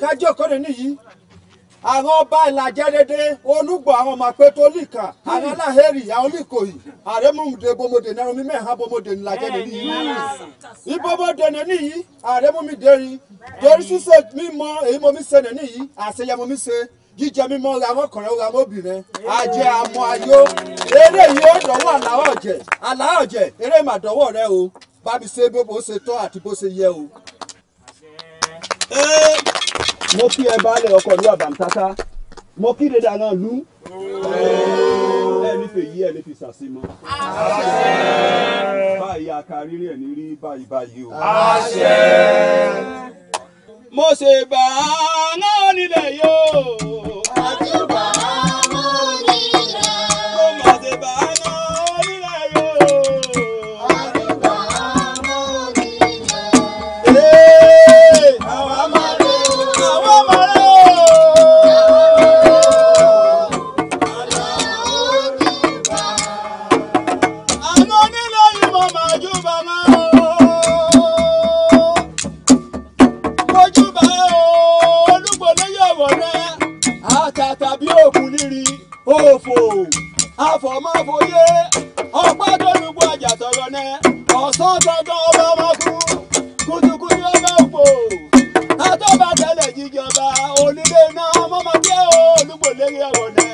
kájí òkòdè nìyí àwọn ọba ìlàjẹdẹdẹ olúgbọ àwọn ọmọ àpẹtọ olíkà àwọn aláhẹrì àwọn olíkòyì àrẹmúmùdé bomodè nẹrùmí mẹhàn bomodè ìlàjẹdẹ nìyí ibomodè nìyí àrẹmúmìdé rí torí sísè mímọ èyí mo mi ṣe nìyí àṣeyẹ mo mi ṣe jíjẹ mímọ làwọn ọkùnrin ó làwọn obìnrin àjẹ àmọ ayó eré yìí ó dọwọ àlàó ọjẹ àlàó ọjẹ eré mà dọwọ rẹ o bá mi ṣe bó ṣe tọ́ àti bó ṣe yẹ o mo kí ẹ baálẹ̀ ọkọ̀ ìlú àbàmtátá mo kí dèdè àná lú ẹni fè yí ẹni fi sàsí mọ. báyìí akarírì ẹni rí báyìí báyìí o. mo ṣe bàá náà nílẹ̀ yóò. òfò àfọ̀mọ́fọyé ọ̀pá dọ́nùbù àjàsọ̀rọ̀ nẹ ọ̀sán gangan ọba ọmọ kú kùtùkùtù ọba òpò àtọ́ba tẹ́lẹ̀ jíjọba onílé náà ọmọ máa kí ẹ o olúgbòlérí ọ̀rọ̀ nẹ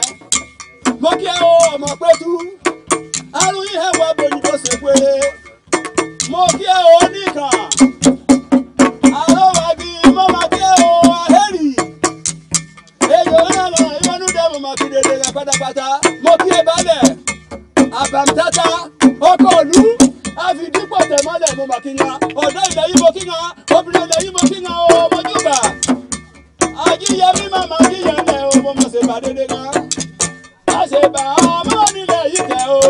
mo kí ẹ o ọmọ pẹ́tù arúgbó ẹ̀wọ̀ abòyìnbó ṣègbè mo kí ẹ o oníkà. pátápátá mo kí e balẹ̀ àbàmtátá ọkọ̀ òlú àfìdípò tẹ̀mọ́lẹ̀ mo mà kíngá ọ̀dọ́ ilẹ̀ yìí mo kíngá obìnrin ilẹ̀ yìí mo kíngá o mo júbà ajíyẹmí màmá ajíyẹmẹ o mo mọ̀ ṣe bàdédé kan má ṣe bà ọmọ nílẹ̀ yìí tẹ̀ o.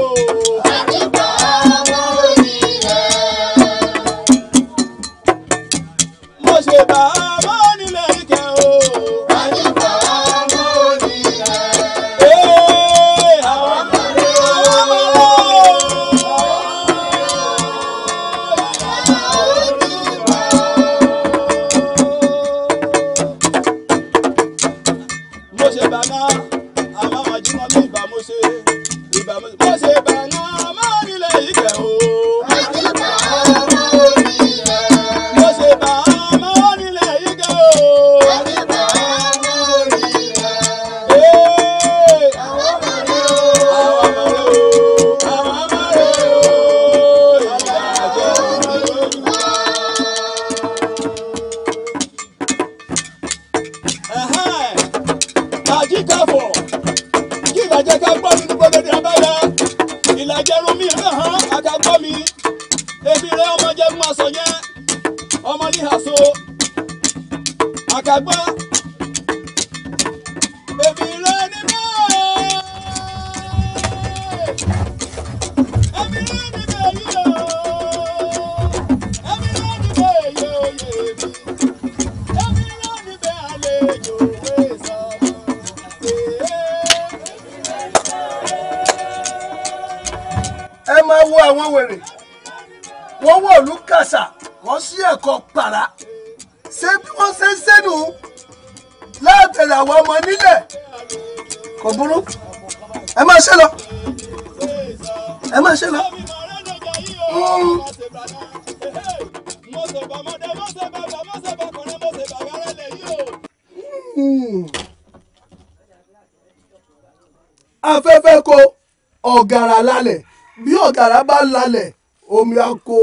lálẹ̀ bí ọ̀gárá bá lálẹ̀ omi ako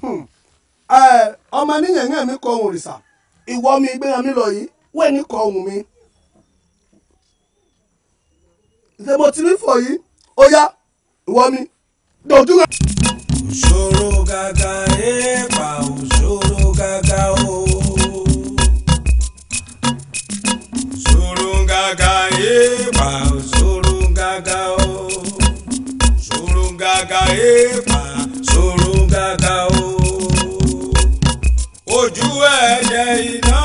hmm. ọmọ níyàngàn mi kọ ohun òrìṣà ìwọ mi gbéra mi lọ yìí wẹ́ẹ̀ ní kọ ohun mi ìṣèbò tí mi fọ yìí ó yá ìwọ mi dojú rẹ. òṣòro gàgà èèpà òṣòro gàgà o. òṣòro gàgà èèpà òṣòro gàgà o èèpà ṣòro gàgà o ojú ẹ̀jẹ̀ iná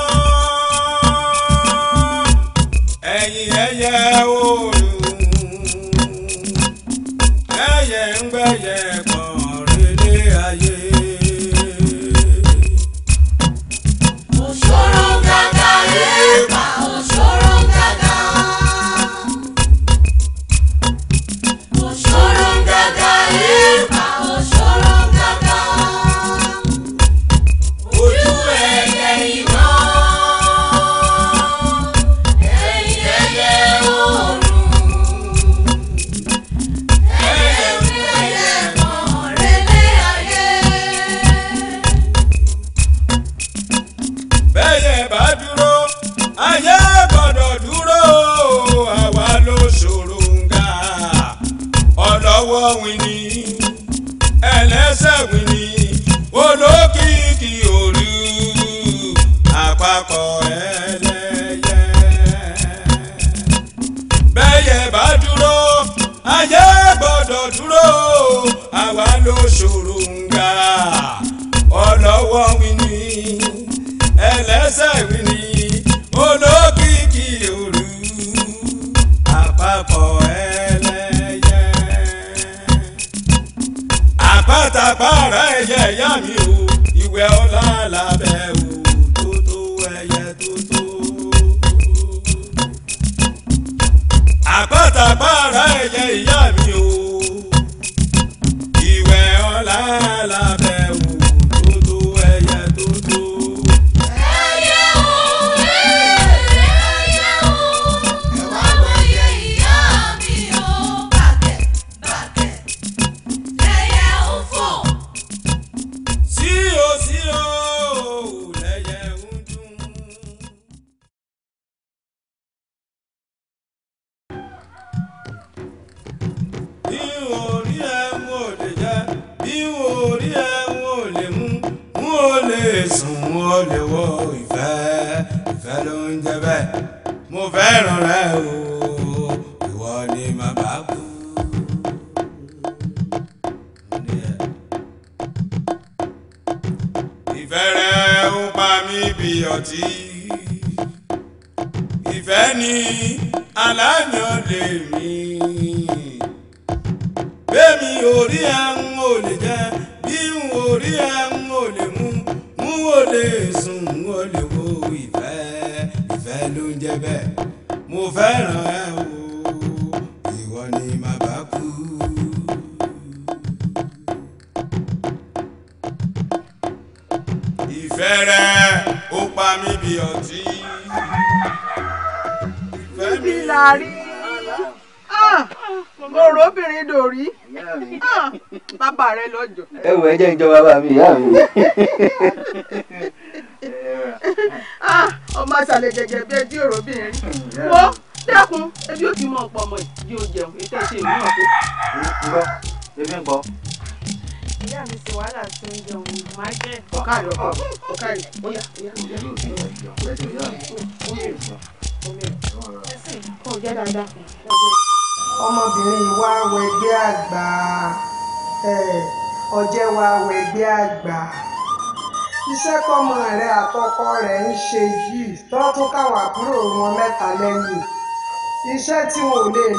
ẹ̀yìn ẹ̀yẹ òòlù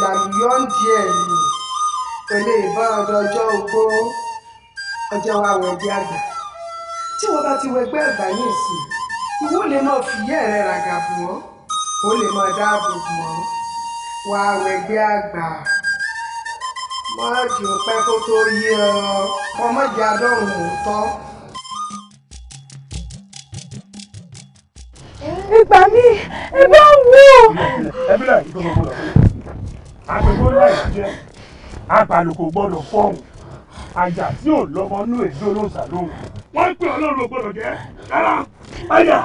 làlùyọ́ǹdì ẹ̀ lù pẹ̀lú ìbọn ọdọọjọ́ ogbó ọjọ́ wa wẹ̀gbẹ́ àgbà tí wọ́n bá ti wẹ̀gbẹ́ àgbà yìí sí ìwọ lè máa fìyẹ́ rẹ̀ ràgàbù ọ́ ó lè máa dáàbò bò ọ́ wà wẹ̀gbẹ́ àgbà mọ́ọ̀dù pẹ́ kó tó yé ọ ọmọdé adọ́rùn òótọ́. àlùkò gbọ́dọ̀ fọ́ọ̀hún àjà tí ò lọ́mọ inú èdè olóòṣà lóhùn wọ́n ń pè ọlọ́run ò gbọ́dọ̀ jẹ́ rárá àjà.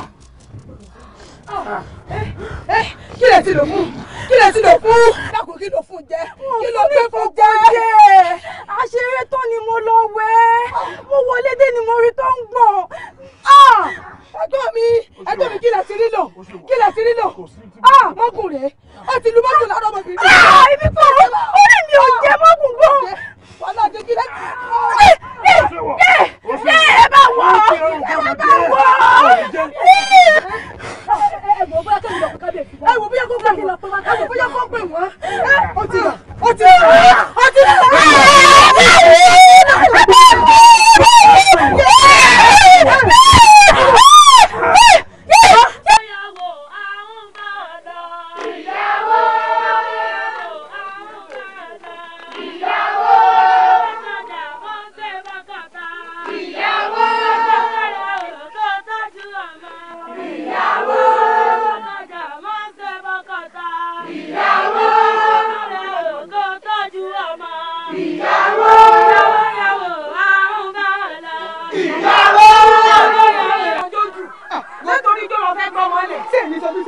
Ah, eh, eh, kí lè ti lò fún kí lè ti lò fún dákun kí ló fún jẹ kí ló gbé fún jẹ. àṣeré tó ni mo lọ wẹ̀ mo wọlé dé ni mo rí tó ń gbọ̀n ah, ẹ̀gbọ́n mi ẹ̀gbọ́n mi kí lè ti rí lò kí lè ti rí lò ah, mọ́gùn rèé ó ti lu mọ́gùn lára ọmọbìnrin. ibi kò rí mi ò jẹ́ mọ́gùn wàhálà jẹjẹ rẹ. ṣé ẹ bá wọ ẹ bá wọ. ẹ wò bóyá kẹ́mi lọ́kọ̀ kábíyèsí wá. ẹ wò bóyá kó pè wá ẹ wò bóyá kó pè wá. ó ti rà ó ti rà ó ti rà.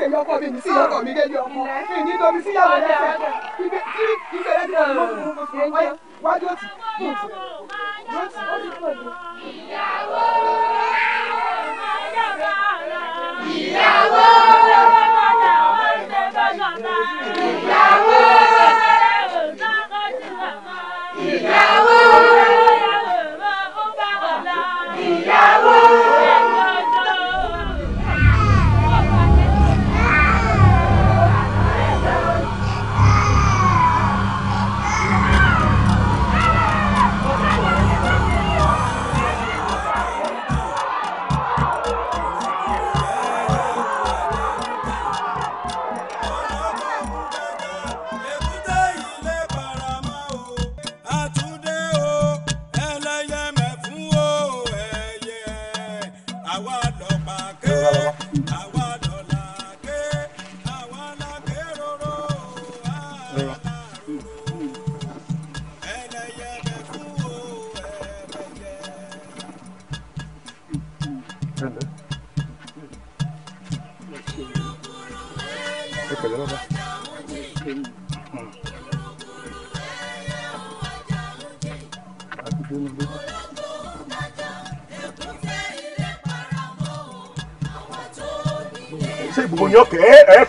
èmi ọkọ mi sí ọkọ mi gẹ́gẹ́ ọkọ mi ní tóbi sí yàrá lẹ́sẹ̀ ibi tí ìṣẹ̀lẹ̀ ti lọ́ọ́ fún un wájú òtí ìyàwó ìyàwó.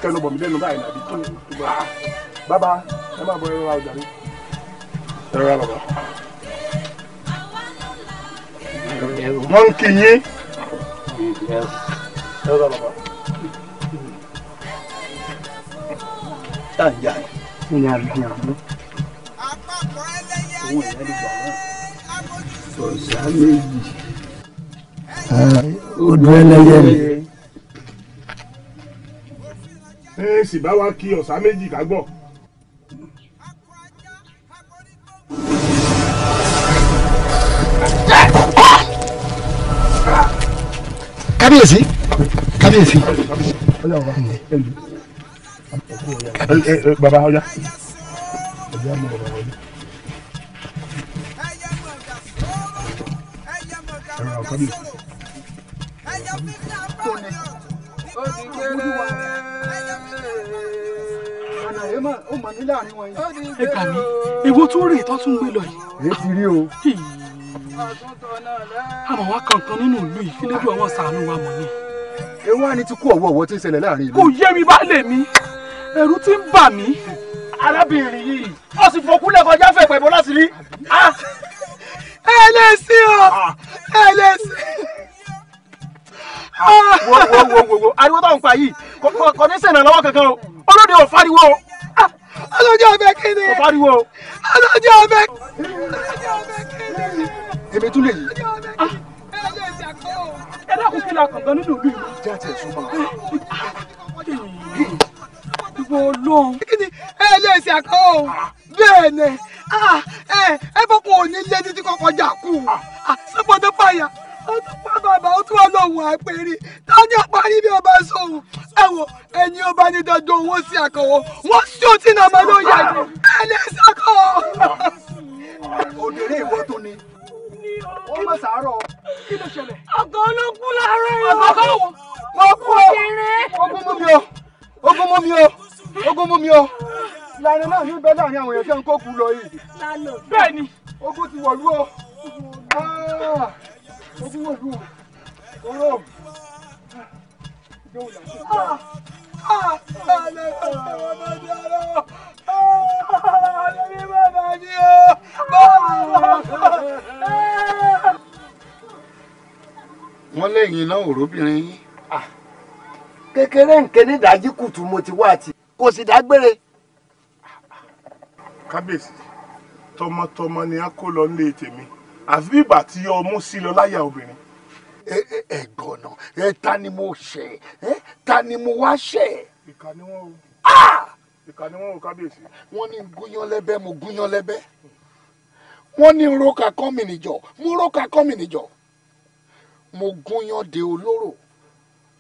kẹnu bọ̀ mí lẹ́nu báyìí nàbí kí ni tó bá bàbá ẹ má bọ ẹrọ àwùjọ rẹ ẹrọ àbàbà. wọ́n ń kí yín ẹrọ àbàbà. tá à ń ní. ìyá rẹ̀ ń owó ìyá rẹ̀ gbà náà. sọ̀rọ̀ sí àlejò. odò ẹlẹ́yẹ ìbá wa kí ọ̀sá méjì ká gbọ́. kábíyèsí kábíyèsí. baba ọjà. kábíyèsí. rè tó tún gbé lọ yìí. èyí rí o. àmọ́ wa kankan nínú ìlú yìí kí lójú àwọn sàánú wa mọ̀ ni. ewu àni ti kú ọ̀wọ́ọ̀wọ́ tí ń ṣẹlẹ̀ láàrin ìlú. kò yé mi bá lè mi ẹ̀rù ti ń bà mí. arábìnrin yìí ó sì fòkúlẹ̀ kọjá fẹ̀pẹ̀ bọ́lá sí rí. Ah! ẹ lè sí o ah! ẹ lè sí ah! wo wo wo wo ariwo tó ń pa yìí kò ní ṣèrànlọ́wọ́ kankan o olóde ò fariwo o ọlọ́jọ́ ọbẹ̀ kéde. ọba ariwo. ọlọ́jọ́ ọbẹ̀ kéde. èmi tún lè yí. Ah. ẹ dákun kí la kàngan nínú ìlú yìí. jẹ́ àti ẹ̀sùn máa. ìwọ ọlọ́run. kíni ẹ lè ṣe àkọ́wọ́ bẹ́ẹ̀ ni ah, ẹ bọ́ kó o ní lé títí kọ́kọ́ jà kú. sọ́gbọ́n ah. tó báyà ó tún pa bàbá ó tún wà lóhùn àpèrè tani àparí bí ọba sóhùn ẹ wò ẹni ọba ní dandan wọn sí àkọwọ wọn sí òtí náà máa ló yà ní ẹni ìsàkọwọ. obìnrin ìwọ tó ni ó má sàárọ̀ kí ló ṣẹlẹ̀. ọkọ ológun láàárọ̀ yìí. ọkọ wo mo kú o ogun mú mi o ogun mú mi o ogun mú mi o lànà náà ní bẹ́ẹ̀ láàrin àwọn èèyàn tí wọn kó kú lọ yìí. bẹ́ẹ̀ ni ogun ti wọ̀lú o. Ah ojúwòlú oró wọ́n lẹ́yìn náà òróbìnrin yín. Ah. kékeré nǹkan ní ìdájí kùtù mo ti wá àti kò sì dágbére. Ah, ah. kábíyèsí tọmọtọmọ ni a kó lọ nílé tèmi àfi bí ìgbà tí ọmú sí lọ láyà obìnrin. ẹ̀gbọ́n náà ẹ ta ni mo ṣẹ̀ ẹ ta ni mo wá ṣẹ̀. ìkà ni wọn o ìkà ni wọn o kábíyèsí. wọ́n ní gúnyán lẹ́bẹ̀ mo gúnyán lẹ́bẹ̀ wọ́n ní roka kán mi mo roka kán mi mo gúnyán de olóró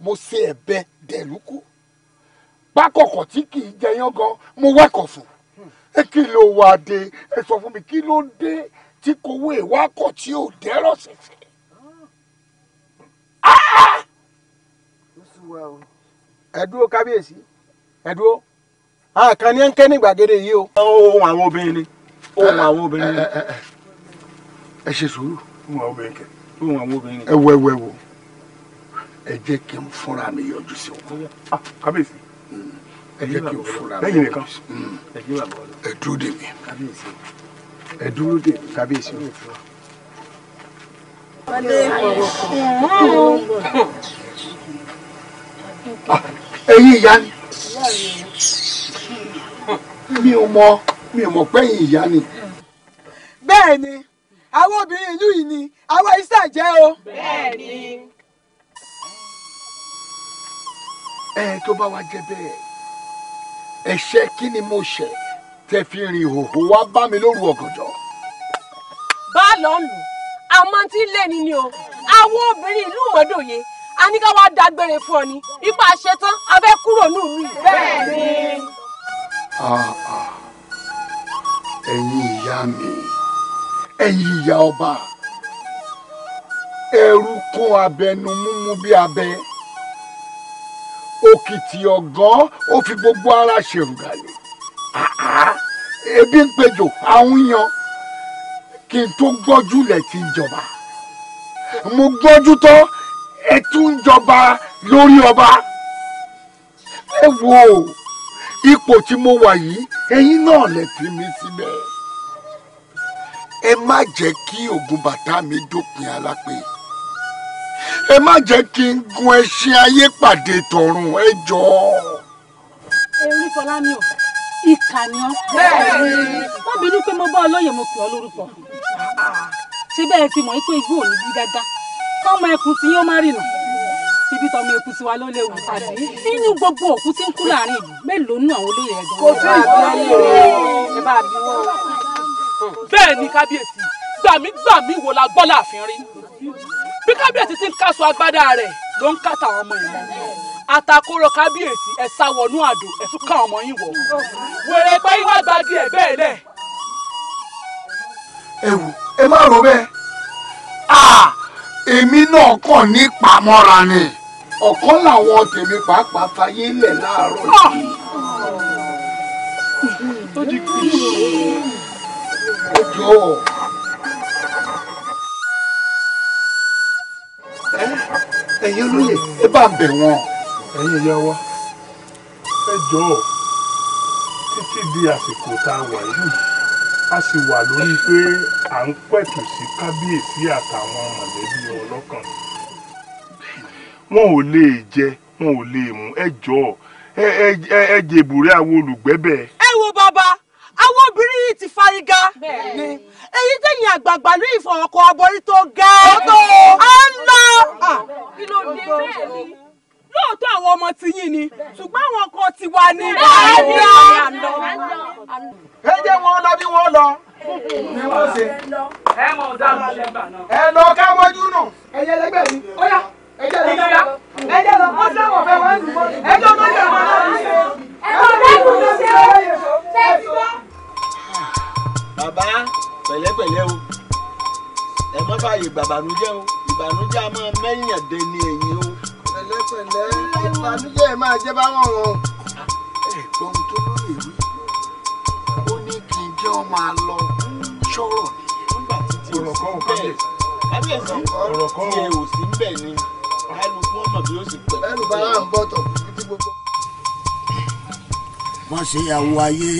mo ṣe ẹ̀bẹ̀ dẹ̀lúkú bákọ̀kọ̀ tí kì í jẹyán gan mo wẹ́kọ̀ fún hmm. ẹ kí ló wá dé ẹ sọ fún mi kí ló dé tí kowó ìwákọ̀ tí ò dẹ́rọ̀ ṣẹ̀ṣẹ̀. ẹ dúró kábíyèsí ẹ dúró àkàn ní ẹnkẹ́ ní gbàgede yìí o. ohun àwọn obìnrin ni ohun àwọn obìnrin ni. ẹ ṣe sùúrù. ohun àwọn obìnrin kẹ. ohun àwọn obìnrin ni. ẹ wọ ẹ wọ ẹ wọ ẹ jẹ́ kí n fúnra mi yọjú sí wọn. Ah, kábíyèsí ẹ jẹ́ kí n fúnra mi yọjú sí wọn. ẹ dúró dè mí. kábíyèsí ẹ dúró de kábíyèsí o. Ah, ẹ̀yin ìyá ni mi ò mọ mi ò mọ pé ẹ̀yin ìyá ni. bẹ́ẹ̀ ni àwọn obìnrin ìlú yìí ni àwọn iṣẹ́ jẹ́ o. bẹ́ẹ̀ ni. ẹ tó bá wa jẹ bẹ́ẹ̀ ẹ̀ṣẹ̀ kí ni mo ṣẹ̀ tẹ fi rìn hòhò wá bá mi lóru ọ̀gànjọ́. bá a lọ lù àmọ́ tí ń lé ni ni o àwọn obìnrin ìlú mọ́dòye a ní ká wá dágbére fún ọ ni ipa ṣetán a fẹ́ kúrò ní ìlú yìí. bẹ́ẹ̀ ni. Ah, ah. ẹ̀yin ìyá mi ẹ̀yin ìyá ọba ẹ̀rù kún abẹnu múmú bí abẹ òkìtì ọ̀gán ó fi gbogbo ara ṣèrùgàlè ebi ń pejò àwọn yan kí n tó gbọ́jú lẹ̀ ti ń jọba mo gbọ́jú tán ẹ tún ń jọba lórí ọba ẹ wo ipò tí mo wà yìí ẹ̀yin náà lè fi mí síbẹ̀ ẹ má jẹ́ kí ògùn bàtà mi dópin alápè ẹ má jẹ́ kí n gun ẹṣin ayé pàdé tọ̀run ẹ jọ̀ọ́. ẹ orí fọlá mi ò ìkà ni ọ́. wọ́n bínú pé mo bá olóyè mo pè ọ́ lórúkọ. ṣé bẹ́ẹ̀ ti mọ̀ pé igbó ò ní bí dáadáa tọ́mọ ẹkùn tí yóò má rìnà ibi tọmọ eku tiwa ló léwu àbí nínú gbogbo òkú tí ń kú láàrin ìlú mélòó nù àwọn olóyè ẹgbẹ́. kò tó ìgbàlè ẹ bá bẹ́ẹ̀ ni kábíyèsí gbàmígbàmí wo la gbọ́ láàfin rí bí kábíyèsí ti ń kásọ agbádá rẹ̀ ló ń kàtà ọmọ ìlú atakóró kábíyèsí ẹ sá wọnú àdó ẹ tún ká ọmọ yín wọ. wèrè pé ìwà gba díẹ̀ bẹ́ẹ̀ lẹ̀. ẹ wò ẹ má rò bẹ́ẹ̀ èmi náà kàn ní pamọ́ra ni ọ̀kan làwọn tèmi pàápàá fayé lẹ̀ láàárọ̀ yìí. ó di kìí ṣe ó ẹ bá bẹ̀ wọ́n ẹ̀yin ìyá wa ẹ jọ̀ọ́ títí di àsìkò tá a wà yìí a sì wà lórí pé à ń pẹ̀tù sí kábíyèsí àtàwọn mọ̀lẹ́bí ọlọ́kàn wọn ò lè jẹ wọn ò lè mú ẹ jọ̀ọ́ ẹ jẹ ìbúrẹ́ àwọn olùgbẹ́bẹ̀. ẹ wo bàbá àwọn obìnrin yìí ti fariga èyí tẹ̀yìn àgbààgbà ló ìfọ̀rọ̀kọ̀ ọbọ̀rí tó ga. ó tó a ń lọ. kí ló dé bẹ́ẹ̀ ni lóòótọ́ àwọn ọmọ ti yín ni ṣùgbọ́n àwọn ọkọ ti wà ní ìbáraẹni àná. ẹ jẹ́ wọn lọ bí wọ́n lọ ni wọ́n ṣe. ẹ mọ̀ ọ̀dà lọ́lẹ̀ gbà náà. ẹ lọ ká wọ́jú nù. ẹ̀yẹ lẹ́gbẹ̀ẹ́ mi. ó yá ẹjẹ lọ ẹjẹ lọ ó sáwọn ọ̀fẹ́ wọn lù mọ́ ẹjọ́ tó yẹ wọn náà ní ṣe. ẹ kọ́ lẹ́kùn ló ṣe é ṣe é ti wá. bàbá pẹ̀lẹ́pẹ̀lẹ́ o ẹ má fààyè gbàbànújẹ́ o ìbànújẹ́ a máa mẹ́yìn àdé ní ẹ̀yìn o pẹ̀lẹ́ pẹ̀lẹ́ ìbànújẹ́ máa jẹ́ báwọn wọn. ẹ̀gbọ́n tó lóye wí ó ní kí n jẹ́ ọmọ àlọ́ sọ̀rọ̀ ọ̀rọ̀ kan ò kábíyèsí ọ̀rọ̀ kan ò sí ń ni kálukú ọmọ bí ó sì pẹ̀. ẹnu ń bọ̀ tọ̀ títí gbogbo. wọ́n ṣe àwo ayé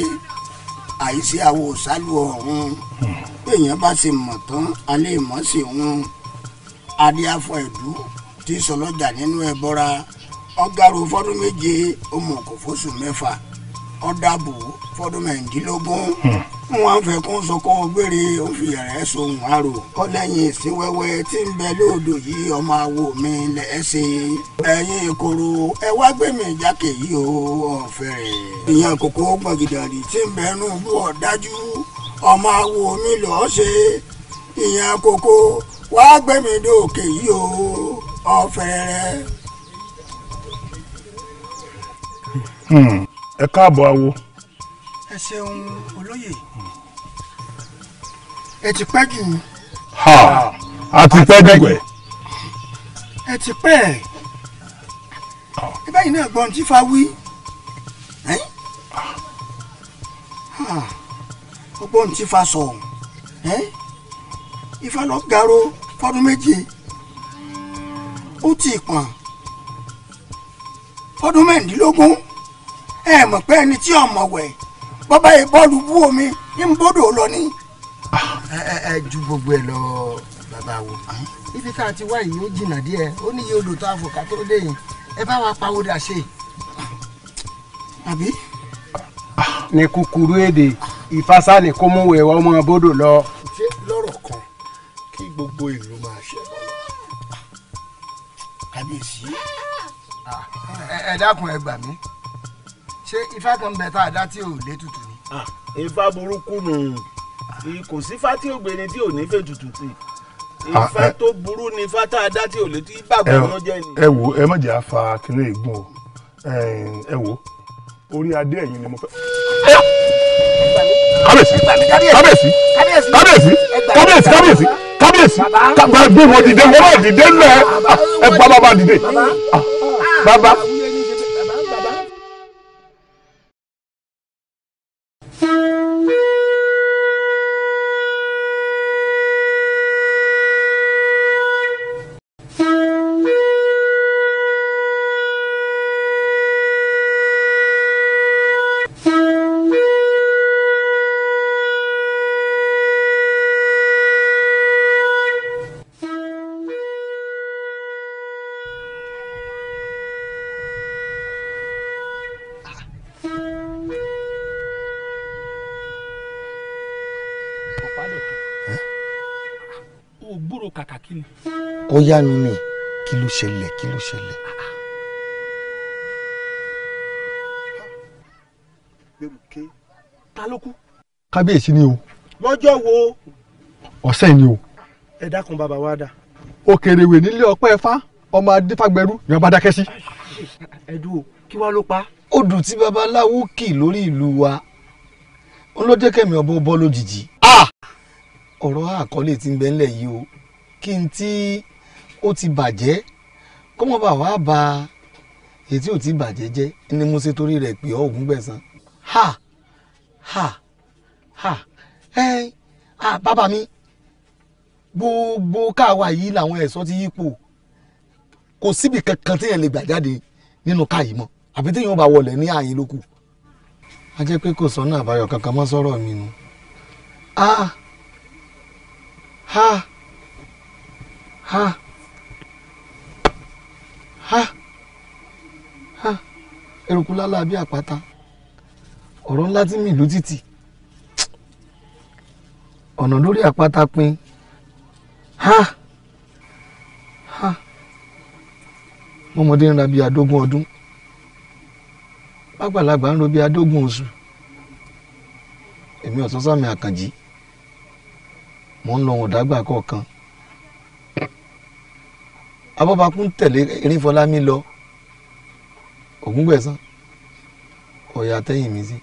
àìsí àwo sálù ọ̀run èèyàn bá sì mọ̀ tán alẹ́ ìmọ̀ sí wọn adé afọ ẹ̀dú tí sọlọjà nínú ẹbọra ọgaru fọdún méje ọmọkò fóṣù mẹ́fà ọ̀dàbò fọdún mẹ́rìndínlógún hmm. wọn fẹ́ kó sọ kó gbére ó fi rẹ̀ sóhun àrò kọ́ lẹ́yìn ìsínwẹ́wẹ́ tí n bẹ lóòdò yìí ọmọ àwo mi ẹ wá mi jákè yìí o kòkó gbọ̀gìdàrí tí bẹ nù bú dájú ọmọ mi ṣe kòkó wá o. ọ̀fẹ́rẹ́. Hmm, ẹ káàbọ̀ awo. ẹ ṣeun olóyè ẹ ti pẹ́ jù. ha a ti pẹ́ dẹ̀gbẹ́. ẹ ti pẹ́ ẹ̀ báyìí náà gbọ́n tí fa wí ọgbọ́n tí fa sọ ifá lọ garo fọdún méje ó ti pọ̀n ọdún mẹ́rìndínlógún ẹ mọ̀ pé ẹni tí ọmọ wẹ̀ bọ́bá yìí bọ́ọ̀lù bú omi ń bódò lọ ni. Ah, ẹ ẹ ju gbogbo ẹ lọ bàbá wo ibi tá a ti wá yìí ó jìnnà díẹ̀ ó ní iye odò tó a fò ká tó dé yìí ẹ bá wa pawódà ṣe. àbí. Ah, ní kúkúrú èdè ìfásá ni kó mú wẹ̀ ọmọ bódò lọ. ṣé lọ́rọ̀ kan kí gbogbo ìlú máa ṣe kábíyèsí ah, ẹ dákun ẹ gbà mí ṣé ifá kan bẹ tá a dá tí ò lé tutù ni. Ah, ifá burúkú nù kò sí ifá tí ò gbé ni tí ò ní fẹ́ tutù sí ah, ifá tó burú ni ifá tá a dá tí ò lé tí bàgbà ló jẹ ni. ẹ wo ẹ má jẹ́ àfa kiri ègún o ẹ wo orí adé ẹ̀yìn ni mo fẹ́. kábíyèsí kábíyèsí kábíyèsí kábíyèsí kábíyèsí kábíyèsí kábíyèsí kábíyèsí wọn dìde wọn náà dìde lẹ ẹ bá bàbá dìde bàbá. yánu ni kí ló ṣẹlẹ̀ kí ló ṣẹlẹ̀. ta ló kú. kábíyèsí ni o. lọ́jọ́ wo. ọ̀sẹ̀ ni o. ẹ dákun bàbá wa dà. òkèrèwé nílé ọpẹ́ fá ọmọ adífàgbẹ́rú ni wọ́n bá dákẹ́ sí. ẹ dúró kí wàá ló pa. odù tí babaláwo kì lórí ìlú wa olódékèmí ọbọ bọ́ lójijì. Ah! ọ̀rọ̀ àkọlé tí ń bẹ yìí o kí n tí ó ti bàjẹ́ kọ́mọ bá wàá ba èyí tí ò ti bàjẹ́ jẹ́ ni mo ṣe torí rẹ̀ pé ọ̀gùn gbẹ̀san ha ha ha ẹ hey, ah, bàbá mi gbogbo káwa yìí làwọn ẹ̀ṣọ́ ti yípo kò síbi kankan téèyàn lè gbà jáde nínú káà yìí mọ́ àbí téèyàn bá wọlé ní ààyè lókù. a jẹ́ pé kò sọ́nà àbáyọ kankan mọ́ sọ́rọ̀ mi nu. ah ah ah ha ha eruku lálá bí àpáta ọ̀rọ̀ ńlá tí mi ìlú títì ọ̀nà lórí àpáta pin ha ha mọ́mọdé ń ra bíi àdógún ọdún pápálàgbà ń ro bíi àdógún oṣù èmi ọ̀sán sàmì àkànjì mò ń lọ wọn dàgbà kọ̀ọ̀kan abọ́bakún tẹ̀lé erífọlámi lọ ògúngbẹ̀sán ọ̀yà tẹ́yìn mi sí. Si.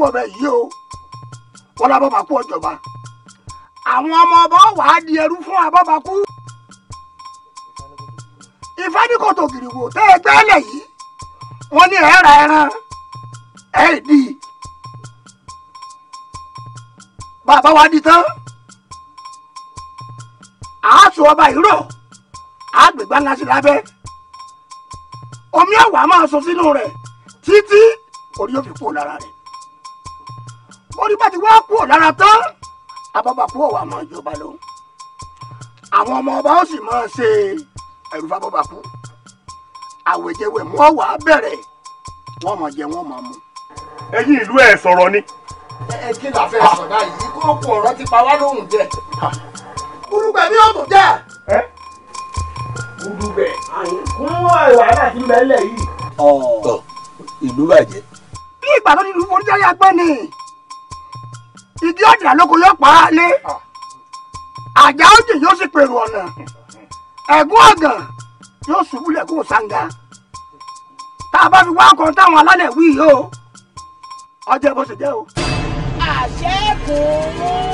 kú ọbẹ̀ yìí o wọ́n lábọ́ bá kú ọjọ́ba àwọn ọmọ ọba wà á di ẹrú fún abọ́ bá kú ifá ní kòtò gìrìwò tẹ́ ẹ gbẹ́lẹ̀ yìí wọ́n ní ẹ̀ ra ẹran ẹ̀ dì í bàbá wa di tán àásù ọba ìró àgbègbè ńlá sí lábẹ́ omi ọ̀wà máa sọ sínú rẹ̀ títí orí yóò fi kúrò lára rẹ̀ bá ti wá kúrò lára tán abọ́bà kúrò wà mọ́ ìjọba ló àwọn ọmọ ọba ó sì máa ṣe ẹ̀rù fábọ́bà kú àwẹ̀jẹwẹ̀ mú ọ̀wà bẹ̀rẹ̀ wọ́n mọ̀ jẹ wọ́n mọ̀ mu. ẹ̀yin ìlú ẹ sọ̀rọ̀ ni. ẹ kí la fẹ́ sọ̀dá yìí kó kó ọ̀rọ̀ ti pa wá lóhùn jẹ. burúkú ẹ̀mí ọ̀tún jẹ́. burúkú ẹ̀ kún wàhálà tí mẹ́lẹ̀ yìí. ìlú bàjẹ́. bí ìgbà tó ti forí jáde agbẹ́ igi ọ̀dà lóko yóò pa á lé àjà òjì yóò sì pèrò ọ̀nà ẹ̀gún ọ̀gàn yóò ṣubúlẹ̀ kó sanga tá a bá fi wá ọkàn táwọn alálẹ̀ wí yìí o ọjọ́ bó ṣe jẹ́ o. àṣẹ kò wọ́n.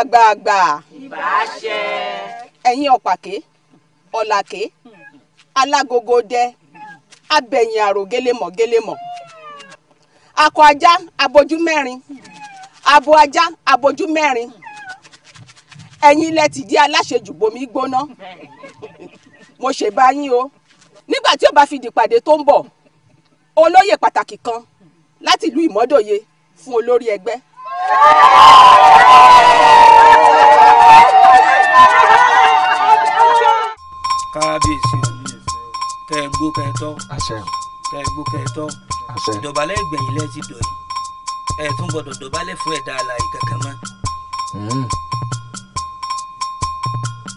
àgbààgbà ìbáṣẹ. ẹ̀yin ọ̀pàké ọ̀làké alágogo dẹ abẹ̀yìn àrò gélémọ̀ gélémọ̀ akọ ajá abojú mẹ́rin abo ajá abojú mẹ́rin ẹ̀yin ilẹ̀ tìdí aláṣejù bomi gbóná mo ṣe bá yín o nígbà tí ó bá fi dìpàdé tó ń bọ̀ olóyè pàtàkì kan láti ìlú ìmọ́dòye fún olórí ẹgbẹ́ kábíyèsí tẹ ẹ gbó kẹ ẹ tọ tẹ ẹ gbó kẹ ẹ tọ ìdọ̀bálẹ̀ ìgbẹ̀yìn lẹ́ẹ̀tì dọ̀yìn ẹ tún gbọdọ̀ dọ̀bálẹ̀ fún ẹ̀dá alààyè kankan mọ́. Hmm.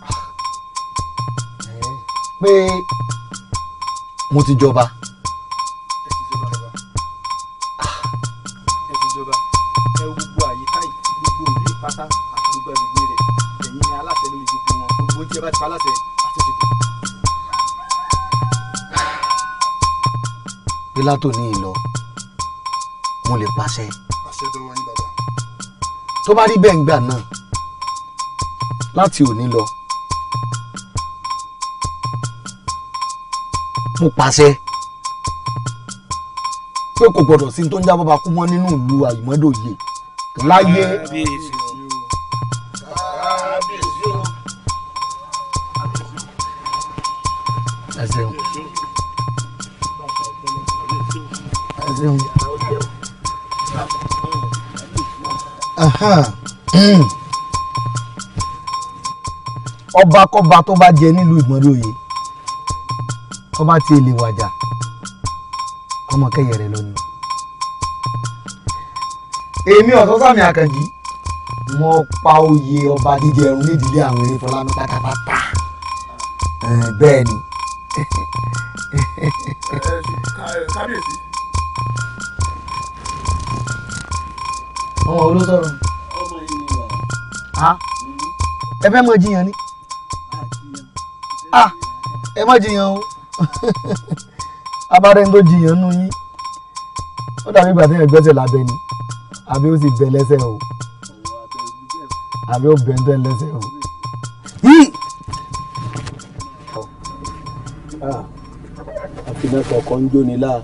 Ah. Eh. pé mo ti jọba. paláṣẹ àti ìdìbò. bí látòní yìí lọ mo lè pàṣẹ. pàṣẹ tó wá ní bàbá. tó bá rí bẹ́ẹ̀ ń gbà náà láti òní lọ mo pàṣẹ pé kò gbọdọ̀ sí tó ń jábọ́ bá kú mọ́ nínú ìlú àyùmọ́dọ̀ yìí láyé. ṣeun. ọbakọba tó bá jẹ nílùú ìgbọ́nlóye tó bá ti lè wàjà ọmọ kẹyẹ rẹ lónìí. èmi Ọ̀sánsámi Àkànjí mo pa oyè ọba jíjẹ ẹrù nídìílé àwọn eré fọlámi pátápátá bẹ́ẹ̀ ni. kábíyèsí ọmọ wo ló sọ̀rọ̀. ọmọ yìí ni wà. ẹ fẹ́ mọ jiyàn ni ah, ẹ mọ jiyàn o abárẹ́ni tó jiyàn nù yín ó dàbí ìgbà tí yẹn gbẹ́sẹ̀ lábẹ́ ni àbí ó sì bẹ lẹ́sẹ̀ o àbí ó bẹ ń bẹ lẹ́sẹ̀ o. àfinàkọ̀ ah, kan ń jóni láà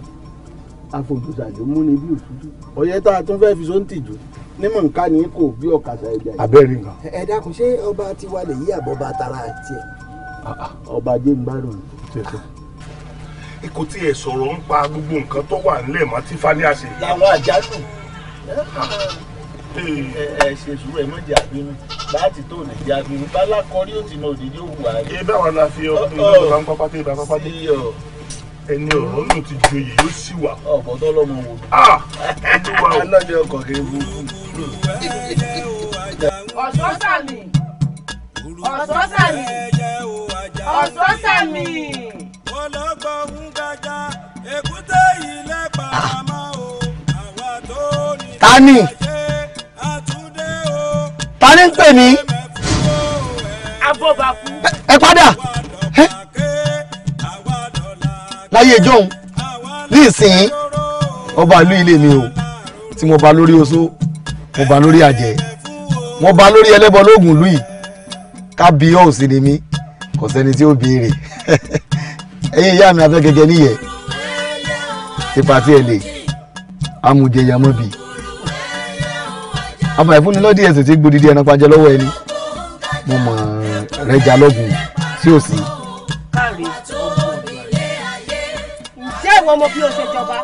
àfojúsàjò múni bí òtútù ọ̀yẹ́ tá a tún fẹ́ fi sóńtì jù nímọ̀ nǹkan ni kò bí ọ̀kadà ẹ̀jẹ̀. abẹ́rẹ́ nǹkan. ẹ dákun ṣé ọba ti wà lè yí àbọ̀ bá tara tiẹ̀. Ah, ah. ọba ajé ń gbádùn tẹ̀sán. ẹ kò tiẹ̀ sọ̀rọ̀ ń pa gbogbo nǹkan tó wà nílẹ̀ mọ́ tí fani àṣẹ. làwọn àjálù ah. ẹ ṣe sùúrù ẹ mọ̀ jẹ́ àbínú láti tó lè jẹ́ àbínú bá lákọ́rí ó òdìdí òwú àárẹ̀. ẹ bá la fi ọdún ìlú bá ń pápá dé ìbá pápá dé ẹni ọ̀rọ̀ ló ti joyè yóò sì wà. ọ̀pọ̀ tó lọ́mọ wò. Ah! alájọ ọkọ̀ kiri burúkú. ọ̀sọ́sàmì ọ̀sọ́sàmì ọ̀sọ́sàmì. tani tani ń pè mí. ẹ padà. láyé john ní ìsìn ọba ìlú ilé mi o tí mo bá lórí oṣó mo bá lórí àjẹ́ mo bá lórí ẹlẹ́bọ lóògùn ìlú yìí kábí ọ̀ sí ni mí kò sẹ́ni tí ó béèrè ẹ̀yin ìyá mi afẹ́gẹ́gẹ́ níyẹ̀ ipa tí ẹ lè amújẹyàmọ́bì àmọ́ ìfúnnilọ́dí ẹ̀sìn tí gbòdìdí ẹran pàjẹ́ lọ́wọ́ ẹni mo mọ̀ rẹ́jà lọ́gùn sí òsì. wọ ọmọ bí o ṣe jọba.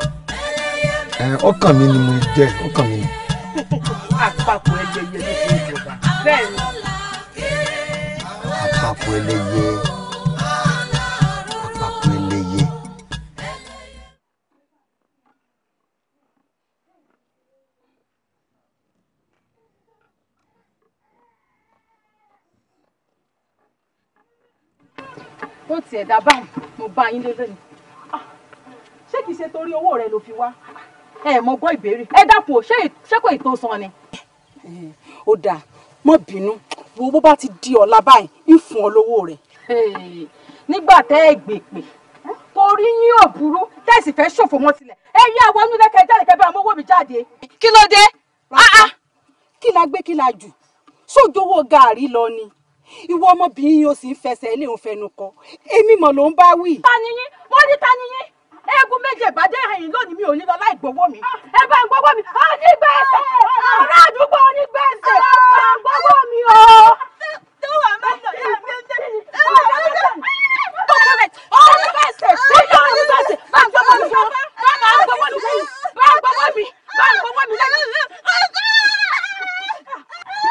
ọkàn mi ni mo jẹ ọkàn mi ni. àpapọ̀ ẹlẹ́yẹ ló fi jọba bẹ́ẹ̀ àpapọ̀ ẹlẹ́yẹ àpapọ̀ ẹlẹ́yẹ. ó tiẹ̀ dá báwọn mo bá yín lé lónìí ṣé kìí ṣe torí owó rẹ ló fi wá. ẹ mọ gbọ́ ìbéèrè ẹ dákun o ṣé kò ètò san ni. ó dáa mọ bínú wo bó bá ti di ọ̀la báyìí ń fún ọ lówó rẹ. nígbà tẹ́ ẹ gbè pè torí yín ò burú tẹ́sí fẹ́ ṣòfò wọn tilẹ̀ ẹ yí àwọn onílẹ̀kẹ̀ jáde kẹ́ bá ọmọ owó mi jáde. kí ló dé. Ah, ah. kí la gbé kí la jù sójú owó gàárì lọ ni ìwọ ọmọbìnrin yóò sì ń fẹsẹ̀ ilé òun fẹnu kọ èmi mọ̀ ló ń bá wí. ta ni ní ta eégún méje ìbàdí ẹ̀yìn lónìí mi ò ní lọ láì gbowó mi ẹ bá ń gbowó mi onígbèsè ará àdúgbò onígbèsè bá ń gbowó mi o. onígbèsè onígbèsè onígbèsè bá ń gbowó mi bá ń gbowó mi bá ń gbowó mi bá ń gbowó mi lẹ́yìn.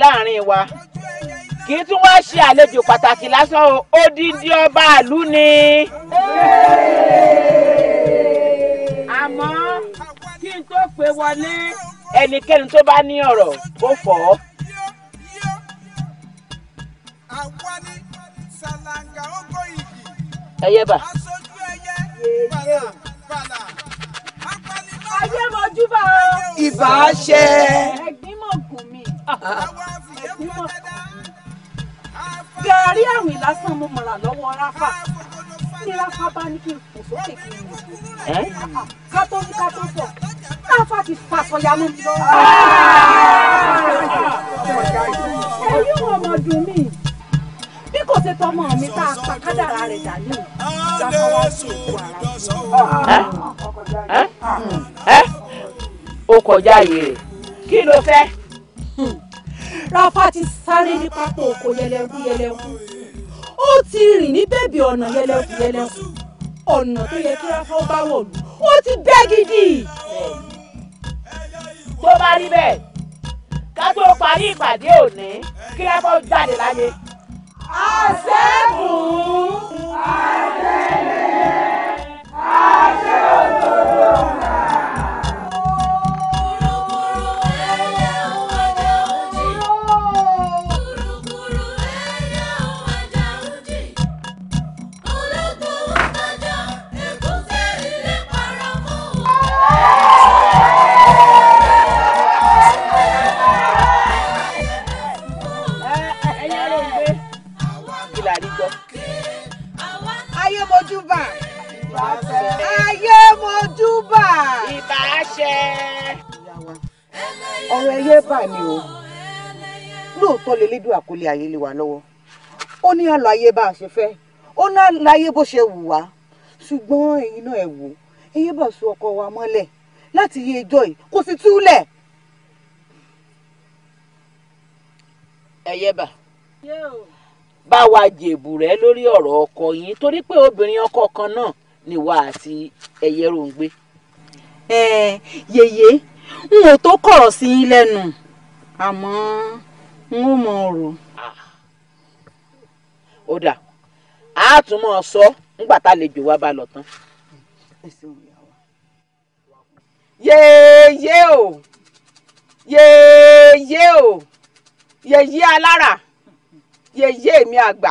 láàrin wa kì í tún wá ṣe àlejò pàtàkì lásán o odidi ọba ìlú ni. àmọ́ kí n tó pè wọlé ẹnikẹ́ni tó bá ní ọ̀rọ̀ kó fọ̀ ọ́. ẹyẹ bà. ayé mojúbà o. ìbá ṣe. ẹ̀gbín mọ̀kùn mi. Ah, ah mọ̀ gàárì àwìn lásán mo mọ̀ràn lọ́wọ́ ráfà tí ráfà bá ní kí n fò sókè kí n wò ká tó ní ká tó sọ ráfà ti fàṣọyà mú mi lọ́wọ́. ẹ̀yin ọmọ dùn mí bí kò ṣe tọmọ mi tá a pa kádàrá rẹ̀ dà ní ó kọjá yìí rẹ̀ kí ló fẹ́. Hmm. Rafa ti sáré ní pápá oko yẹlẹku yẹlẹku ó ti rìn ní bèbè ọ̀nà yẹlẹku yẹlẹku ọ̀nà tó yẹ kí Rafa ó bá wọ̀lú ó ti bẹ́ gidi. tó bá rí bẹ́ẹ̀ ká tó parí ìpàdé òní kí Rafa ó jáde láyé. àṣẹ́gun àṣẹ́lẹ̀ àṣẹ́ òdodo náà. àṣẹ. ọ̀rọ̀ ẹyẹ bà mí o lóòótọ́ lélẹ́dùn àkọlé ayé lè wà lọ́wọ́ ó ní àlọ́ bá a ṣe fẹ́ ó ní àlọ́ bó ṣe wù wá ṣùgbọ́n ẹ̀yin náà ẹ̀ wò ẹyẹ bà so ọkọ wa mọ́lẹ̀ láti yé ẹjọ́ yìí kò sì túlẹ̀. ẹyẹ bà bá wa jèbù rẹ lórí ọ̀rọ̀ ọkọ yín torí pé obìnrin ọkọ kan náà ni wà àti ẹyẹ ròǹgbé. E Eh, yèyé n ò tó kọ̀rọ̀ sí yín lẹ́nu àmọ́ n ó mọ ọ̀rọ̀. Ah. ó dà á tún mọ̀ sọ nígbà tá a lè jò bá lọ tán. yèyé o yeye o yeye alára yeye mi àgbà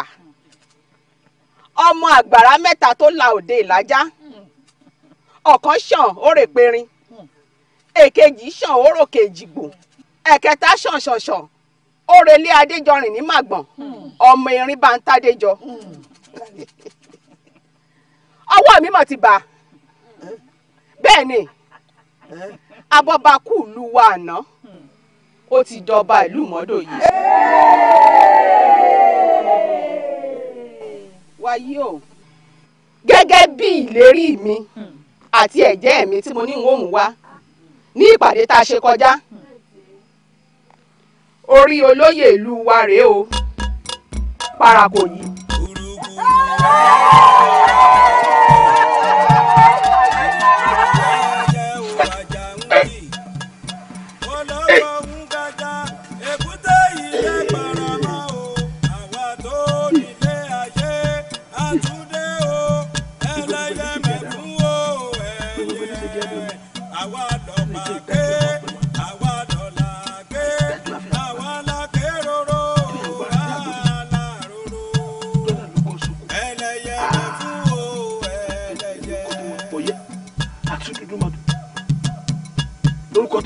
ọmọ àgbàrá mẹ́ta tó la òde ìlàjá. Ja ọ̀kan ṣàn ó rè perin èkejì ṣàn ó rò kejì gbò ẹ̀kẹta ṣàn ṣàn ṣàn ó relé adéjọrin ní màgbọ̀n ọmọ erin bá ń tádéjọ ọwọ́ mi mọ̀ ti bà bẹ́ẹ̀ ni abọ́bakú ìlú wa àná ó ti dọba ìlú mọ́dò yìí. wáyé o gẹ́gẹ́ bí ìlérí mi. Hmm àti ẹ̀jẹ̀ mi tí mo ní ń wò mú wá ní ìpàdé tá a ṣe kọjá orí olóyè ìlú wa rèé o parakò yìí.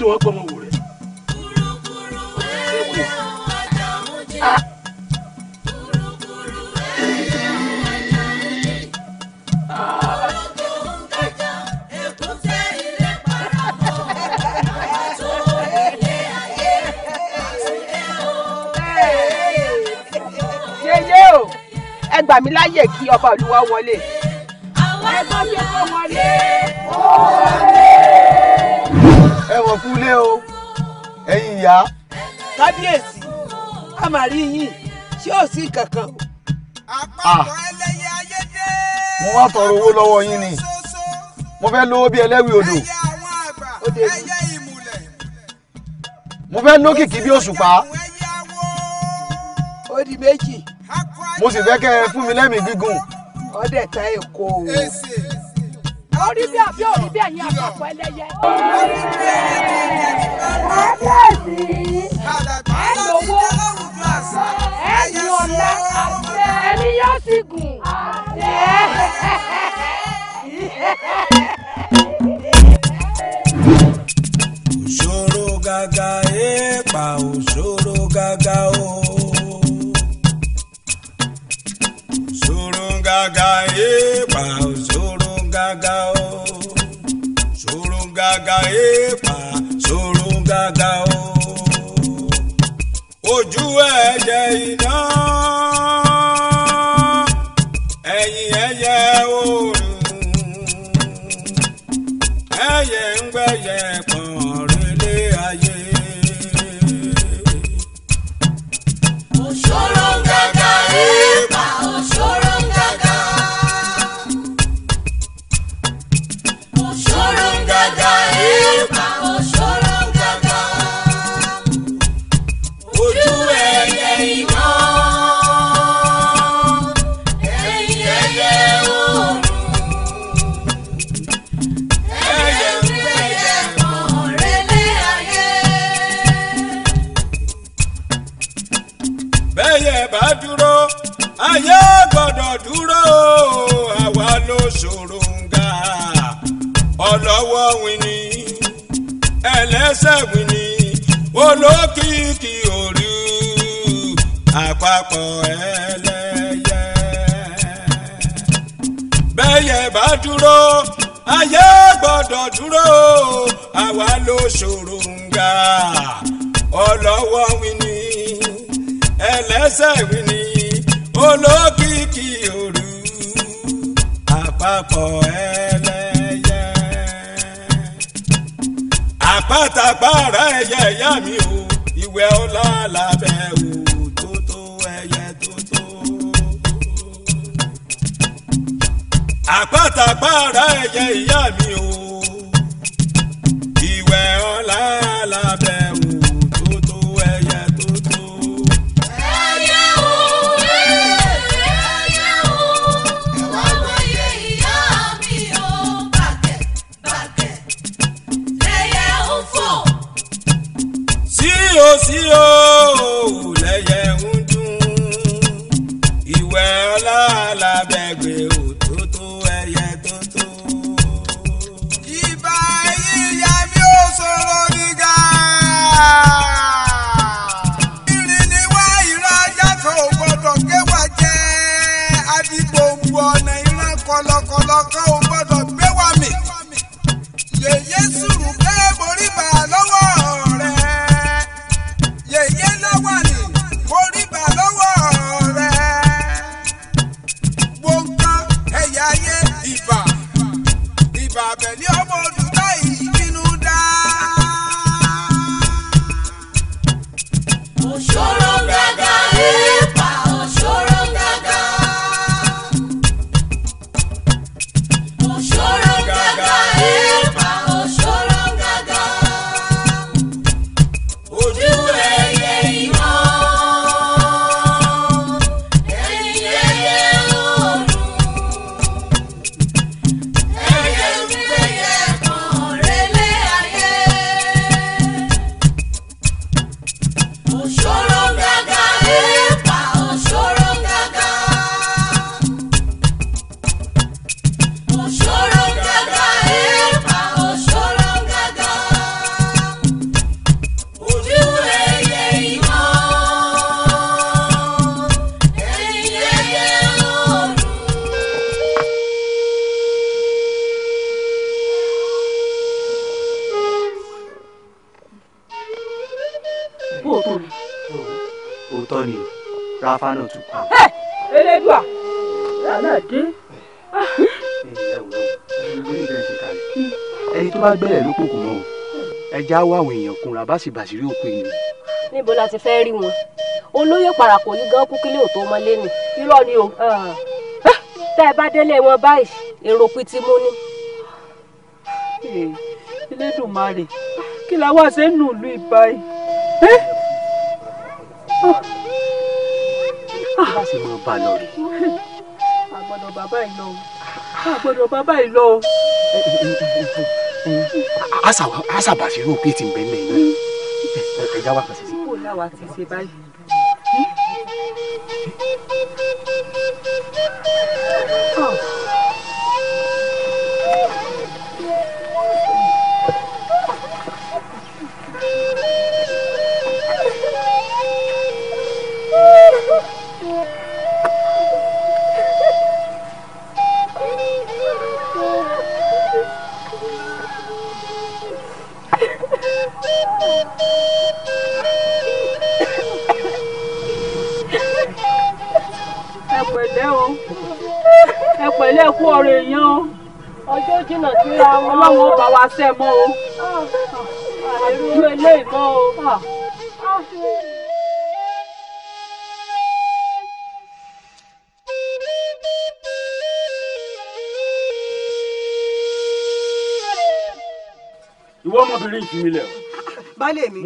tó wọ́n gbọ́mọ wò rẹ̀. ẹ gbà mí láyè kí ọba olúwa wọlé. àwọn ẹgbẹ́ mi kò wọlé. ó wọlé ẹ̀wọ̀n kúlé o ẹ̀yin ìyá. kábíyèsí a máa rí yín ṣé ò sí kankan o. àpapọ̀ ẹlẹ́yẹ ayé dé. mo wá tọrọ owó lọ́wọ́ yín ni mo fẹ́ lówó bí ẹlẹ́wìí odò. ẹyẹ àwọn àgbà ẹyẹ mo fẹ́ lókìkí bí òṣùpá. ó di mo sì fẹ́ kẹ́ fún mi lẹ́mìí gígùn. ọdẹ ta èkó o orí bí àbí òrí bí ẹ̀yin àpapọ̀ ẹlẹ́yẹ. kábíyèsí ẹ̀yin owó ẹ̀yin ọ̀la ẹni yóò ti gùn. òṣòro gàgà èèpà òṣòro gàgà o. òṣòro gàgà èèpà òṣòro gàgà o ṣòrongaga o ṣòrongaga èèpà ṣòrongaga o ojú ẹ̀jẹ̀ iná ẹ̀yìn ẹ̀yẹ oòrùn ẹ̀yẹ ń gbẹ̀yẹ̀ lóṣòro ń ga ọlọ́wọ́ wini ẹlẹ́sẹ̀ wini olókìkí òru àpapọ̀ ẹlẹ́yẹ. bẹ́yẹ bá dúró ayé gbọ́dọ̀ dúró àwa lóṣòro ń ga wini ẹlẹ́sẹ̀ wini olókìkí òru àpapọ̀ ẹlẹ́yẹ. àpàtàpàrà ẹyẹ ìyá mi o ìwẹ̀ ọlá làbẹ̀ o tó tó ẹyẹ tó tó. àpàtàpàrà ẹyẹ ìyá mi o ìwẹ̀ ọlá làbẹ̀. yóò lẹ́yẹ̀ ń dún ìwẹ̀ ọlọ́ọ̀làbẹ̀gbẹ̀ òtótó ẹyẹ tótó. ìbá yíyá mi ò sọ̀rọ̀ nígà. ìrìnnìwá ìrajà kan ò gbọ́dọ̀ kéwà jẹ́ àdìgbò bu ọ̀nà ìran kọlọkọlọ kan ò gbọ́dọ̀ gbéwà mi. yèyé sùn. jẹ́ àwọ̀ àwọn èèyàn kunra bá sì bàṣírí òkú èèyàn. níbo la ti fẹ́ rí wọn olóyè parapọ̀ yìí gan kú kílé òtó ọmọ lẹ́nu irọ́ ni o tẹ́ ẹ bá délé wọn báyìí èrò pin ti mú ni. Elédùmarè kí la wá ṣe ń nù ìlú ìbáyìí. bá sì máa bá a lọ rí. àgbọ̀dọ̀ bàbá yìí lọ àgbọ̀dọ̀ bàbá yìí lọ àṣàbà fi rò pé ti ń bẹ nílẹ̀ yìí ẹ̀já wa pèsè sí. kó láwa ti ṣe báyìí. Oh. àṣẹ mọ́ o àìrú eléyìí mọ́ o. ìwọ ọmọbìnrin ìfì mi lẹ. baálé mi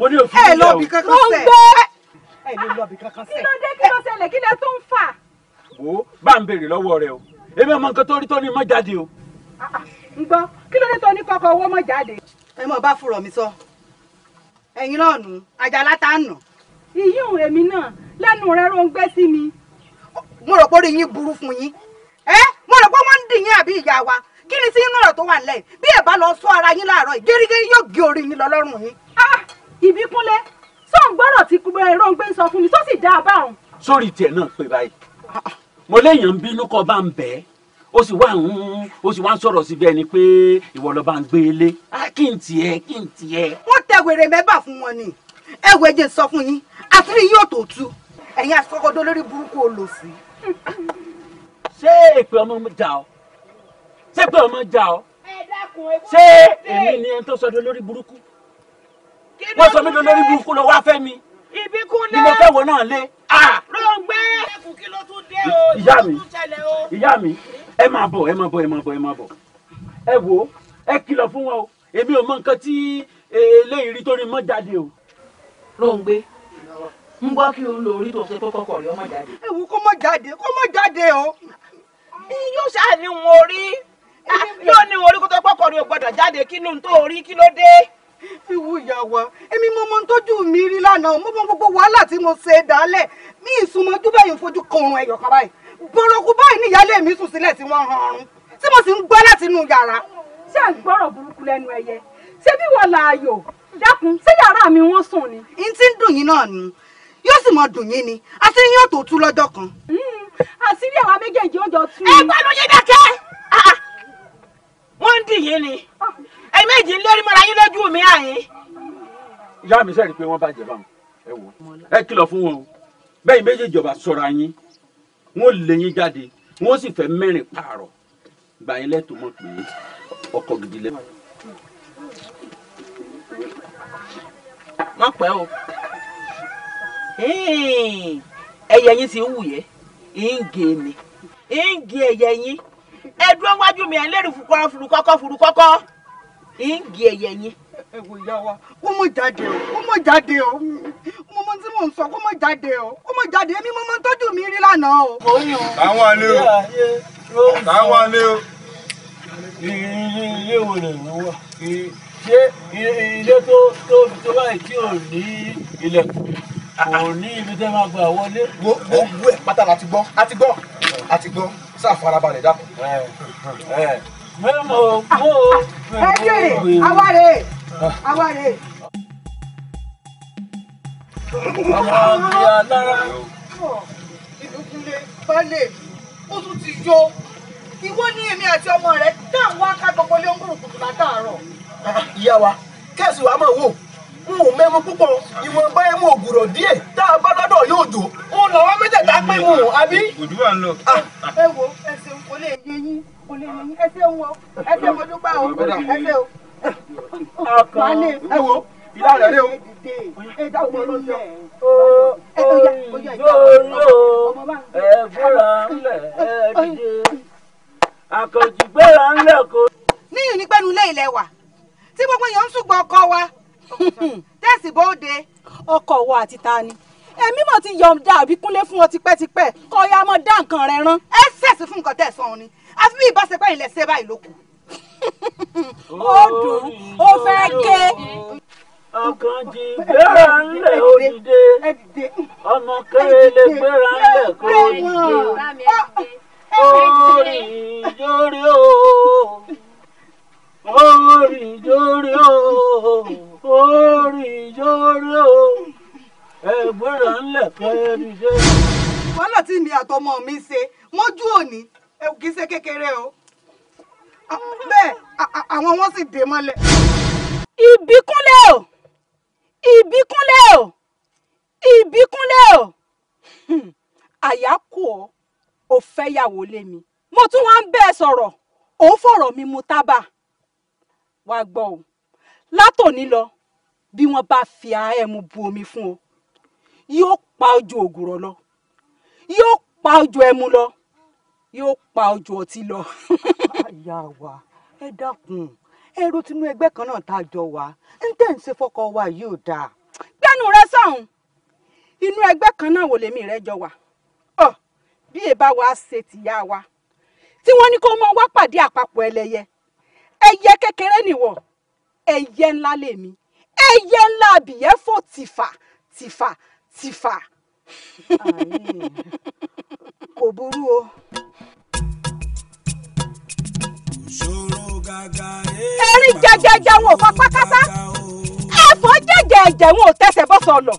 ẹ lọ bí kankan sẹ. ẹ lè lọ bí kankan sẹ. kí ló dé kí ló ṣẹlẹ̀ kí lẹ tó ń fà. wo bá ń béèrè lọ́wọ́ rẹ o èmi ọmọ nǹkan tó rí tó ní mọ́ jáde o. n ah, ah, gbọ́ kí ló dé tó ní kọ́kọ́ owó mọ̀ jáde. ẹ mọ̀ bá fúrọ̀ mi sọ ẹ̀yin náà nù àjàlá tá a nà. ìyíùn èmi náà lẹ́nu rẹ̀ ló ń gbé sí mi. mo rò pé orí yín burú fún yín ẹ mo rò pé wọ́n ń dì yín àbí ìyá wa kí ni sí inú ọ̀rọ̀ tó wà nílẹ̀ bí ẹ̀ bá lọ sọ ara yín láàárọ̀ yìí gẹ́rígẹ́rí yóò gé orí yín lọ lọ́rùn yín. Ah, ìbíkúnlẹ̀ sọ ń gbọ́rọ̀ tí ẹ̀rọ eh, ń gbé ń sọ fún mi tó sì dáa báwọn. sórí tiẹ̀ náà pé báyìí mo léèyàn ń bínú kọ́ bá ń bẹ́ẹ̀ ó sì wá ń ó sì wá ń sọ̀rọ̀ sí bẹ́ẹ̀ ni pé ìwọ lọ́ba ń gbé ilé kí n tiẹ̀ kí n tiẹ̀. wọ́n tẹ wèrè mẹ́bà fún wọn ni ẹ wo ẹjẹ sọ fún yín àtúrí yóò tó tu ẹ̀yin asọ́kọ́dọ́ lórí burúkú olòṣì. ṣé èpè ọmọ mi jà ọ́ ṣé èpè ọmọ jà ọ́ ṣé èmi ni ẹni tó sọ dé lórí burúkú wọ́n sọ mí dé lórí burúkú lọ wá fẹ́ mi ni mo fẹ́ wọ náà lé. rọ̀ǹgbẹ́ ah! kí ló ìyá mi ìyá mi ẹ máa bọ̀ ẹ máa bọ̀ ẹ máa bọ̀ ẹ máa bọ̀ ẹ wò ẹ kìlọ̀ fún wọn o èmi ò mọ nǹkan tí e, eléyìí rí torí mọ́ jáde o. Róńgbé ń gbọ́ kí o lo orí tó ṣe tó kọ́kọ́ rí ọmọ jáde. ewu kó mọ jáde kó mọ jáde o. yóò ṣáà ní wọn rí ah, yóò ní wọn rí kó tó kọ́kọ́ rí o gbọ́dọ̀ jáde kí ló ń tó orí kí ló dé ìwú ìyàwó èmi mo mọ tójú mi rí lánàá mo mọ gbogbo wàhálà tí mo ṣe dálẹ̀ ní ìsúnmọ́jú báyìí fojú kan ọrùn ẹyọ kan báyìí bọ̀rọ̀kú báyìí ní ìyáálé mi sùn sílẹ̀ tí wọ́n ran ọrùn tí mo sì ń gbọ́ láti inú yàrá. ṣé ẹ̀ ń gbọ́rọ̀ burúkú lẹ́nu ẹyẹ ṣé bí wọ́n la ayò dákun ṣé yàrá mi wọ́n sùn ni. n ti ń dùn yín náà ni yóò sì mọ dùn yín ni àṣírí yóò tó tú lọ́jọ́ kan. Hmm, àṣírí àwa méjèèjì ó jọ tú. ẹ gbọ́dọ̀ yín dákẹ́ ah, ah. wọ́n ń dì yín ni ah. ẹ̀mí èjì ń lérí mọ́ra yín lójú mi àyín. ìyá mi sẹ́ẹ̀rí pé wọ́n bàjẹ́ báwọn wọ́n lé yín jáde wọ́n sì fẹ́ mẹ́rin pààrọ̀ gbà yín lẹ́tọ̀ mọ̀ pé ọkọ gidi lẹ́nu. má pẹ́ o ẹyẹ yín ti ń wù yẹ ń gé mi ń gé ẹyẹ yín ẹ dúró wájú mi ẹ lérò furukọ́ furukọ́kọ́ furukọ́kọ́ ń ẹyẹ yín ẹ wo ìyá wa kó mọ̀ jáde o kó mọ̀ jáde o mo mọ tí mò ń sọ kó mọ̀ jáde o kó mọ̀ jáde èmi mo mọ tọ́jú mi rí lánàá o. táwọn alẹ́ o táwọn alẹ́ o. ilé wo lè wú wa ṣé ilé tó tóbi tó báyìí tí ò ní ilẹ̀kùn kò ní ibi tẹ́ máa gbà wọlé. wo wo wo ẹ pátá la ti gbọ́ a ti gbọ́ a ti gbọ́ sáà farabalẹ̀ dákun. mẹ́mọ̀ mo. ẹ jẹ́rìí awárẹ̀ awáre. ìwọ ní èmi àti ọmọ rẹ tá à ń lé ń kùrùkùtù látàárọ̀. ìyá wa kẹ́sì wa máa wò n ò mẹ́mu púpọ̀ ìwọ̀nba ẹ̀mú ògùrọ̀ díẹ̀ tá a bá lọ́dọ̀ yóò jò. ó lọ wá mẹ́tẹ̀ẹ̀ta pé mu àbí. òjú wa ń lọ. ẹ wo ẹsẹ̀ kò lè yé yín kò lè yé yín ẹsẹ̀ wo ẹsẹ̀ mo o ẹsẹ̀ o àkànlé ẹ wo ìlà rẹ rẹ o. ẹ dákun ló yẹ ẹ tó yá ó yá ìyá ẹ fúnra ńlẹ ẹ dìde àkànjì gbéra ńlẹ kò. níyìn ní pẹ́nu ilé ilẹ̀ wa tí gbogbo èèyàn ń ṣùgbọ́n ọkọ wa tẹ̀sí bóde. ọkọ wa àti ta ni èmi mọ̀ ti yọ̀ǹda àbíkúnlé fún ọ tipẹ́tipẹ́ kọ́ ya mọ̀ dá nǹkan rẹ̀ rán. ẹ ṣẹ̀sì fún nǹkan tẹ̀sán ni àfi bí ìbáṣepẹ́ ilẹ̀ ṣe báyìí ló kù ó dùn ó fẹ́ ké. ọkàn jí gbéra ńlẹ̀ ó dìde ọmọ kéèlè gbéra ńlẹ̀ kó dìde orí jórí o orí jórí o orí jórí o ẹgbẹ́ra ńlẹ̀ kẹ́rì wọ́n lọ tí mi àtọmọ mi ṣe mọ́jú òní kì ṣe kékeré o bẹ́ẹ̀ àwọn wọn sì dé mọ́lẹ̀. ìbíkúnlẹ̀ o ìbíkúnlẹ̀ o ìbíkúnlẹ̀ o hmm, àyákù ọ ò fẹ́yàwó lé mi mo tún wá ń bẹ́ẹ̀ sọ̀rọ̀ òun fọ̀rọ̀ mi mu tábà wá gbọ́ o látòní lọ bí wọ́n bá fi ahẹ́ mu bu omi fún ọ yóò pa ojú ògùrọ̀ lọ yóò pa ojú ẹmu lọ yóò pa ojú ọtí lọ. ìyá wa ẹ dákun ẹ ro tinú ẹgbẹ́ kan náà tá a jọ wá ń tẹ̀ ń ṣe fọkọ wa yìí ò dáa. gbẹ́nu rẹ sọ̀hún inú ẹgbẹ́ kan náà wò lèmi rẹ jọ wà ọ bí èbá wa ṣe tìyá wa tí wọ́n ní kó mọ wá pàdé àpapọ̀ ẹlẹ́yẹ ẹyẹ kékeré nìwọ ẹyẹ ńlá lèmi ẹyẹ ńlá abìyẹ́ fò tìfà tìfà tìfà. kò burú o erin jẹjẹjẹ wọn ò fa pákátá ẹ̀fọ́ jẹjẹjẹ wọn ò tẹsẹ̀ bọ́ sọ̀nà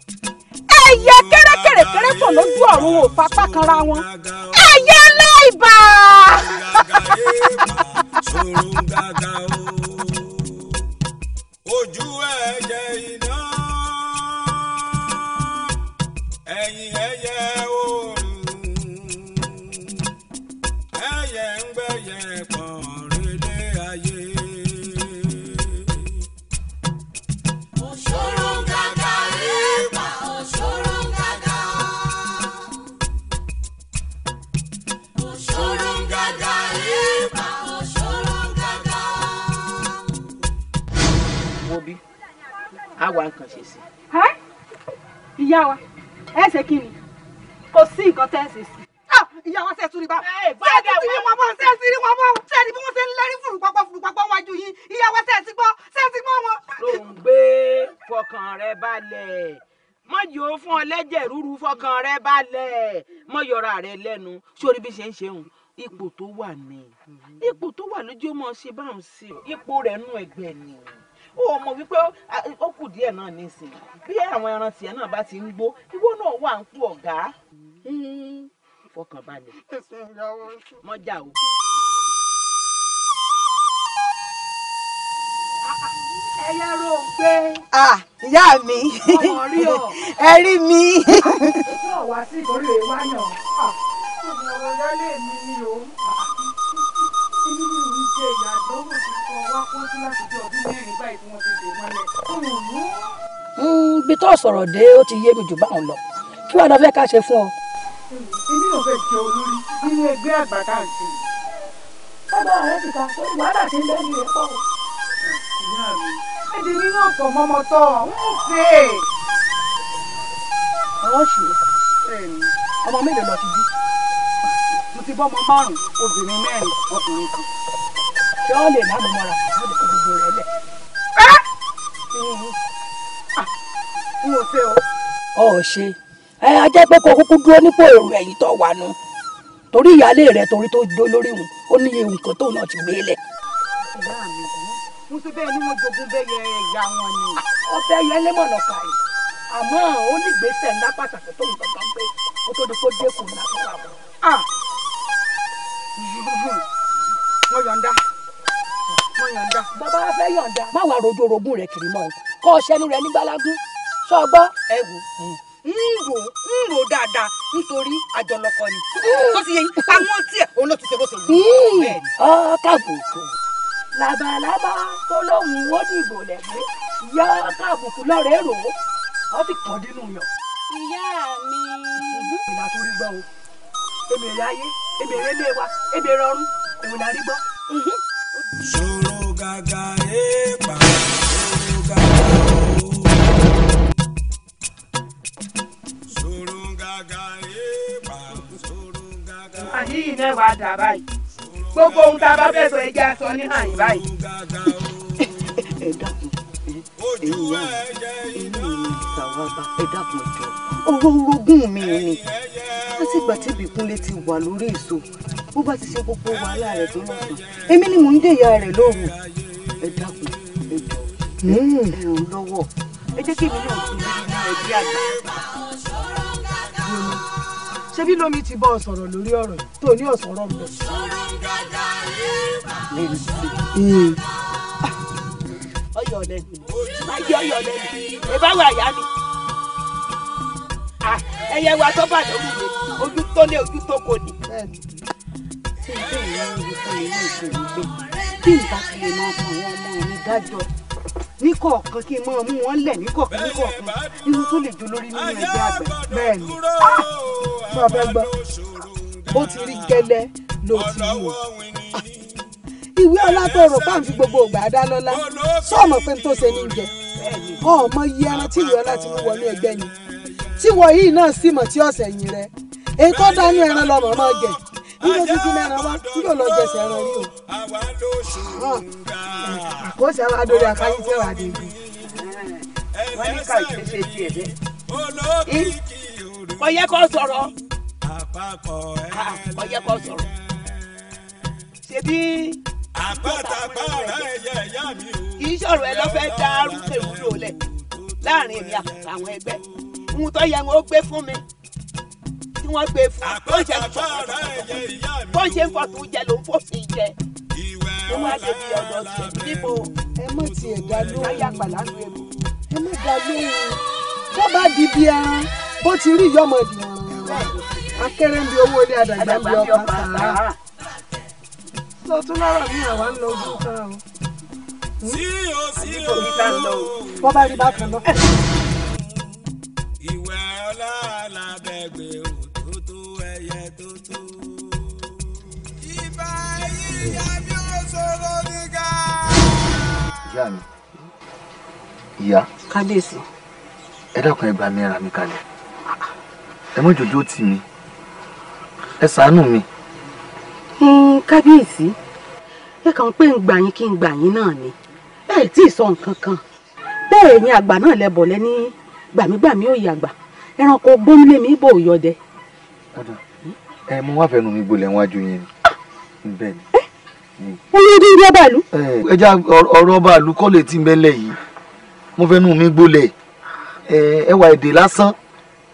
ẹyẹ kẹ́rẹ́kẹ́rẹ́kẹ́rẹ́ pọ̀ lójú ọ̀run ò fa pákanra wọn ẹyẹ láìbà. ojú ẹ̀jẹ̀ iná ẹ̀yìn ẹ̀yẹ o. á wá nǹkan ṣe sí. ìyá wa ẹ ṣe kí ni kò sí nǹkan tẹ́ ẹ ṣe sí. Ah, ìyá wa ṣe tún rí bá ṣe tún ti rí wọn bọ́ ṣe ti rí wọn bọ́ ṣe ni bí wọ́n ṣe ń lẹ́rí fùrùpapọ̀ fùrùpapọ̀ wájú yín ìyá wa ṣe ti gbọ́ ṣe ti gbọ́ wọn. ló ń gbé fọkàn rẹ balẹ̀ mọ̀jì ó fún ọ lẹ́jẹ̀ rúru fọkàn rẹ balẹ̀ mọ̀yọ̀ra rẹ lẹ́nu sórí bí ṣe ń ṣeun ipò tó wà ní ipò tó wà lójú ọmọ ṣe báwọn sí ipò rẹ̀ nú ẹgbẹ́ ni ó mọ wípé ó kù díẹ̀ náà nísìn bí àwọn ẹran tiẹ̀ náà bá ti ń gbó iwọ náà wà ń kú ọ̀gá fọkànbalẹ̀ mọ́jà o. ẹyẹ ro pé. ìyá mi ẹ rí mi. yóò wá sí ìkórè wáyàn ọ̀rọ̀ yálé mi ni o. èmi ni ìjẹ ìyàdọ́wọ̀ wá kó sí láti bí ọdún mẹ́rin báyìí tí wọ́n ti dè mọ́lẹ̀ kúrò mú. bí tó sọ̀rọ̀ dé ó ti yé mi jù báwọn lọ kí wàá lọ fẹ́ ká ṣe fún ọ. èmi ò fẹ́ jẹ olórí nínú ẹgbẹ́ àgbà tá à bàbá rẹ ti ta pé wàhálà ti ń lẹ́nu rẹ pọ̀. èdè mi náà pọ̀ mọ́mọ́ tọ́ ń fẹ́. ọwọ́ ṣù ọmọ mélòó lọ ti bí mo ti bọ́ ọmọ márùn-ún obìnrin mẹ́rin ọkùnrin kan ṣé wọ́n lè láàmú mọ́ra láti kó gbogbo rẹ̀ lẹ̀. n ò ṣe o. ọ ò ṣe ẹ a jẹ́ pé kó kúkú dúró nípò èrò ẹ̀yìn tó wà nù torí ìyáálé rẹ torí tó dó lórí wọn ó ní ewu nǹkan tóun náà ti gbé lẹ̀. ìyá mi mo ti bẹ́ẹ̀ ni mo jogún bẹ́ẹ̀ yẹ ìyá wọn ni. ọbẹ̀ yẹn lẹ́mọ̀nà kàì àmọ́ ó ní gbèsè ńlá pàtàkì tóun gbàgbọ́ pé kó tó di kó dé kùnà tó wà bọ̀. Ah! wọ́n yọ̀ǹda mo yọ̀ǹda. bàbá wa fẹ́ yọ̀ǹda. má wàá rojú orogún rẹ kiri mọ́ o kọ́ ọ sẹ́nu rẹ ní gbálágún sọ gbọ́. ẹ wò ń rò ń rò dáadáa nítorí àjọlọkọ ni hmm. tó ti yẹ yín àwọn tí ẹ òun ló ti ṣe bó ṣe wù. Hmm. ọ kábùkù làbàlábà tó lóhùn ó dìbò lẹ́gbẹ́ ìyá kábùkù lọ́rẹ̀ẹ́ rò ó ọ ti pọ̀ nínú yàn. ìyá mi. ìlà tó rí gbọ́ o èmi èrè ayé èmi èrè ilé wa èmi èrè ọ̀run èmi là rí gbọ́. Mhm ṣòro gàgà èèpà ṣòro gàgà o. ṣòro gàgà èèpà ṣòro gàgà o. àyè yìí náà wàá dà báyìí gbogbo ohun tá a bá fẹ́ sọ ẹja sọ ní àyè báyìí. ìyá ìlú tàwábà ẹ dákun ẹjọ ọ̀rọ̀ orogún mi ni látìgbà tí Ìbíkúnlé ti wà lórí èso bó bá ti ṣe gbogbo wàhálà rẹ̀ tó lọ́sàn èmi ni mò ń dèyà rẹ̀ lóru ẹ dákun ẹjọ ẹ hmm. ràn lọ́wọ́ ẹ jẹ́ kí èmi náà tún bí ẹbí àgbà. ṣebí lómi ti bọ́ ọ sọ̀rọ̀ lórí ọ̀rọ̀ tó ní ọ̀sọ̀rọ̀ ń bẹ̀. lẹ́nu sí i ọyọ lẹnu máa jẹ ọyọ lẹnu ìbáwọ àyà mi ẹyẹ wa tó bàdé wù mí ojú tó lé ojú tó kò ní. kí n bá ti lè máa fún àwọn ọmọ mi dájọ́ ní kọ̀ọ̀kan kí n máa mú wọn lẹ̀ ní kọ̀ọ̀kan ní kọ̀ọ̀kan irú tó lè jó lórí nínú ẹgbẹ́ àgbà bẹ́ẹ̀ ni bàbá ah, gbọ́ ó ti rí gẹ́lẹ́ ló ti wù ìwé ọlá tó rò bá ń fi gbogbo ògbà dá lọ́lá sọ́ọ̀mù pé n tó ṣe ní jẹ ọmọ iye ẹran tí ìwé ọlá ti mú wọnú ẹgbẹ́ ni tí wọ yìí náà sì mọ̀ tí ọ̀sẹ̀ yìí rẹ èyí tó dánú ẹran lọ́mọ máa gẹ̀ nígbà títí mẹ́ran wá tí yóò lọ jẹsẹ̀ ẹran rí o kó sì àwọn adórí akáyí tẹ́ wà débi. wọ́n ní káyọ̀ ṣe ṣe tiẹ̀ dẹ́. kò yẹ kó sọ̀rọ̀ kò ṣebí àpàtàpà ọ̀rọ̀ ẹ̀yẹ ẹ̀yà mi o. ìṣòro ẹ lọ fẹ́ dá arúgbó ìwúlò lẹ̀ láàrin èmi àtàwọn ẹgbẹ́ ohun tó yẹ wọn ó gbé fún mi tí wọ́n gbé fún mi bó ṣe ń fọ́ bó ṣe ń fọ́ tó jẹ ló ń fòfin jẹ ló wá débi ọ̀dọ̀ tiẹ̀ níbo. ẹ má tiẹ̀ dá lóhùn ẹ má dá lóhùn bó bá di bí ẹran bó ti rí ìyọ́mọdé akẹ́rẹ́ ń bi owó ilé àdàgbà ń bi ọkàn sàrà lọ tún lọ́rọ̀ mi àwa ń lọ ojú kan oh, o. sí o sí o bọ́ bá rí bákan lọ. ìwẹ̀ ọlọ́ọ̀la bẹ̀gbẹ̀ òtótó ẹyẹ tó tó. ibà yíyá bí ó ṣòro nígbà. ìyá mi ìyá. kábíyèsí. ẹ dákun ẹ gbà mí ara mi kalẹ̀ ẹ mọ tì mí ẹ ṣàánú mi kábíyèsí ẹ kàn pé ń gbà yín kí ń gbà yín náà ni ẹ tí ì sọ nǹkan kan bẹ́ẹ̀ ẹ̀yin àgbà náà lẹ bọ̀ lẹ́ní gbàmígbàmí òye àgbà ẹranko gbómìnlé mi bò yọdẹ. ẹ mo wá fẹnu mi gbolẹ̀ wájú yín ni bẹ́ẹ̀ ni wọ́n eh? ní bí ọba ẹ já ọ̀rọ̀ ọba ìlú kọ́ lè ti ń bẹ́lẹ̀ yìí mo fẹ́ nù mí gbolẹ̀ ẹ wà èdè lásán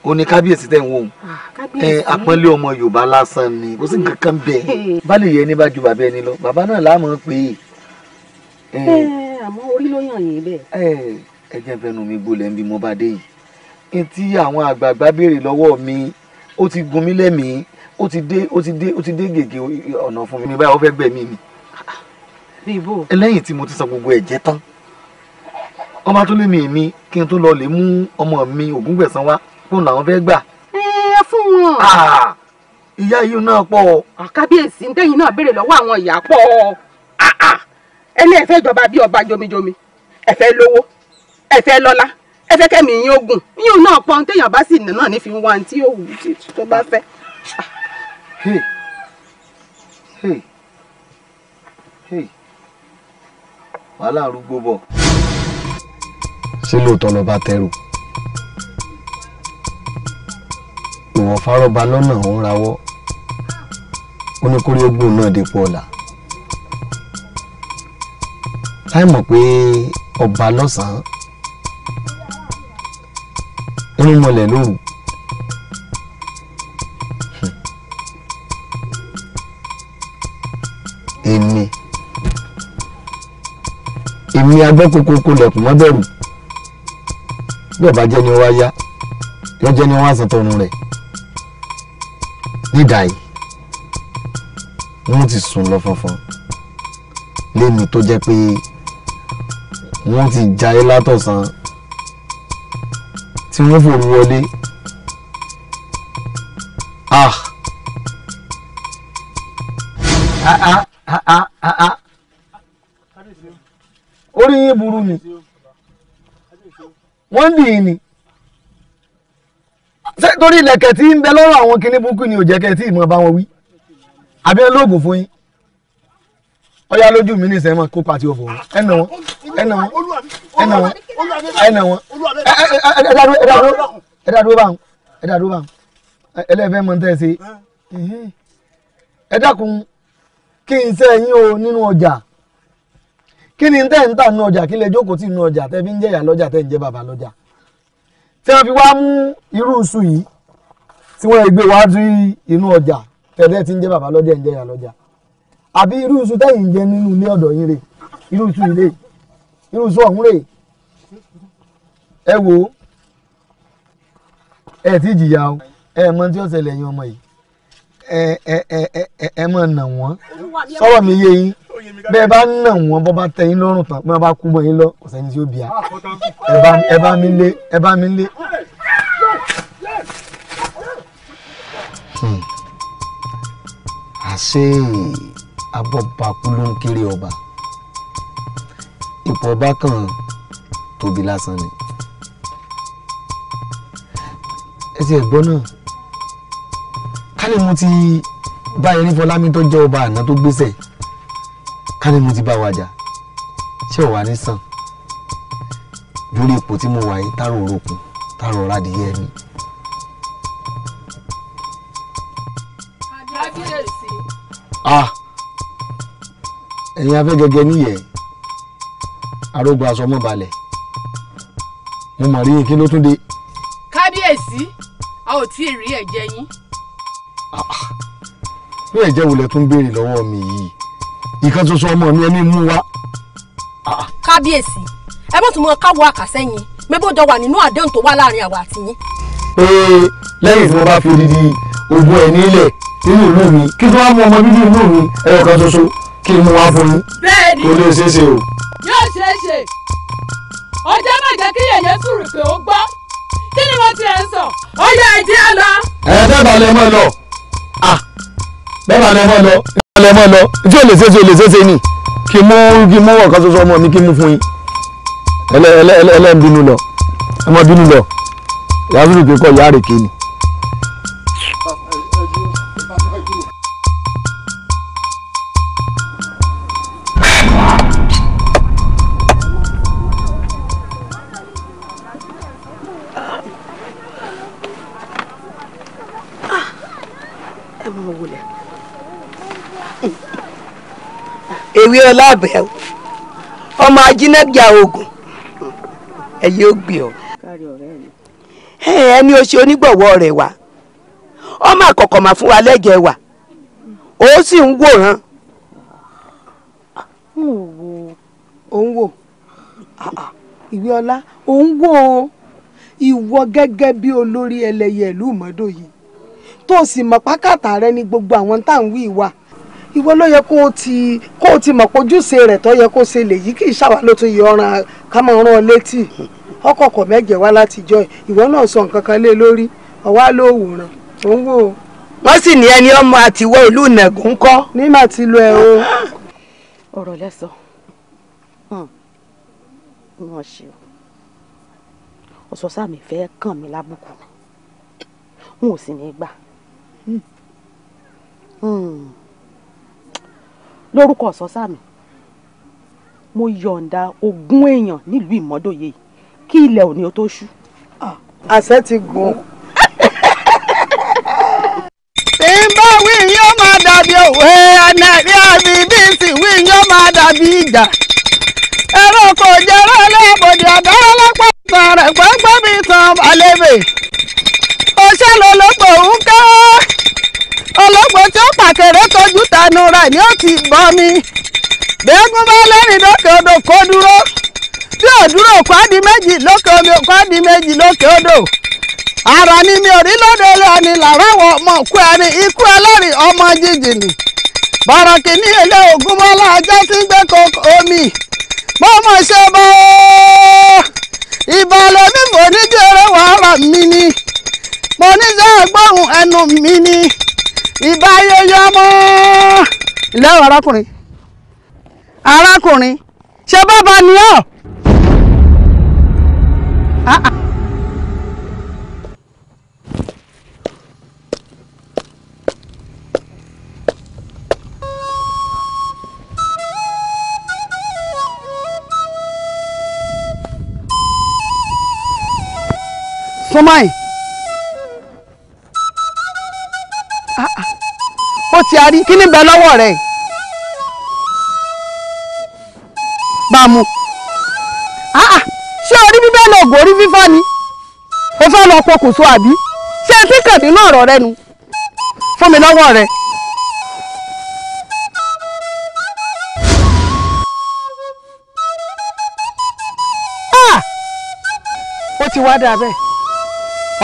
ó ní kábíyèsí tẹ̀ ń wò ah, ẹ àpọ́nlé ọmọ yorùbá lásán ni kò sí nǹkan kan bẹ́ẹ̀ baálé yẹn ní bá ju bàbá ẹni lọ bàbá náà láàmú pé. àmọ́ orí ló yàn yín bẹ́ẹ̀. ẹ jẹ́ fẹnu mi gbolẹ̀ ń mo bá dé yìí etí àwọn àgbààgbà béèrè lọ́wọ́ mi ó ti gun mí lẹ́mìí ó ti dé ó ti dé ó ti dé gègé ọ̀nà fún mi. mi báyìí ó fẹ́ gbẹ̀mí mi. lẹ́yìn tí mo ti san gbogbo ẹ̀jẹ̀ tán ọba tó lé mi mi kí n tó lọ lè mú ọmọ mi ògúngbẹ̀sán wá kó làwọn fẹ́ gbà. ẹ ẹ fún wọn. Ah, ìyá yìí náà pọ̀. àkábíyèsí ah, ntẹ́yìn náà béèrè lọ́wọ́ àwọn ìyá pọ̀ ah, ẹni ẹ fẹ́ jọba bí ọba jomijomi ẹ fẹ́ lówó ẹ fẹ́ lọ́lá ẹ fẹ́ kẹ́mi yín ogun yín náà pọ́n téèyàn bá sì náà ní fi wá ní tí òwú tó bá fẹ́. wàhálà arúgbó bọ̀. ṣé lóòótọ́ lọ bá tẹ́rù. ìwọ̀n fárọ́ba lọ́nà òun rawọ́ ó ní kórí ogbó náà dépò ọ̀la láì mọ̀ pé ọba lọ́sàn-án irúnmọlẹ̀ lóru èmi èmi agbẹ́kokoko lẹ̀kùn mọ́bẹ̀rù bí ọba jẹ́ ni wọ́n á yá lọ́jọ́ ni wọ́n á sọ̀tọ̀nù rẹ̀ nídàá yìí wọ́n ti sùn lọ fọnfọn lémi tó jẹ́ pé wọ́n ti jayé látọ̀sán tí wọ́n fòru wọlé ah ah ah ah ah ah ah orí yín burú ni wọ́n dì í ni ṣé torí ilẹ̀kẹ̀ tí ń bẹ lọ́rùn àwọn kinní burúkú ni ò jẹ́ kẹ́ tí ìmọ̀ bá wọn wí àbí ẹ lóògùn fún yín ọyá lójú mi ní ìsẹ́mọ̀ kó pàtí ọ̀fọ̀ ẹnà wọn ẹnà wọn ẹnà wọn ẹnà wọn ẹ̀dá dúró báwọn ẹ̀dá dúró báwọn ẹlẹ́fẹ́ mọ̀ tẹ́ ṣe ẹ dákun kí n ṣe yín o nínú ọjà kí ni tẹ́ ń tà nínú ọjà kí lẹ jókòó tì nínú ọjà tẹ́ fi ń jẹ́ ìyá lọ́jà tẹ́ ń jẹ́ bàbá lọ́jà. tí wọ́n fi wá mú irú iṣu yìí tí wọ́n gbé wá sí inú ọjà tẹ̀lé tí ń jẹ́ bàbá lọ́jà ń jẹ́ lọ́jà àbí irú iṣu tẹ̀yìn ń jẹ nínú ilé ọ̀dọ̀ yín rè irú iṣu yìí rè irú iṣu ọ̀hún rè ẹ wò ẹ ti jìyà o ẹ mọ tí ó ṣẹlẹ̀ yín ọmọ yìí ẹ ẹ ẹ ẹ ẹ mọ̀ nà wọ́n sọ̀rọ̀ mi yé yín bẹ́ẹ̀ bá nà wọ́n bọ́ bá tẹ yín lọ́rùn tán bẹ́ẹ̀ bá kú mọ́ yín lọ kò sẹ́ni tí ó bìá ẹ bá mi lé ẹ bá mi lé. Hmm. àṣé abọ́bakú ló ń kéré ọba ipò ọba kan tóbi lásán ni ẹ ti ẹ̀ gbọ́ náà kálí mo ti bá yẹn ní fọlámi tó jẹ́ ọba àná tó gbéṣẹ́ kálí mo ti bá wàjà ṣé ò wá ní sàn lórí ipò tí mo wà yìí tààrọ̀ òrokùn tààrọ̀ ọ̀rádìyẹ mi. ah ẹ̀yin afẹ́gẹ́gẹ́ níyẹ̀ arógbó aṣọ mọ́ balẹ̀ mo mọ̀ rí yín kí ló tún dé. kábíyèsí a ò tí ì rí ẹ̀jẹ̀ yín ní ẹ̀jẹ̀ wo lẹ tún béèrè lọ́wọ́ mi yìí ìkan ṣoṣo ọmọ mi ẹni mú wá. kábíyèsí ẹ bó tún mọ káwọ àkàsẹ́yìn mébòjọ wà nínú àdéhùn tó wà láàrin àwa àti yín. pé lẹ́yìn tí mo bá fi odidi ogún ẹ̀ nílẹ̀ nínú ìlú mi kí tó wá mú ọmọ bíbí ìlú mi ẹyọ kan ṣoṣo kí n mú wá fún yín kò lè ṣeé ṣe o. yóò ṣeé ṣe ọjọ́ má jẹ́ kí yẹ̀yẹ́ sùn rìn ó gbọ́ kí ni mo ti ẹ̀ sọ ọjọ́ ẹ̀jẹ̀ lọ. ẹ̀ẹ́dẹ́gbàlẹ̀ mọ́ lọ bẹ́ẹ̀ lẹ mọ́ lọ lẹ mọ́ lọ tí ò lè ṣe ṣe ò lè ṣe ṣe ni kí mú kí mú ọ̀kan ṣoṣo ọmọ mi kí mú fún yín ẹlẹ́ ẹlẹ́ ẹlẹ́ ń bínú lọ ọmọ bínú lọ ìyá sùn kí kọ́ ìyá rèké ni. ewé ọmọ ajínàbíà ogun ẹ̀yẹ ọ. ẹni o ṣe onígbọ̀wọ́ rẹ̀ wá ọmọ àkọ́kọ́ máa fún wa lẹ́jẹ̀ẹ́ wà ó sì ń wòran. ó ń ìwọ ló yẹ kó o ti kó o ti mọ̀ pojúṣe rẹ̀ tó yẹ kó o ṣe lèyí kì í ṣàwá ló tún yọ ọ̀ràn ká máa rán ọ létí ọkọ̀ọ̀kọ̀ mẹ́jẹ̀ wá látijọ́ ìwọ náà sọ nǹkan kan lé lórí ọ̀wá ló wòran ó ń wò. wọ́n sì ní ẹni ọmọ àtiwọ́ ìlú ìnàgún kọ́. nígbà tí lu ẹ o. ọ̀rọ̀ lẹ́sọ̀ mo ṣe o ọ̀sọ̀sámi fẹ́ kàn mí lábùkù n ò sì ní gbà. Hmm lórúkọ ọ̀sọ́sàmì mo yọ̀ǹda ogún èèyàn nílùú ìmọ́dòye kí ilẹ̀ òní ó tó ṣú. àṣẹ ti gùn. tí n bá wí máa dàbí òwe ànàrí àbí bí n sì wí máa dàbí ìjà ẹ̀rọ kò jẹ́rọ lẹ́bọ̀dì ọ̀dọ́ ọlọ́pàá sàn rẹ̀ gbọ́ngbọ́n mi sàn àlebè òṣèlú ló pò ń kọ́ ológbò tí ó pàkẹ́rẹ́ tójú tanu rà ni ó ti bọ́ mi gbẹ́gun bá lẹ́rìn lókè odò kó dúró tí ò dúró kó di méjì lókè omi kó di méjì lókè odò àrà ni mi ò rí lóde lẹ́ni làrá àwọn ọmọ òkú ẹni ikú ẹlẹ́rìn ọmọ jíjìnì bọ̀rọ̀ kìíní ilé ògùn mọ́lá ọjọ́ tí ń gbé omi bó mo ṣe bọ́ ìbàlẹ̀ mímọ́ oníjẹ̀rẹ̀ wàhálà mi ni mo ní sẹ́ ẹgbọ́n ẹnu mi ni ìbà yeye ọmọ ìlẹ́wọ̀n arákùnrin arákùnrin ṣe bàbá ni ọ́ súnmọ́ ah, ah. yìí. ó ti a rí kí ni bẹ lọ́wọ́ rẹ̀ bá a mú ṣé orí bíbẹ́ lọ ògùn orí fífọ́ ni o fẹ́ lọ pokùnso àbí ṣé etí kàdé náà ọ̀rọ̀ rẹ nu fún mi lọ́wọ́ rẹ. ó ti wá dáa bẹ́ẹ̀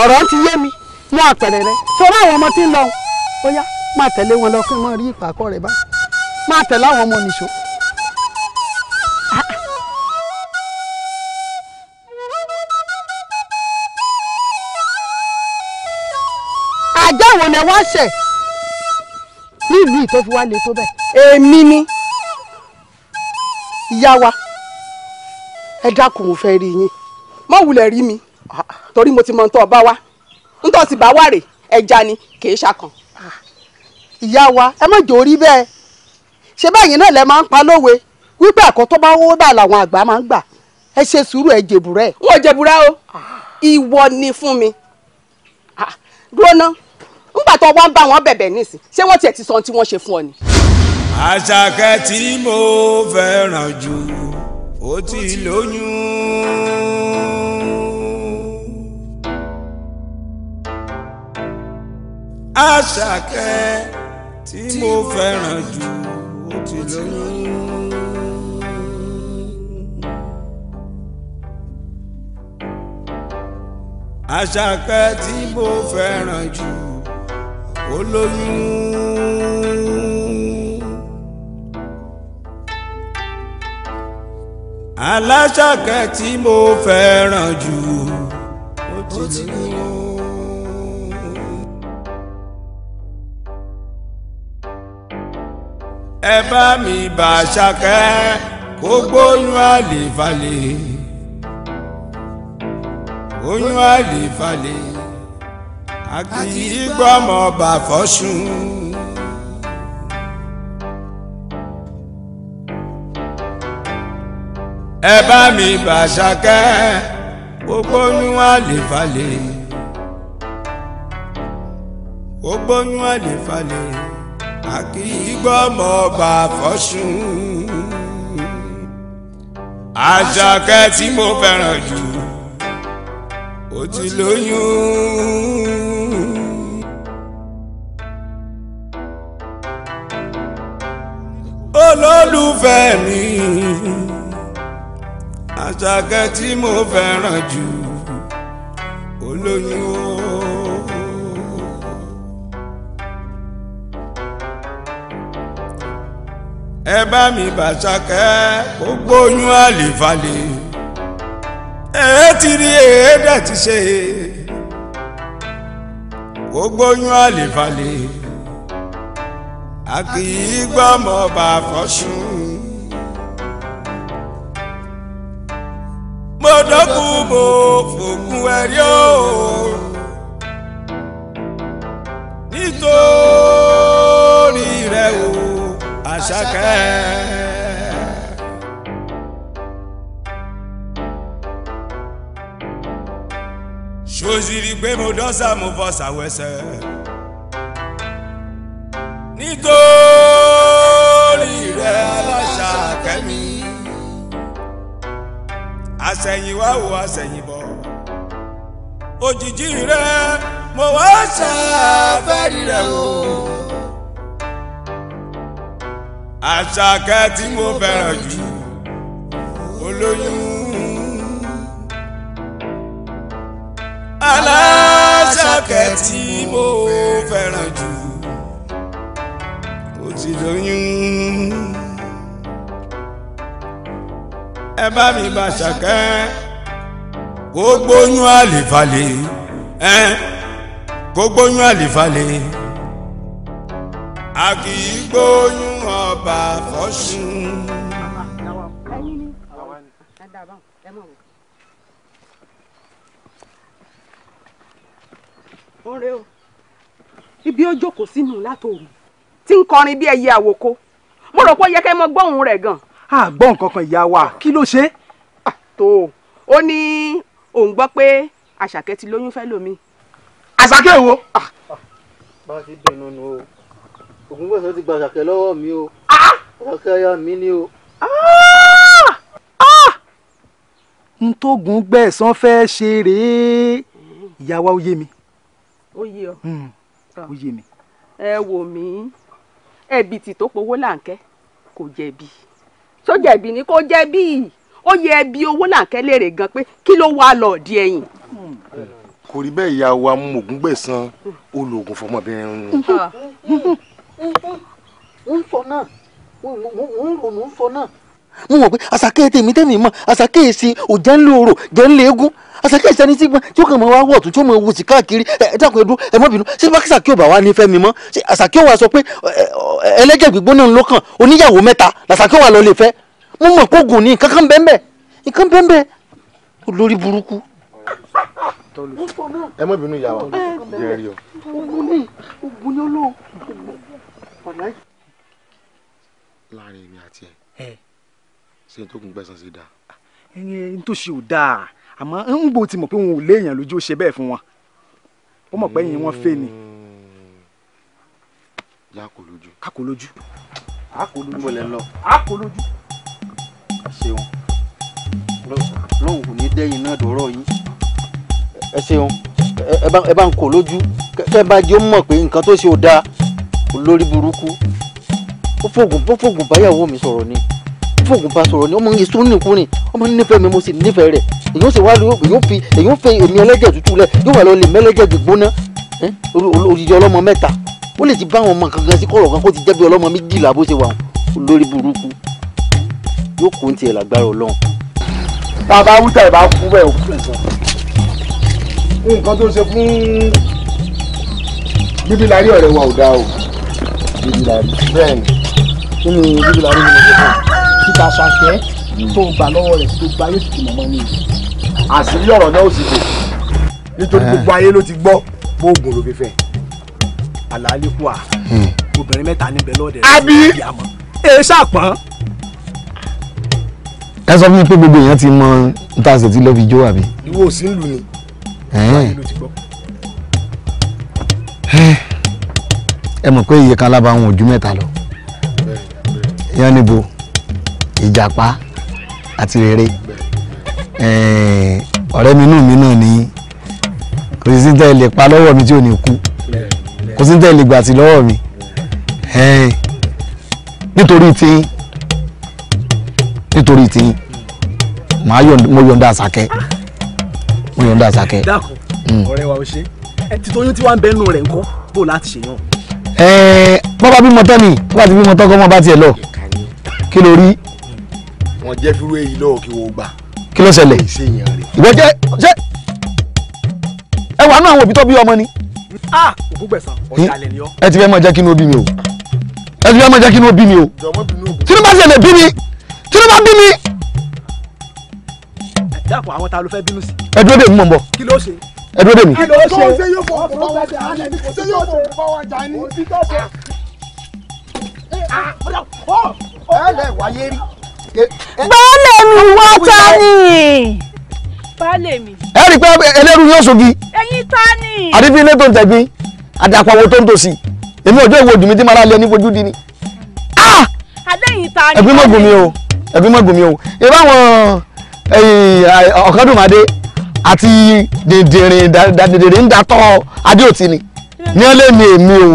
ọ̀rọ̀ ń ti yé mi mú àpẹẹrẹ rẹ sọ fún ọmọ tí ń lọ ó yá máa tẹ̀lé wọn lọ kí wọ́n rí ìpàkọ́ rẹ̀ báyìí máa tẹ̀lé àwọn ọmọ nìṣó. àjẹ́ wo ni wọ́n ṣẹ̀ nílùú tó fi wá le tó bẹ́ẹ̀ èmi ni ìyá wa ẹ dákun mo fẹ́ rí yín mọ wulẹ̀ rí mi torí mo ti mọ ohun ọba wa ń tọ́ sí bá wà rè ẹja ni kì í ṣàkàn ìyá wa ẹ má jò rí bẹ́ẹ̀ ṣé báyìí náà lẹ máa ń pa lówe wípé àkótó bá wó bá làwọn àgbà máa ń gbà ẹ ṣe sùúrù ẹ jèbùrẹ́. n ò o ìwọ ni fún mi dúró ná nígbà tó wá ń bá wọn bẹ̀bẹ̀ nísìn ṣé wọ́n tiẹ̀ ti sọ ohun tí wọ́n ṣe fún ọ ni. àṣàkẹ́ tí mo fẹ́ràn jù ó ti lóyún. Àṣàkẹ́ tí mo fẹ́ràn jù ó ti lóyún. àṣàkẹ́ tí mo fẹ́ràn jù ó lóyún. aláṣàkẹ́ tí mo fẹ́ràn jù ó ti lóyún. ẹ bá mi bá ṣakẹ́ kó gbóyún àlèfàlè oyún àlèfàlè àti ìgbọ́mọ bá fọ́sùn. ẹ bá mi bá ṣakẹ́ kó gbóyún àlèfàlè kó gbóyún àlèfàlè àkìgbọ́mọ bá fọ́sùn àjàkẹ́ tí mo fẹ́ràn jù ó ti lóyún. olólùfẹ́ mi àjàkẹ́ tí mo fẹ́ràn jù ó lóyún. ẹ bá mi bàṣàkẹ́ kó gbóyún àlèfàlè ẹ ti rí èédà ti ṣe kó gbóyún àlèfàlè a kì í gbọ́mọ bá fọ́sùn. mo dọ́kun mo fògùn ẹ̀rí o nítorí rẹ o ṣàkẹ́. sosiri pé mo dọ́sà mo fọ́ sàwẹ́sẹ̀ nítorí rẹ aláṣà kẹ́mi àṣẹ̀yìnwá wo àṣẹ̀yìnbọ̀ òjijì rẹ mo wá ṣàfẹ́rí rẹ o àṣàkẹ́ tí mo fẹ́ràn jù olóyún aláṣàkẹ́ tí mo fẹ́ràn jù ó ti lóyún ẹ bá mi bá ṣàkẹ́ kó gbóyún àlèfàlè ẹ kó gbóyún àlèfàlè. Eh? a kì í gbóyún ọba fọ́sùn. ọ̀rẹ́ o ibi ó jókòó sínú látòrò tí ń kọrin bí ẹyẹ àwòkọ́ mo rò pé ó yẹ kẹ́ mọ gbóhùn rẹ̀ gan. a gbọ́ nǹkan kan ìyá wa kí ló ṣe. Ah, tó o ní òun gbọ́ pé àṣàkẹ́ ti lóyún fẹ́ lómi. àṣàkẹ́ wo. Ah. bá a ti dùn nínú o. Ògúngbèsè ti gba ṣàkẹ́ lọ́wọ́ mi o ah! ṣàkẹ́ aya mi ni o. Ah! Ah! n tó gùn gbẹ̀sán fẹ́ ṣe rèé ìyá wa ó yé mi. ó yé ọ hmm. ó yé mi. ẹ wò mí ẹbí tí tó powó láǹkẹ́ kò jẹ̀bi tó jẹ̀bi ni kò jẹ̀bi ó yẹ ẹbí owó láǹkẹ́ léèrè gan pé kí ló wà lọ́ọ̀dí ẹ̀yìn. kò rí bẹ́ẹ̀ ìyá wa mú Ògúngbèsàn olóògùn fọmọbìnrin. ń sọ náà ń ronú ń sọ náà. mo mọ̀ pé àsàkè tèmi tèmi mọ̀ àsàkè ṣe òjẹ́ ńlẹ̀ òrò jẹ́ ńlẹ̀ eégún àsàkè ìsẹ́ni tí tí ó kàn máa wá wọ̀ tó tí ó máa wù sí káàkiri ẹ dákun ẹdún ẹ má bínú ṣé bá àsàkè ò bá wá nífẹ̀ẹ́ mi mọ́ ṣé àsàkè ò wá sọ pé ẹlẹ́jẹ̀ gbígbóná ló kàn oníyàwó mẹ́ta làsàkè ò wá lọ lè fẹ́ mo mọ̀ pé oògùn ni nǹkan kan bẹ́ẹ̀ bẹ́ẹ̀ nǹkan bẹ́ẹ̀ bẹ́ẹ̀ olórí burúkú ẹ má bínú ìyá wa. ogun ni ogun ni olóhùn for life. láàrin èmi àti ẹ ṣe tó kún gbẹ̀san sí dáa. ẹyin tó ṣe ò dáa àmọ́ ń gbò ti mọ̀ pé wọn ò léèyàn lójú ó ṣe bẹ́ẹ̀ fún wọn ó mọ̀ pé yín wọn fẹ́ ni. Hmm. yà kò lójú. ká kò lójú. a kò lójú. mo lè lọ. a kò lójú. ṣeun lóhùn kò ní dẹ́yìn náà dọ̀rọ̀ yín ẹ ṣeun ẹ bá ń kò lójú kẹ́ bá jẹ́ mọ̀ pé nǹkan tó ṣe ò dáa olórí burúkú ó fògùn ó fògùn báyàwó mi sọ̀rọ̀ ni ó fògùn bá sọ̀rọ̀ ni ọmọ yẹn sún nìkúrin ọmọ nífẹ̀ẹ́ mi mo sì nífẹ̀ẹ́ rẹ̀ èyí ó sì wá èyí ó fi èyí ó fẹ́ èmi ẹlẹ́jẹ̀ tútù lẹ̀ yóò wà lọ lè mẹ́lẹ́jẹ̀ gbígbóná òdìdí ọlọ́mọ mẹ́ta ó lè ti bá àwọn ọmọ kankan sí kọ̀rọ̀ kan kó ti jẹ́bi ọlọ́mọ méjìlá bó ṣe wà olórí burúkú yóò kó tiẹ̀ lágbára ọlọ́run. tá a bá wú tá a bá kú bẹ́ẹ̀ òkú ẹ̀sán nǹkan tó ṣe fún bíbí bíbélàrí bẹ́ẹ̀ ni kí ni bíbélàrí ni mo ṣe fún un títa ṣàṣẹ tó gbà lọ́wọ́ rẹ̀ tó gba yóò tutù mọ́mọ́ ní ìlú àṣírí ọ̀rọ̀ náà ò sì dé nítorí gbogbo ayé ló ti gbọ́ bóògùn ló fi fẹ́ àlàálíkù à hmm. obìnrin mẹ́ta níbẹ̀ lọ́dẹ̀ àbí èé ṣàpọ́n. ẹ sọ fún mi pé gbogbo èèyàn ti mọ ntaṣe tí ló fi jó àbí. ìwọ ò ni. ìlú ẹ mọ̀ pé iye kan lábàá wọn ò ju mẹ́ta lọ yan níbo ìjàpá àti rere ọ̀rẹ́ mi inú mi náà ni kò sí tẹ́ lè pa lọ́wọ́ mi tí ò ní kú kò sí tẹ́ lè gbà tí lọ́wọ́ mi nítorí tiyín nítorí tiyín màá yọ̀ mo yọ̀ǹda àsàkẹ́ mo yọ̀ǹda àsàkẹ́. Mm. ọ̀rẹ́ wa ò ṣe ẹ ti tóyún tí wàá ń bẹ́nu rẹ̀ ńkọ́ bó láti ṣèyàn bọ́bá bímọ tán ni bọ́bá ti bímọ tán kọ́ mọ́ bá tiẹ̀ lọ kí ló rí. wọn jẹ fúru èyí lọ kí wọn gbà. kí ló ṣẹlẹ̀ ìwọ jẹ ṣe ẹ wà nú àwọn òbí tó bí ọmọ ni. a ah, òkú gbẹ̀sán ọ̀dàlẹ̀ ni ọ. ẹ ti fẹ́ mọ jẹ́ kí inú bí mi o ẹ ti fẹ́ mọ jẹ́ kí inú bí mi o tinubu bá ṣẹlẹ̀ bí mi tinubu bí mi. dàpọ̀ àwọn ta ló fẹ́ bínú sí. ẹ dúró dè mú mọ̀ ẹ dúró dè mí. mi wọ́n ta ni. ẹ rí i pé ẹlẹ́rú yóò ṣogi. ẹ̀yin ta ni. àdìbí ilé tó ń tẹ̀gbìn àdàpọ̀ àwọn tó ń tòsí èmi ọjọ́ ìwò òdùnmí tí màá lé ní fojú di ni. àdéhìn ah! ta ni. ẹbí mọ̀gùn o ẹbí mọ̀gùn o ìbáwọn ọ̀kadùnmáde àti dìndìnrín dìndìnrín dàtọ́ adéòtí ni ní ọ lè èmi o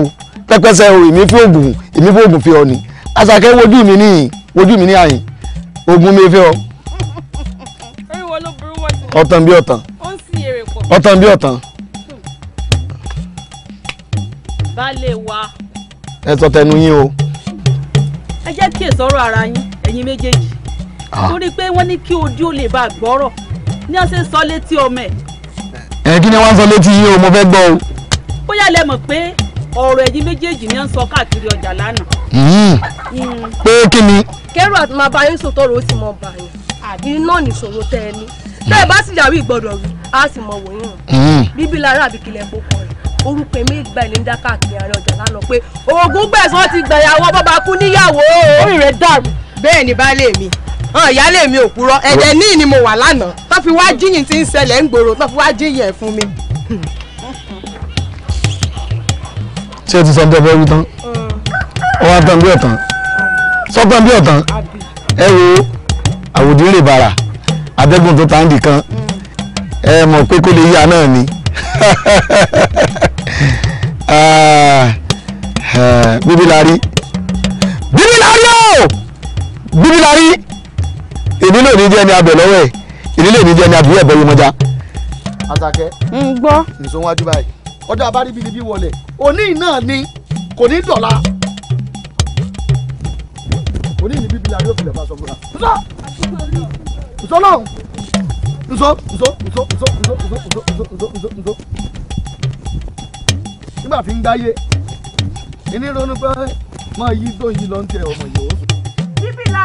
pẹpẹsẹ o èmi fi oògùn èmi fi oògùn fi ọ ni àṣàkẹ́ wojú mi ní wojú mi ní àyìn oògùn mi fi ọ. ọ̀tàn bí ọ̀tàn ọ̀tàn bí ọ̀tàn. balẹ̀ wa. ẹ sọ tẹnu yín o. ẹ jẹ́ kí èso ọ̀rọ̀ ara yín ẹ̀yin méjèèjì ah. torí pé wọ́n ní kí ojú ò lè bá gbọ́rọ̀ ni wọ́n ṣe ń sọ létí ọmọ ẹ̀. ẹ kí ni wọ́n ń sọ létí yìí o mo fẹ́ gbọ́ o. bóyá lẹ mọ̀ pé ọ̀rọ̀ ẹ̀yin méjèèjì ni wọ́n ń sọ káàkiri ọjà lánàá. Hmm. Hmm. pé kí ni. kẹ́rù àti máa bá yín sòtò ọ̀rọ̀ ó sì mọ bà yín àbí náà nìṣòro tẹ ẹ ní. tẹ́ ẹ bá sì yàwó ìgbọ́dọ̀ rí a sì mọ wò yín hàn. Hmm. bíbí lára àbíkílẹ̀ pokọ̀ rẹ̀ orúkọ èmi ìgbà ìlú ń dá àárẹ̀ ọjà lánàá pé òògùn gbẹ̀sán ti gbẹ̀yàwó bàbá kú níyàwó. orí rẹ̀ dàrú bẹ́ẹ̀ ni baálé mi ìyáálé mi ò purọ́ ẹ̀jẹ̀ ní ni mo wà lánàá tó fi wá jíyìn tí ń ṣẹlẹ̀ ń gbòòrò tó fi wá jíyìn ẹ̀ fún mi. ṣé ẹ ti sọ bí ọbẹ̀ wí tán ọwọ́ tán bí ọ̀tán sọ́tàn bí ọ̀tán ẹ wo àwòdì lè bàrà àdẹ́gùn tó ta ń kan ẹ mọ̀ pé kó lè yá náà ni ah, eh, bíbí la rí bíbí la rí o bíbí la rí èmi lè ní jẹ́ ni abẹ lọ́wọ́ ẹ̀ èmi lè ní jẹ́ ni abìyẹ ẹ̀bọ̀ yìí mọ́já. àtàkẹ́ ń gbọ́. nìṣó wájú báyìí ọjọ́ abáríbi ni bí wọlé òní náà ni kò ní dọ̀la òní ni bíbí la yóò filẹ̀ fásọ fúnra. nsọ náà nsọ nsọ nsọ nsọ nsọ nsọ nsọ nsọ nsọ nsọ nsọ nígbà fi ń gbáyé ìní ronú pé máa yí tó yí lọ́ntẹ̀ ọmọ yìí ó bíbí la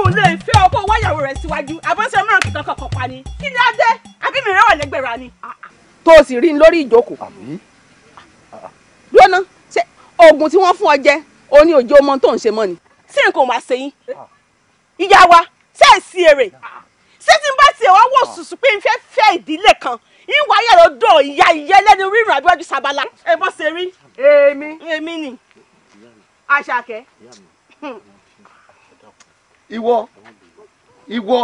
òun lè fẹ́ ọkọ wáyàwó rẹ̀ síwájú àbọ̀sẹ̀ mìíràn kìkan kọ̀ọ̀kan pa ni kí ni á dé àbí mi rẹwà lẹ́gbẹ̀rà ni. tó o sì rí i lórí ìjókòó. lọ́nà ṣe oògùn tí wọ́n fún ọ jẹ o ní òjò ọmọ tó ń ṣe mọ́ ni. sí nǹkan máa ṣe yín ìyá wa ṣe é sí èrè ṣé tí n bá tiẹ̀ wá wò sùsù pé n fẹ́ fẹ́ ìdílé kan ìwà yàrá dọ̀ ìyá ìyá ẹlẹ́ni rírun àbíwájú sabala. ẹ bọ́ ṣe rí. èmi èmi ni àṣàkẹ́ ìwọ ìwọ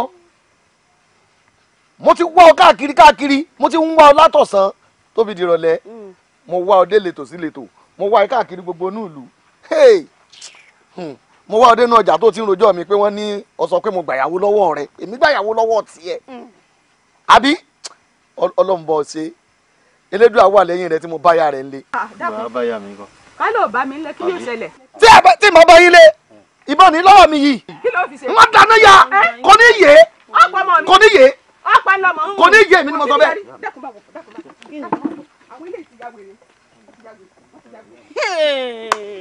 mo ti wá ọ káàkiri káàkiri mo ti ń wá ọ látọ̀sán tó fi dìrọ̀lẹ́ mm. mo wá ọ dé lẹ́tọ̀ sí lẹ́tọ̀ mo wá ọ káàkiri gbogbo inú ìlú hmm. mo wá ọ dénú ọjà tó ti ń rojọ́ mi pé wọ́n ní ọ sọ pé mo gbàyàwó lọ́wọ́ rẹ èmi gbàyàwó lọ́wọ́ tiẹ̀ mm. àbí ọlọ́run bọ̀ ṣe elédùn àwọn àlẹ́yìn rẹ tí mo bá yà rẹ̀ ń lé. bàbá yà mí kọ. ká ló bá mi lé kí ló ṣẹlẹ̀. tí màá bá yín lé ìbọn ní lọ́wọ́ mi yìí má dáná ya kò ní yé kò ní yé kò ní yé mi ni mo sọ bẹ́ẹ̀.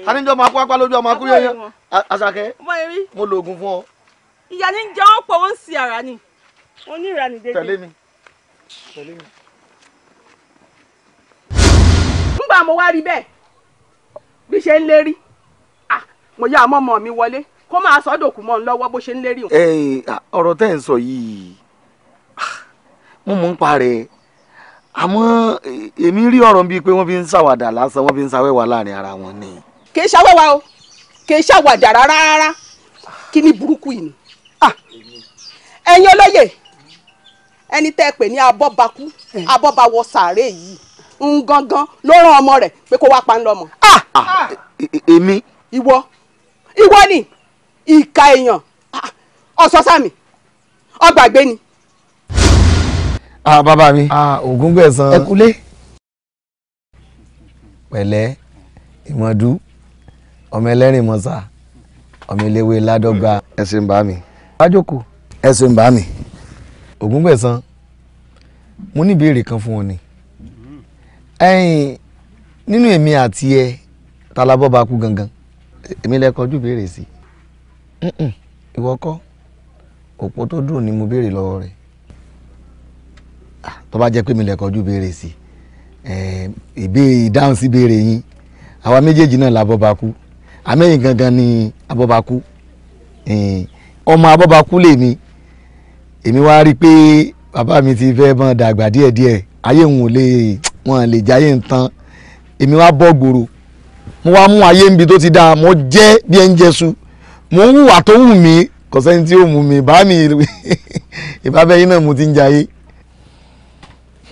kaníjọ́ máa kú apá lójú ọmọ akúrẹ́ yẹn àṣàkẹ́ mo lo oògùn fún ọ. ìyá ni ń jẹ wọn pọ wọn sí ara ni onírànì dédé. tẹ̀lé mi tẹ̀lé mi. nígbà mo wá rí bẹ́ẹ̀ bí ṣe ń lérí mo yá àmọ́mọ́ mi wọlé kó máa sọ dòkú mọ́ ọ lọ́wọ́ bó ṣe ń lérí. ọ̀rọ̀ tẹ́ ń sọ yìí mo mọ̀ ń parẹ́ àmọ́ e, èmi rí ọ̀rọ̀ bíi pé wọ́n fi ń ṣàwàdà lásán wọ́n fi ń ṣàwẹ́wà láàrin ara wọn ni. kì í ṣàwẹ́wà o kì í ṣàwàdà rárá rárá kí ni burúkú yìí ni ẹ̀yin olóyè ẹni tẹ́ ẹ pè ní abọ́bakú abọ́bawọ sàárè yìí ń gangan ló rán ọmọ rẹ̀ pé kó wá pa ń e, e, èmi. ìwọ ìwọ ni ìka èèyàn ah, ọ̀sọ́sàmì ọgbàgbé ni. Ah, bàbá mi ah, ògùn gbẹ̀sán ẹ̀kúlé pẹ̀lẹ́ ìmọ̀dú ọmọ ẹlẹ́rìn mọ̀sá ọmọ eléwé ládọ́gba. ẹ ṣé ń bá mi. bájòkó ẹ ṣé ń bá mi. ògùn gbẹ̀sán mo ní ìbéèrè kan fún ọ ni ẹ̀yin nínú èmi àti ẹ ta kú gangan èmi lẹ kọjú béèrè sí ìwọ kọ́ òpó tó dùn ni mo béèrè lọ́wọ́ rẹ̀ ah, tó bá jẹ́ pé mi lẹ kọjú béèrè sí eh, ìbé ìdáhùn sí béèrè yín àwa méjèèjì náà la bọba kú àmẹ́yìn gangan ni abọba kú eh, ọmọ abọba kú lèmi èmi wá rí i pé bàbá mi ti fẹ́ mọ́ dàgbà díẹ̀díẹ̀ ayé òun ò lè wọ́n lè jáyé ń tán èmi wá bọ́ gbòòrò mo wá mú ayé nbi tó ti dáa mo jẹ́ bí ẹ ń jẹṣu mo ń hùwà tó wù mí kò sẹ́ni tí ó mú mi bá mi ìbábẹ́ yín náà mo ti ń jayé.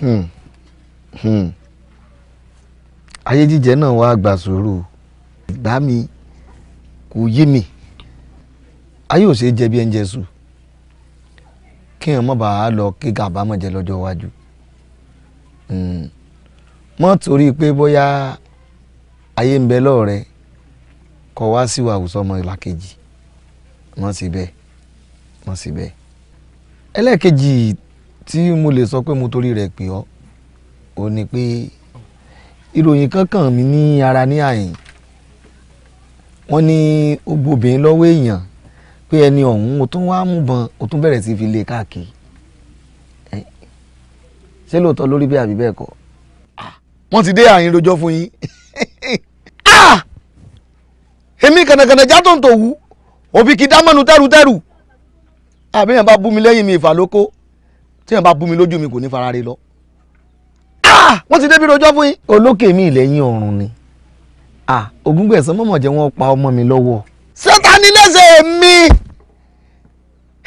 Hmm, hmm. ayé jíjẹ náà wá gbà sùúrù bá mi kò yé mi ayé ò ṣe jẹ bí ẹ ń jẹṣu kí ẹ má bàa lọ kí gàbámọ̀ jẹ lọ́jọ́ iwájú hmm. mọ́ torí pé bóyá ayé ń bẹ lọ́ọ̀ rẹ kọ́ wá síwà àwùsọ ọmọ ìlàkejì mọ́ sí bẹ́ẹ̀ mọ́ sí bẹ́ẹ̀ ẹlẹ́ẹ̀kejì tí mo lè sọ pé mo torí rẹ̀ pè ọ́ ò ní pé ìròyìn kankan mi ní ara ní àyìn wọ́n ní ó gbobìnrin lọ́wọ́ èèyàn pé ẹni ọ̀hún o tún wá mú bọn o tún bẹ̀rẹ̀ sí fi lé e káàkiri ṣé lóòótọ́ lórí bẹ́ẹ̀ àbí bẹ́ẹ̀ kọ́ ah, wọ́n ti dé àyìn rojọ́ fún yín Ah! èmi kànàkànà já tó ń tò wú òbí kì í dá mọ́nu tẹ́rùtẹ́rù àbí ah, yẹn bá bú mi lẹ́yìn mi ìfà lóko tí yẹn bá bú mi lójú mi kò ní fara re lọ. Ah! wọ́n ti débi rojọ́ fún yín. olókè mi lẹ́yìn ọ̀run ni ògúngbẹ̀sán mọ̀mọ̀ jẹ́ wọ́n pa ọmọ mi lọ́wọ́. sátani lẹ́sẹ̀ èmi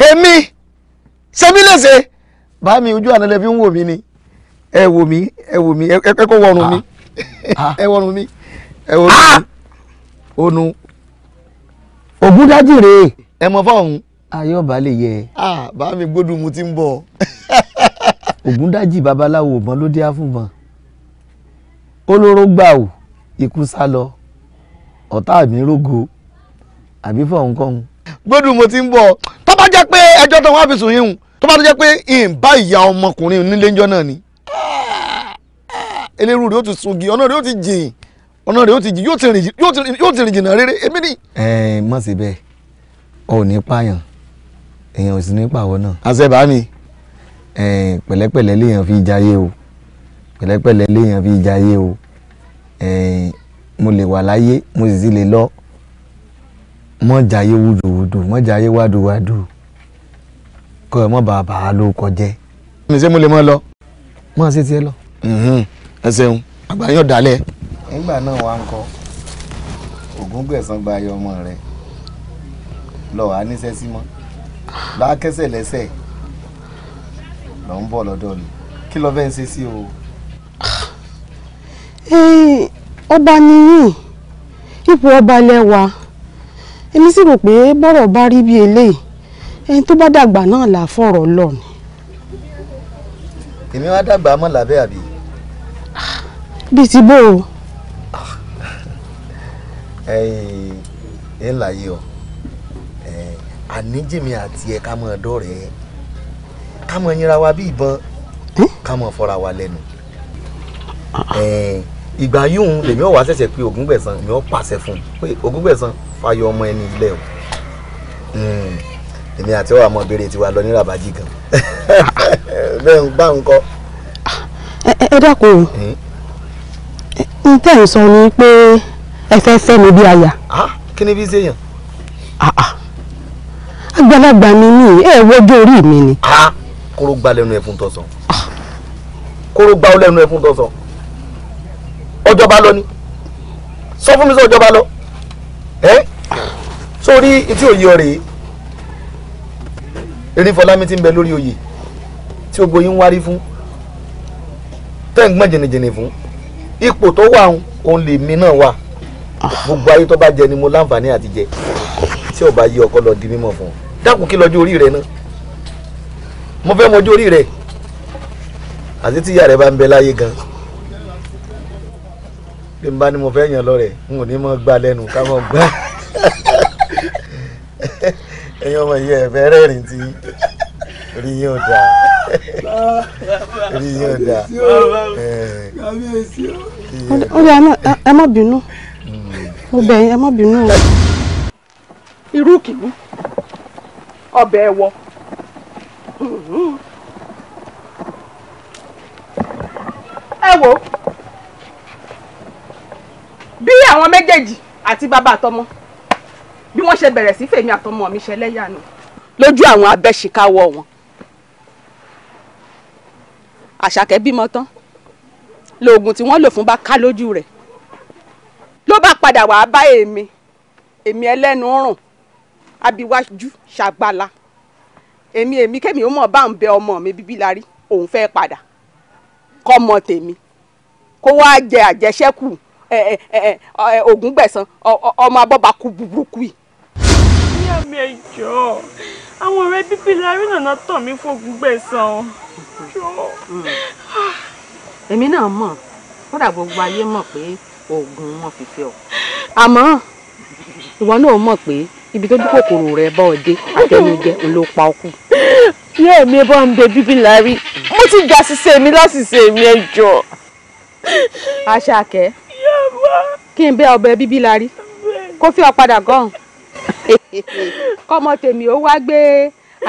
èmi sẹ́mi lẹ́sẹ̀ bá mi ojú àná lẹ́ fi ń wò mí ni ẹ wò mí ẹ wò mí ẹ kó wọrùn mi ẹ wọrun mi ẹ wọrun mi onu. ògúndájì rèé. ẹ mọ fọhùn. ayọba lè yẹ. bá mi gbódùn mu ti ń bọ. ògúndájì babaláwo mọ ló dé àfúnbọn olóró gbà ò ikú sá lọ ọ̀tá mi rógo àbí fọhùn kọ́hún. gbódùn mo ti ń bọ̀ tó bá jẹ́ pé ẹjọ́ tó wá fi sùn yín hùn tó bá jẹ́ pé ìbá ìyá ọmọkùnrin nílé ńjọ́ náà ni eléru rẹ̀ ó ti sungi ọ̀nà rẹ̀ ó ti jìn ọ̀nà rẹ̀ ó ti jìn yóò ti rìn jìnnà rere èmi ni. ẹ ẹ mọ̀ sí bẹ́ẹ̀ o ò ní pààyàn èèyàn ò sì ní pàwọ́ náà. àṣẹbàá mi. ẹ pẹ̀lẹ́pẹ̀lẹ́ léèyàn fi jayé o pẹ̀lẹ́pẹ̀lẹ́ léèyàn fi jayé o mo lè wà láyé mo sì sì lè lọ mọ jayé wúdùwúdù mọ jayé wádùwádù kọ ẹ mọ bàbá ló kọjẹ. mi ṣe mo lè mọ lọ. mọ ṣe tiẹ̀ lọ ẹ ṣeun àgbáyọ̀ dalẹ̀. nígbà náà wà ń kọ ògún gbẹ̀sán gba ayọ̀ ọmọ rẹ̀ lọ wà níṣẹ́ sí mọ́ a kẹ́sẹ̀ lẹ́sẹ̀ lọ ń bọ̀ lọ́dọ̀ mi kí lọ fẹ́ ń ṣe sí o. ọba nìyí ipò ọba lẹ́wà èmi sì rò pé bọ́rọ̀ bá rí bí eléyìí ẹni tó bá dàgbà náà là fọ̀rọ̀ lọ ni. èmi wá dàgbà mọ́ làbẹ́ àbí bí ti bó o. ẹ láyé o àníjìmí àti ẹ ká mọ ọdọ rẹ ká mọ yínra wa bí ìbọn ká mọ fọra wa lẹ́nu ìgbà yóò lèmi ò wá ṣẹ̀ṣẹ̀ pé Ògúngbẹ̀san mi ò pàṣẹ fún un pé Ògúngbẹ̀san fàyọ ọmọ ẹni ilé o hmm, èmi àti ọ̀rọ̀ àmọ́ béèrè tiwa lọ ní rabaji gan bẹ́ẹ̀ ń bá ń kọ́. ẹ dákun n tẹ́ ń sọ ni pé ẹ fẹ́ fẹ́ mi bí aya. kí ni bí ṣèyàn. àgbàlagbà ni mí ẹ wọjọ orí mi ni. kóró gba lẹ́nu ẹ fún tọsán ah. kóró gba lẹ́nu ẹ fún tọsán ọjọba lọ ni sọ fún mi sọ ọjọba lọ ẹ sórí etí òye ọ̀rẹ́ erin fọlámi ti ń bẹ lórí oyè tí gbogbo yín ń wárí fún tẹ́ ń gbọ́n jìnnìjìnnì fún ipò tó wà òun lè mi náà wà gbogbo ayé tó bá jẹ ni mo láǹfààní àti jẹ tí ò bá yí ọkọ lọ di mímọ̀ fún ọ dákun kí lọ́jọ́ orí rẹ náà mo fẹ́ mọjú orí rẹ àti tíyà rẹ bá ń bẹ láyé gan bí n bá ní mo fẹ́ yàn lọ́rẹ̀ n ò ní mọ̀ gbà lẹ́nu ká mọ̀ gbà ẹ̀yin ọmọ yìí ẹ̀ fẹ́ rẹ́rìn tí orí yóò dá orí yóò dá ó dá ẹ má bínú mo bẹ̀ yín ẹ má bínú o. irú kìíní ọbẹ̀ ẹ̀wọ̀ ẹ wò ó bí àwọn méjèèjì àti bàbá àtọmọ bí wọ́n ṣe bẹ̀rẹ̀ sí fèmi àtọmọ mi ṣẹlẹ́yà nù lójú àwọn abẹ́ṣìkáwọ́ wọn àṣàkẹ́ bímọ tán lóògùn tí wọ́n lò fún bá ká lójú rẹ̀ ló bá padà wàá bá èmi èmi ẹlẹ́nu rùn abiwájú ṣàgbàlá èmi èmi kẹ́mi ó mọ̀ bá ń bẹ ọmọ mi bíbí larí òun fẹ́ padà kọ́mọ tèmi kó wáá jẹ àjẹṣẹ́kù ògùn gbẹ̀san ọmọ abọ́ba kú burúkú yìí. ìyá mi ẹ jọ̀ọ́ àwọn ọ̀rẹ́ bíbí larí nàná tọ̀ mí fún ògùn gbẹ̀san jọ̀ọ́. Hmm. èmi náà mọ̀ kódà gbogbo ayé mọ̀ pé oògùn wọn fi fẹ́ ọ àmọ́ ìwọ náà mọ̀ pé ibi tó dúpọ̀ kòrò rẹ̀ bá ọ dé àtẹnujẹ ń ló pa ọkù. yé èmi bá ń bẹ bíbí lárí mo ti jà ṣiṣẹ́ mi láṣìṣe mi ẹ jọ. àṣàkẹ́ kí n bẹ ọbẹ̀ bíbí lárí kó fi ọ padà gan-an kọ́mọ tèmi ó wá gbé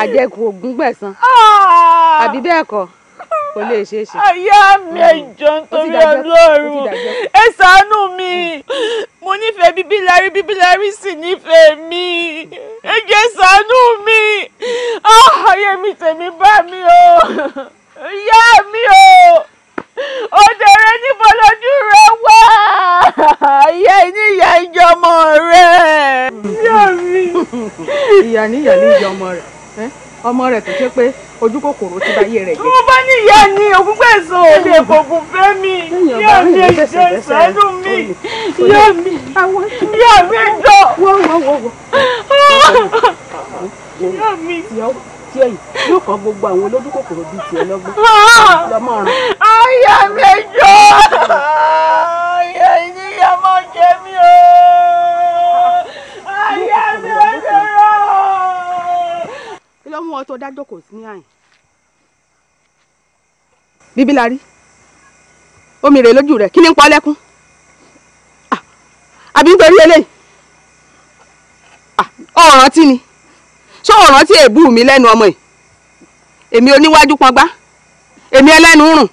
àjẹkù ògún gbẹ̀san ah! àbí bẹ́ẹ̀ kọ́ kò lè ṣeé ṣe. àyà mi ẹjọ hmm. nítorí Ọlọ́run ẹ ṣàánú mi mo nífẹ̀ẹ́ bíbí larí bíbí larí sì nífẹ̀ẹ́ mi ẹ jẹ́ ṣàánú mi ah, ayé mi tèmi bá mi o ìyá mi o òdèrè níbo lójú rẹ wá ayé níyà ìjọmọ rẹ. ìyá mi. ìyá níyà níjọmọ rẹ ọmọ rẹ̀ tó ṣe pé ojú kòkòrò ti bá yé rẹ̀ jẹ́. mo bá ní ìyá ni òkú pèsè òde ìbòkùn fẹ́ mi ìyá mi ìjọ ìṣẹ́nu mi ìyá mi ìyá mi jọ. wọ́n wọ́n wọ́n wọ́n. ìyá mi. tí ẹ̀yìn yóò kọ́ gbogbo àwọn olójú kòkòrò bíi tiẹ̀ lọ́gbọ́n ah! lọ́mọ rẹ̀. ayé mi jọ ayé ìyá máa jẹ mí o. ló mú ọ tó dájókòó sí ní àyìn. bíbí la rí omi rè lójú rẹ kí ni ń pọ lẹ́kún àbí nítorí eléyìí ọ̀ràn tí ni ṣé ọ̀ràn tí èébú mi lẹ́nu ọmọ yìí èmi oníwájú pọngbá èmi ẹlẹ́nu rùn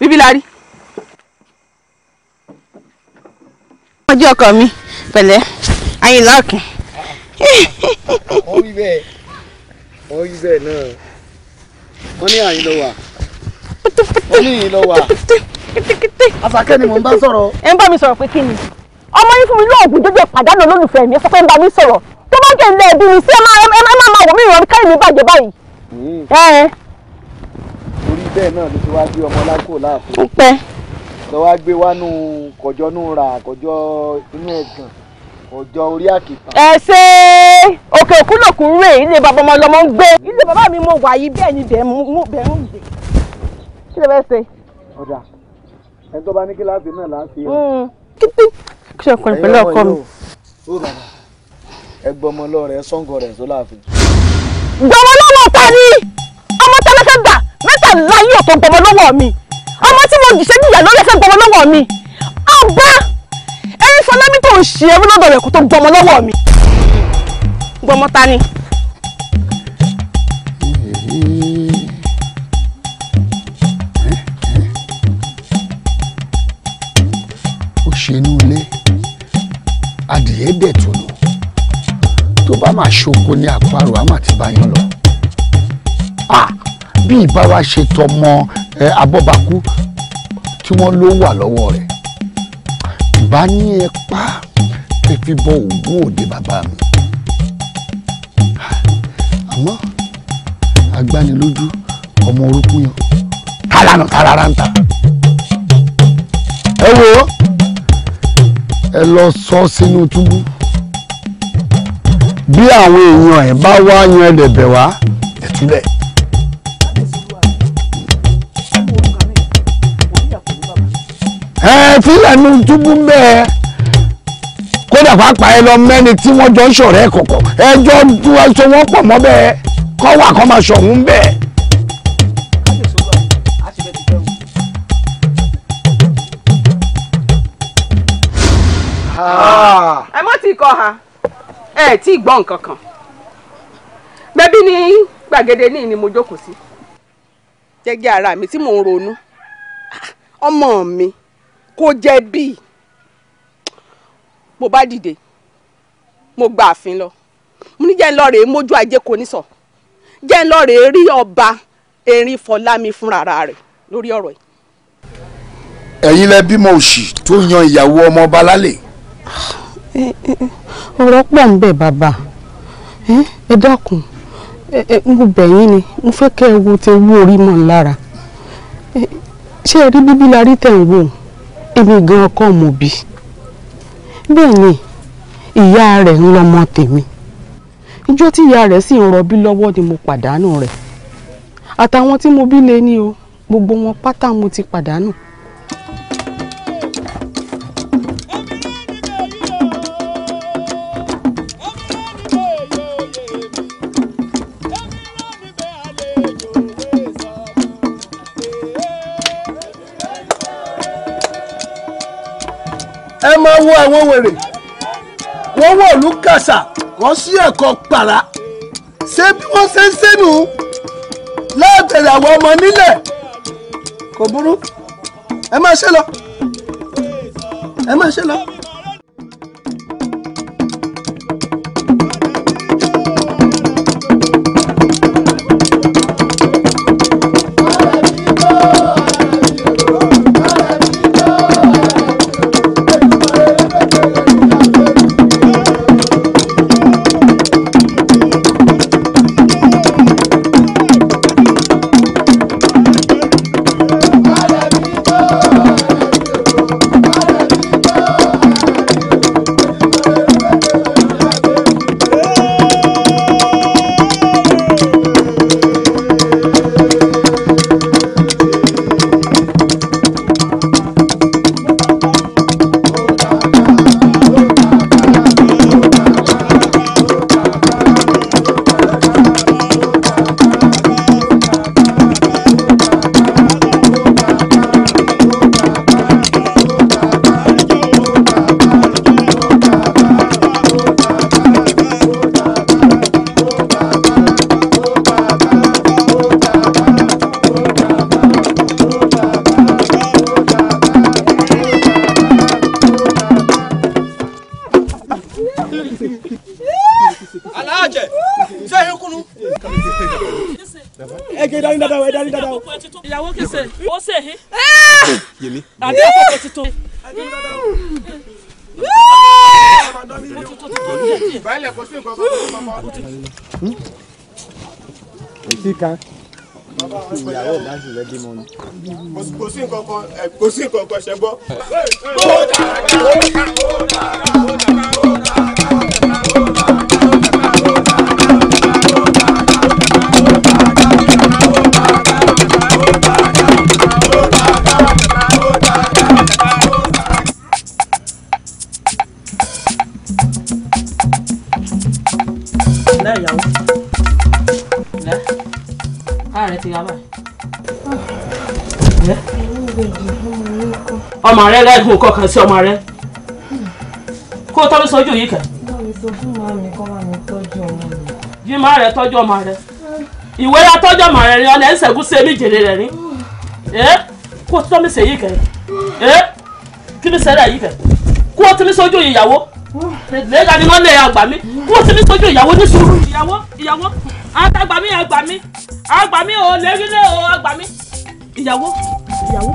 bíbí la rí. ọjọ́ ọkọ mi pẹ̀lẹ́ ayé lọ́ọ̀kìn wọ́n wí bẹ́ẹ̀ wọ́n wí bẹ́ẹ̀ náà wọ́n ní àyìn lọ wà wọ́n ní àyìn lọ wà àsàkẹ́ ni mò ń bá sọ̀rọ̀. ẹ ń bá mi sọ̀rọ̀ pé kí ni ọmọ yín fún mi lóògùn jẹjẹ ìpàdánù olólùfẹ́ mi ẹ sọ pé ń bá mi sọ̀rọ̀ tó bá jẹ́ ilé ẹbí mi sí ẹ máa ẹ máa máa wò mí ìrọ̀rùn káyọ̀ mi bàjẹ́ báyìí. Hmm. orí bẹ́ẹ̀ náà ló ti wá gbé ọmọ lákò láàfin. ó pẹ́. lọ́wọ́ gbé wánú kọjọ́ nù ra kọjọ́ inú ẹ̀gàn ọjọ́ orí àkìtà. ẹ ṣe òkè òkúlòkú rè ilé bàbá ọmọ ọlọmọ ń gbé ilé bàbá mi mo wà yìí bẹ́ẹ̀ ni bẹ́ẹ̀ ń gbé kí lè fẹ́ ṣe. ọ̀dà ẹni tó bá ní kíláàsì náà là á ṣe é. Hmm, kíkí kí ṣe ọkùnrin pẹ̀lú ọkọ mi. ẹgbẹ́ ọmọ ọlọ́rẹ̀ sọ́ngọ̀ rẹ̀ sólà fi. gbọ́mọ lọ́wọ́ ta ni ọmọ tẹ́lẹ́fẹ́ gbà mẹ́tàlá yóò tó gbọ́mọ lọ́wọ́ mi ọmọ tí mo ṣe níyà lórí ẹ̀fẹ́ gbọ́mọ lọ́wọ́ mi ẹ̀yin fọlámi tó ń ṣe ẹrú lọ́dọ̀ rẹ̀ kó tó gbọmọ lọ́wọ́ mi gbọmọ ta ni. ó ṣe inú ilé adìyẹ dẹ̀ tó lò tó bá máa ṣoko ní àparò àmà tí bá yan lọ bí ìbára ṣe tọmọ abọ́bakú tí wọ́n ló wà lọ́wọ́ rẹ̀ bá ní ẹ pa ẹ fi bọ ògún òde bàbá mi àmọ́ agbanilójú ọmọ orúkú yan tálànà tálàrà ń ta ẹ wo ẹ lọ sọ sínú túbú bí àwọn èèyàn ẹ bá wá yan ẹlẹbẹ wá ẹ túlẹ̀. ẹ fílànù túbú bẹ́ẹ̀ kódà pàápàá ẹ lọ mẹ́ni tí wọ́n jọ ń ṣọ̀rẹ́ kọ̀kọ̀ ẹjọ́ so wọ́n pọ̀ mọ́ bẹ́ẹ̀ kọ́ wà kọ́ máa ṣọ̀hún bẹ́ẹ̀. ha ẹ tí gbọ́ nǹkan ni gbàgede ní mo jókòó sí jẹ́gẹ́ ara mi tí mò ń ronú ọmọ mi. ko je bi mo ba dide mo gba ààfin lọ mo ní jẹ́ ń lọ rèé mójú ajé kò ní sọ jẹ́ ń lọ rèé rí ọba erin fọlámi fun rẹ̀ lórí lori yìí. ẹ̀yin lẹ bímọ òṣì tó yan ìyàwó ọmọ ọba lálẹ́. Eh, eh, eh, ọ̀rọ̀ pọ̀ ń bẹ̀ bàbá ẹ dákun mo bẹ̀ yín ni mo fẹ́ kẹ́ ẹ wo ti wú orí mọ̀ lára ṣé ẹ rí bíbí la rí tẹ̀ ń èmi gan ọkọ mo bí bẹ́ẹ̀ ni ìyá rẹ̀ ń lọ́mọ tèmi ìjọ́ tí ìyá rẹ̀ sì ń rọbí lọ́wọ́ ni mo pàdánù rẹ̀ àtàwọn tí mo bí lé ní o gbogbo wọn pátá mo ti pàdánù. ẹ máa wo àwọn wèrè wọ́n wọ̀ lù kàṣà wọ́n sí ẹ̀kọ́ pàrà ṣé bí wọ́n ṣe ń sẹ́nu láàbẹ̀rẹ̀ àwọn ọmọ nílẹ̀ kò burú ẹ máa ṣe lọ ẹ máa ṣe lọ. kan. ìyàwó ìdásílẹ̀ bímọ ni. kò sí nǹkan kan ṣe ọmọ rẹ lẹ́gùn kọkàn sí ọmọ rẹ kó o tọ́jú sójú yìí kẹ. báwo sọ fún màá mi kọ́ máa mi tọ́jú ọmọ mi. jimá rẹ tọ́jú ọmọ rẹ ìwé rẹ tọ́jú ọmọ rẹ rí ọ̀nà ẹ̀ńsẹ̀gún sí èmi jèrè rẹ rí kó o tọ́ mi sèyí kẹ kí mi sẹ́rẹ̀ yìí kẹ kó o ti mi sójú ìyàwó lẹ́yìn ni wọ́n lé àgbà mi kó o ti mi sójú ìyàwó ní sùúrù ìyàwó ìyàwó àtàgbà mi àgbà mi àgbà mi ò lérí lé o àgbà mi ìyàwó ìyàwó.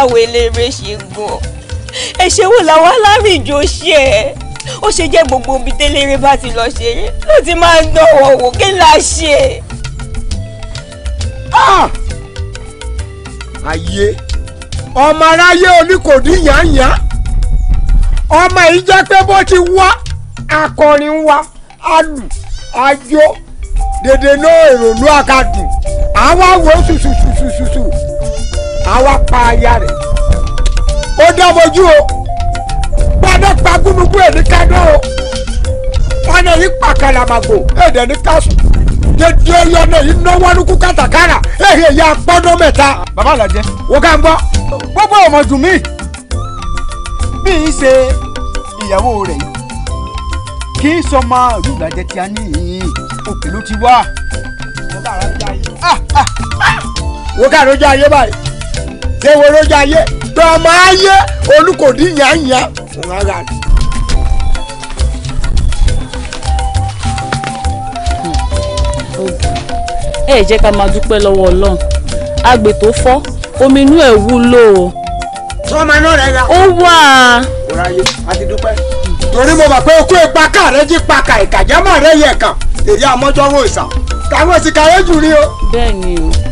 àwọn eléré ṣe gan ẹ ṣe wò làwọn alárìnjó ṣe ẹ ó ṣe jẹ́ gbogbo ibi téléré bá ti lọ ṣeré ló ti máa ń dánwò wò kí la ṣe. Ah! ayé ọmọ aráyé oníkòdí yányán ọmọ yìí jẹ́ pé bó ti wá akọrin wa alù ajó dèdè náà èrò ló àkàdùn àwa wo tutù àwa pa aya rẹ̀ ó dá mojú o padà pa gúnugú èdè kádọ́ o ọ̀nà yìí pa kàlàmàgbò èdè ní kásù dédé ọ̀nà yìí náwó nukú kàtàkárà èyí èyí apọ́nà mẹ́ta. bàbá àlàjẹ. wo ká ń gbọ́. gbogbo ọmọ dùn mí bí í ṣe ìyàwó rẹ̀ yìí kì í sọ ma ìlú ìlàjẹ tí a ní yìí òkè ló ti wá. Ah, ah, ah. wo ká àròjọ ayé báyìí ewúro jayé tọmọ ayé olùkòdí yànyàn fún ara rẹ. ẹ jẹ́ ká máa dúpẹ́ lọ́wọ́ ọlọ́run agbè tó fọ́ omi inú ẹ̀ wúlò o. sọ́mọ rẹ̀ ra. ó wà. ọ̀rọ̀ ayé a ti dúpẹ́. torí mo mọ̀ pé okú ìpaka rẹ jí paka ìkàjẹ́mọ̀ rẹ yẹ̀ kàn èrè àmọ́jọ́wọ́ ìsà táwọn èsì kàrẹ́jù rí o. bẹ́ẹ̀ ni o.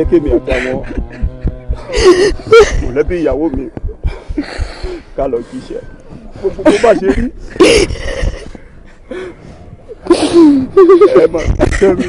jẹ́ kémi àtàwọn mọ̀lẹ́bí ìyàwó mi ká lọ jíṣẹ́ gbogbo bó bá ṣe rí ẹ máa ṣẹ́ mi.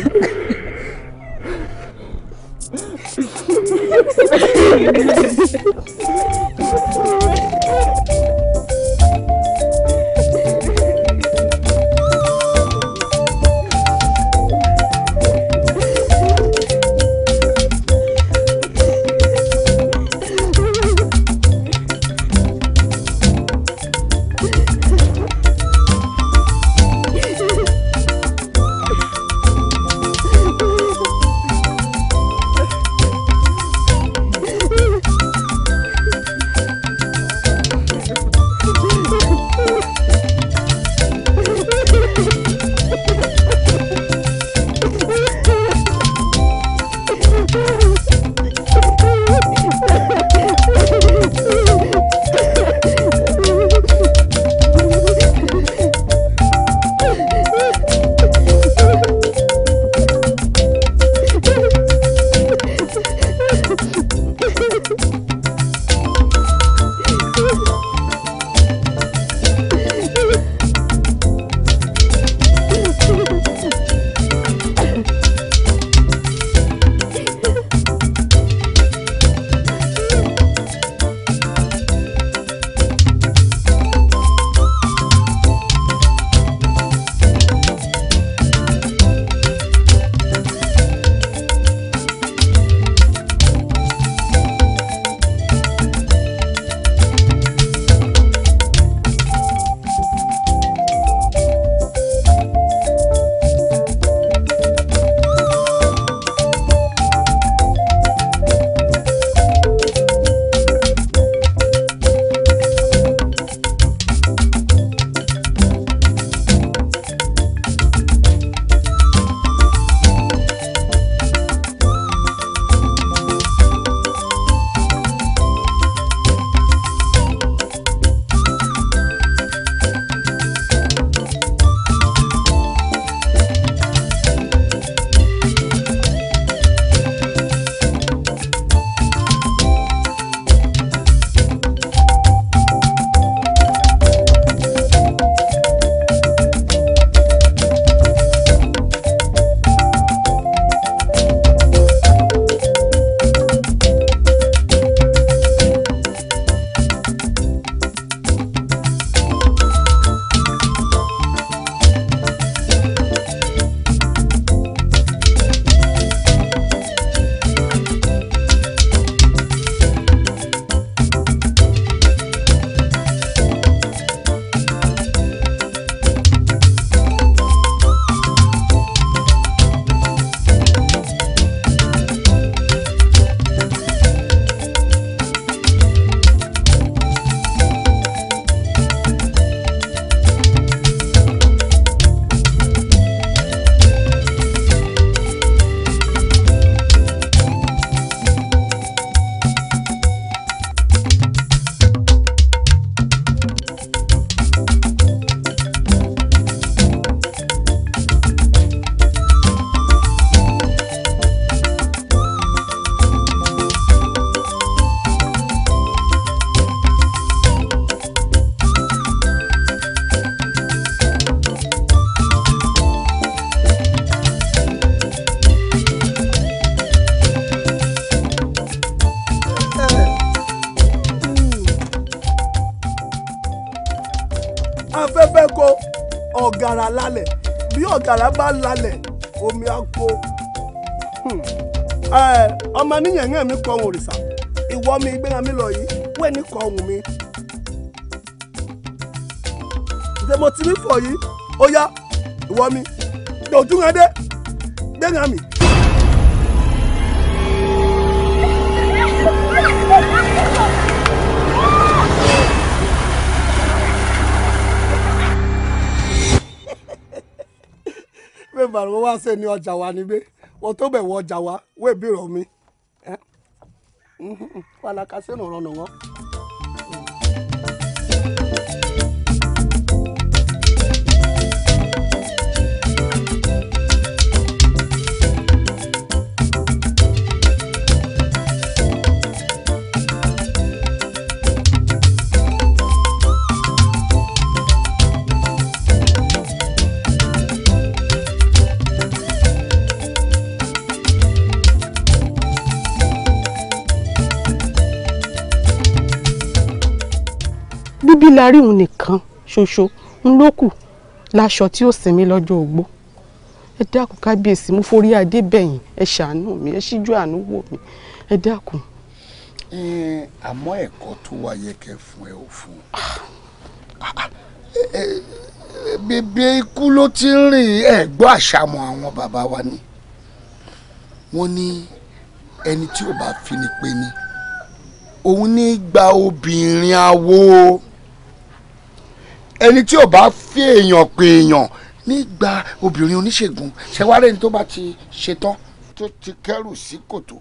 ẹ̀gán mi kọ ohun òrìṣà ìwọ mi gbéra mi lọ yìí wẹ́ẹ̀ kọ ohun mi. ìṣèmọ̀ tí mi fọ̀ yìí ó yá ìwọ mi dòjú dé gbéra mi. bẹ́ẹ̀ bàrọ̀ wá sẹ́ni ọjà wa níbẹ̀ wọ́n tó bẹ̀ wọ ọjà wa wẹ́ẹ̀ bí rọ̀ mi. 卡西诺隆隆哦。la rí òun nìkan ṣoṣo ń lókù láṣọ tí ó sinmi lọ́jọ́ ogbó ẹ dákun kábíyèsí mo forí adé bẹ̀yìn ẹ ṣàánú mi ẹ ṣíjú àánú wò mí ẹ dákun. àmọ́ ẹ̀kọ́ tó wá yẹ kẹ́ fún ẹ ò fún ah. bèbè ikú ló ti ń rìn ẹ àṣàmọ̀ àwọn bàbá wa ni wọ́n ní ẹni tí ò bá fi ni pé ni òun ní gba obìnrin awo ẹni tí ò bá fi èèyàn pè èèyàn nígbà obìnrin oníṣègùn ṣẹwárẹ́ ni tó bá ti ṣetán tó ti kẹ́rù sí kòtò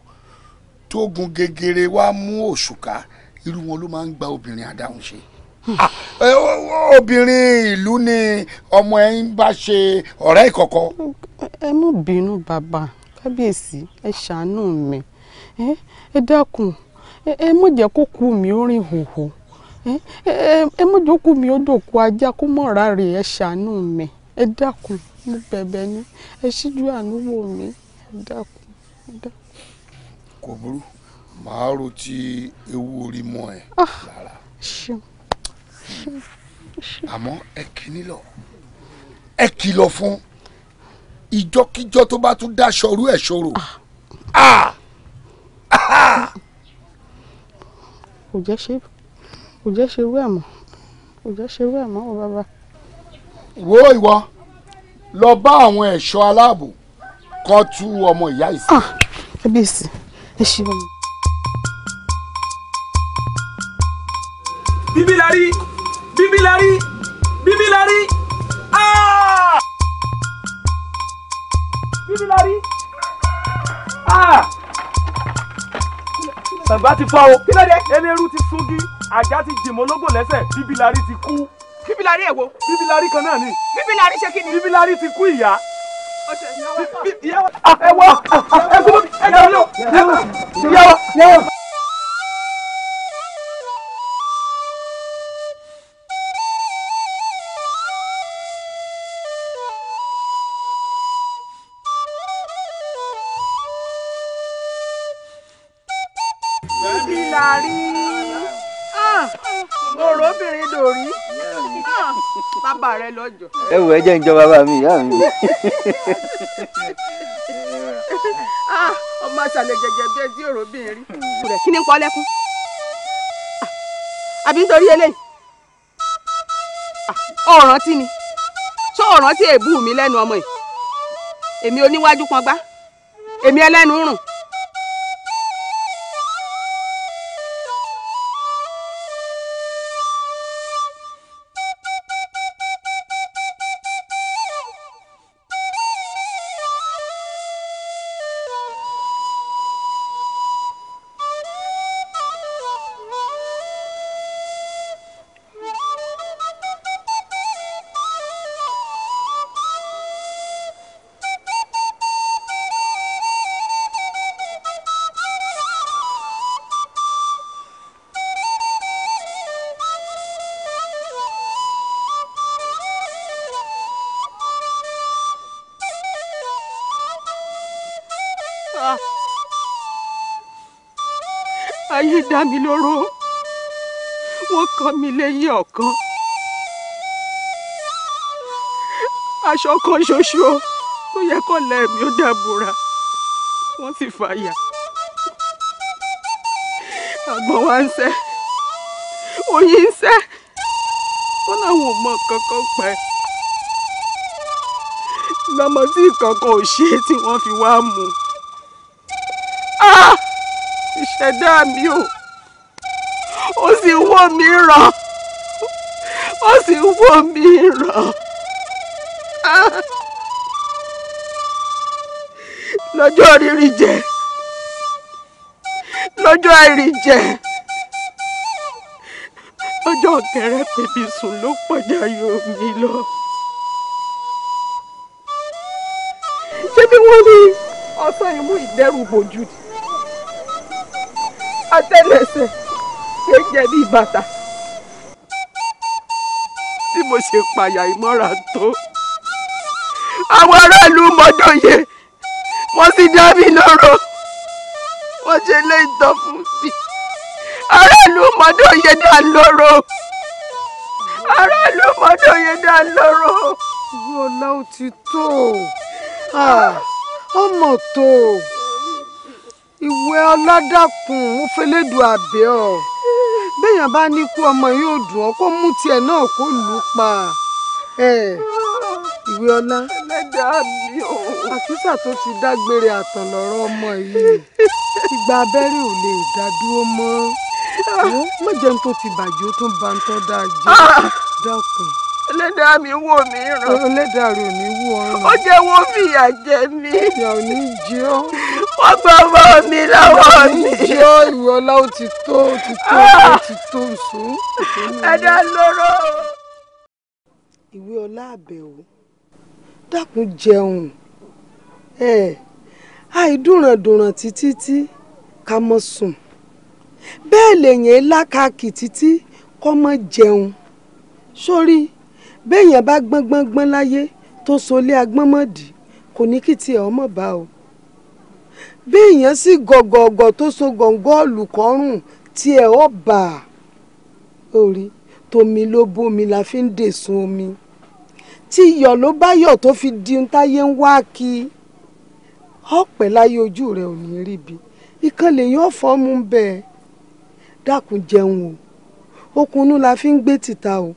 tó gun gegere wá mú òṣùká irú wọn ló máa ń gba obìnrin àdáhùn ṣe. Hmm. Ah, obìnrin ìlú ni ọmọ ẹ ń bá ṣe ọ̀rẹ́ ìkọ̀kọ̀. ẹ mú bínú bàbá kábíyèsí ẹ ṣàánú mi ẹ dákun ẹ mọ̀ jẹ́ kó kú mi ó rìn hòhò ẹ mọ̀ jókòó mi ó dòkú ajá kó mọ̀ra rè ẹ ṣàánú mi ẹ dákun mo bẹ̀bẹ̀ ni ẹ ṣíjú àánú wò mí ẹ dákun ẹ dákun. kò burú màá ro ti ewu orí mọ ẹ ah, lára àmọ́ ẹ kíní lọ ẹ kìlọ̀ fún ìjọkíjọ tó bá tún dáṣọrú ẹ ṣòro. Ah. Ah. kò jẹ́ ṣe é jẹ́ ṣerú ẹ̀ mọ́ kò jẹ́ ṣerú ẹ̀ mọ́ o bàbá. wo ìwọ lọ bá àwọn ẹ̀ṣọ́ aláàbò kó tú ọmọ ìyá yìí sí. Ah, kábíyèsí ẹ ṣeun. bíbí la rí bíbí la rí bíbí la rí ah! bíbí la rí ah! sàgbà ti fọ́ o eléru ti sungi ajá ti jìmọ̀ lógò lẹ́sẹ̀ bíbílarí ti kú. bíbílarí ẹ̀ wo. bíbílarí kan náà ni. bíbílarí ṣe kí ni. bíbílarí ti kú ìyá. Ah, ẹ wọ ẹ kúrò ẹ jẹ́ ìyá wa. Bibilari òróbìnrin dòrí bàbá rẹ lọ́jọ́. ẹ wò ẹ jẹ́ ń jọ bàbá mi ìyá mi. Ah, ọmọ àṣàlẹ̀ jẹjẹ bíi ẹtí òróbìnrin. kí ni ń pọ́ lẹ́kún ah, àbí nítorí eléyìí ah, ọ̀ràn tí ni sọ ọ̀ràn tí èébú mi lẹ́nu ọmọ yìí èmi oníwájú pọ́ngbá èmi ẹlẹ́nu rùn. dá mi lóró wọ́n kọ́ mi lẹ́yìn ọ̀kan aṣọ kan ṣoṣo tó yẹ kó lẹ́ẹ̀mí ó dàbòrà wọ́n sì fàyà àgbọ̀n wa ń sẹ́ oyin ń sẹ́ wọ́n làwọn ò mọ kankan pẹ́ lọ́mọ tí kankan ò ṣe tí wọ́n fi wá mú un ah! ìṣẹ̀dá mi ò sì ń wò mí ràn ó sì ń wò mí ràn lọ́jọ́ rírí jẹ lọ́jọ́ àìrí jẹ lọ́jọ́ kẹrẹ pèbí sùn ló pọ̀jà yóò mi lọ. ṣé bí wọ́n rí ọ̀sán imú ìdẹ́rùbòjú àtẹ́lẹsẹ̀ ṣe ń jẹ bíi bàtà tí mo ṣe pàyà ìmọ́ra tó àwọn aráàlú mọ́dọ̀yé wọ́n sì dá mi lọ́rọ̀ wọ́n ṣe lé ìtàn fún mi aráàlú mọ́dọ̀yé dá lọ́rọ̀ aráàlú mọ́dọ̀yé dá lọ́rọ̀. ọ̀la ò ti tó ah, ọmọ tó ìwé ọládàkùn ó fẹlẹ́dùn béèyàn bá ní kú ọmọ yóò dùn ọ́ kó mú tiẹ̀ náà kó lù ú pa ìwé ọlá àkísà tó ti dágbére àtàn lọ́rọ̀ ọmọ yìí ìgbà abẹ́rẹ́ ò lè dádúró mọ́ àwọn mọ̀jẹun tó ti bàjẹ́ ó tún ba ń tọ́ dáa jẹ́ ah! dákun. ẹlẹ́dàá mi wò mí ràn. ẹlẹ́dàá rẹ̀ ò ní wò ọ́ ràn. ó jẹ́ wọ́n fìyà jẹ mí. ìyà ò ní jẹ ọ́ wọ́n gbọ́ ọmọ mi lọ́wọ́ mi. ìjọ ìwọ láwọn ti tó ti tó ah! ti tó sùn. ẹ̀dá lóró. ìwé ọlá àbẹ̀wò dákun jẹun ẹ àìdúnrandùnràn títí tí ká mọ sùn bẹ́ẹ̀ lèyàn lákàkì títí kọ́ mọ jẹun sórí béèyàn bá gbọ́ngbọ́ngbọ́n láyé tó so lé agbọ́nmọ̀dì kò ní kí tiẹ̀ ọmọ bá o bí èèyàn sì gọ̀gọ̀gọ̀ tó so gọ̀ngọ́ọ̀lù kọ́rùn tí ẹ ọ́ bà á orí tomi ló bómi la fi ń dèsùn omi tí iyọ̀ ló bá yọ̀ tó fi di ohun táyé ń wá kí ọ̀pẹ̀ láyé ojú rẹ̀ ò ní rí bi ìkan lèyàn fọ́ọ̀mù ń bẹ̀ dákun jẹun o okùnú la fi ń gbé tìta o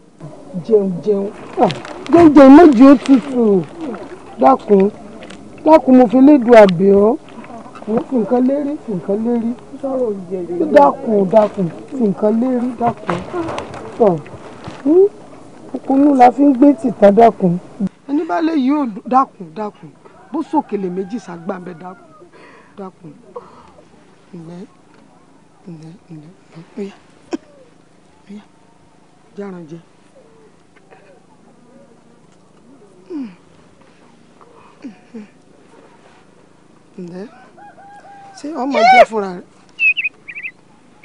jẹun jẹun ah, jẹun jẹun méjì ó tutù dákun dákun mo fi lédu àbẹ̀ nǹkan lérí nǹkan lérí dákun dákun nǹkan lérí dákun tọ òkunú la fi ń gbé tìta dákun. ẹni bá lè yí ò dákun dákun bó sòkèlè méjì ságbá bẹ dákun dákun ǹlẹ́ ǹlẹ́ ǹlẹ́ ọ̀yà ọ̀yà járan jẹ. ǹlẹ́. Mm-hmm ṣé ọmọ jẹ fúnra rẹ.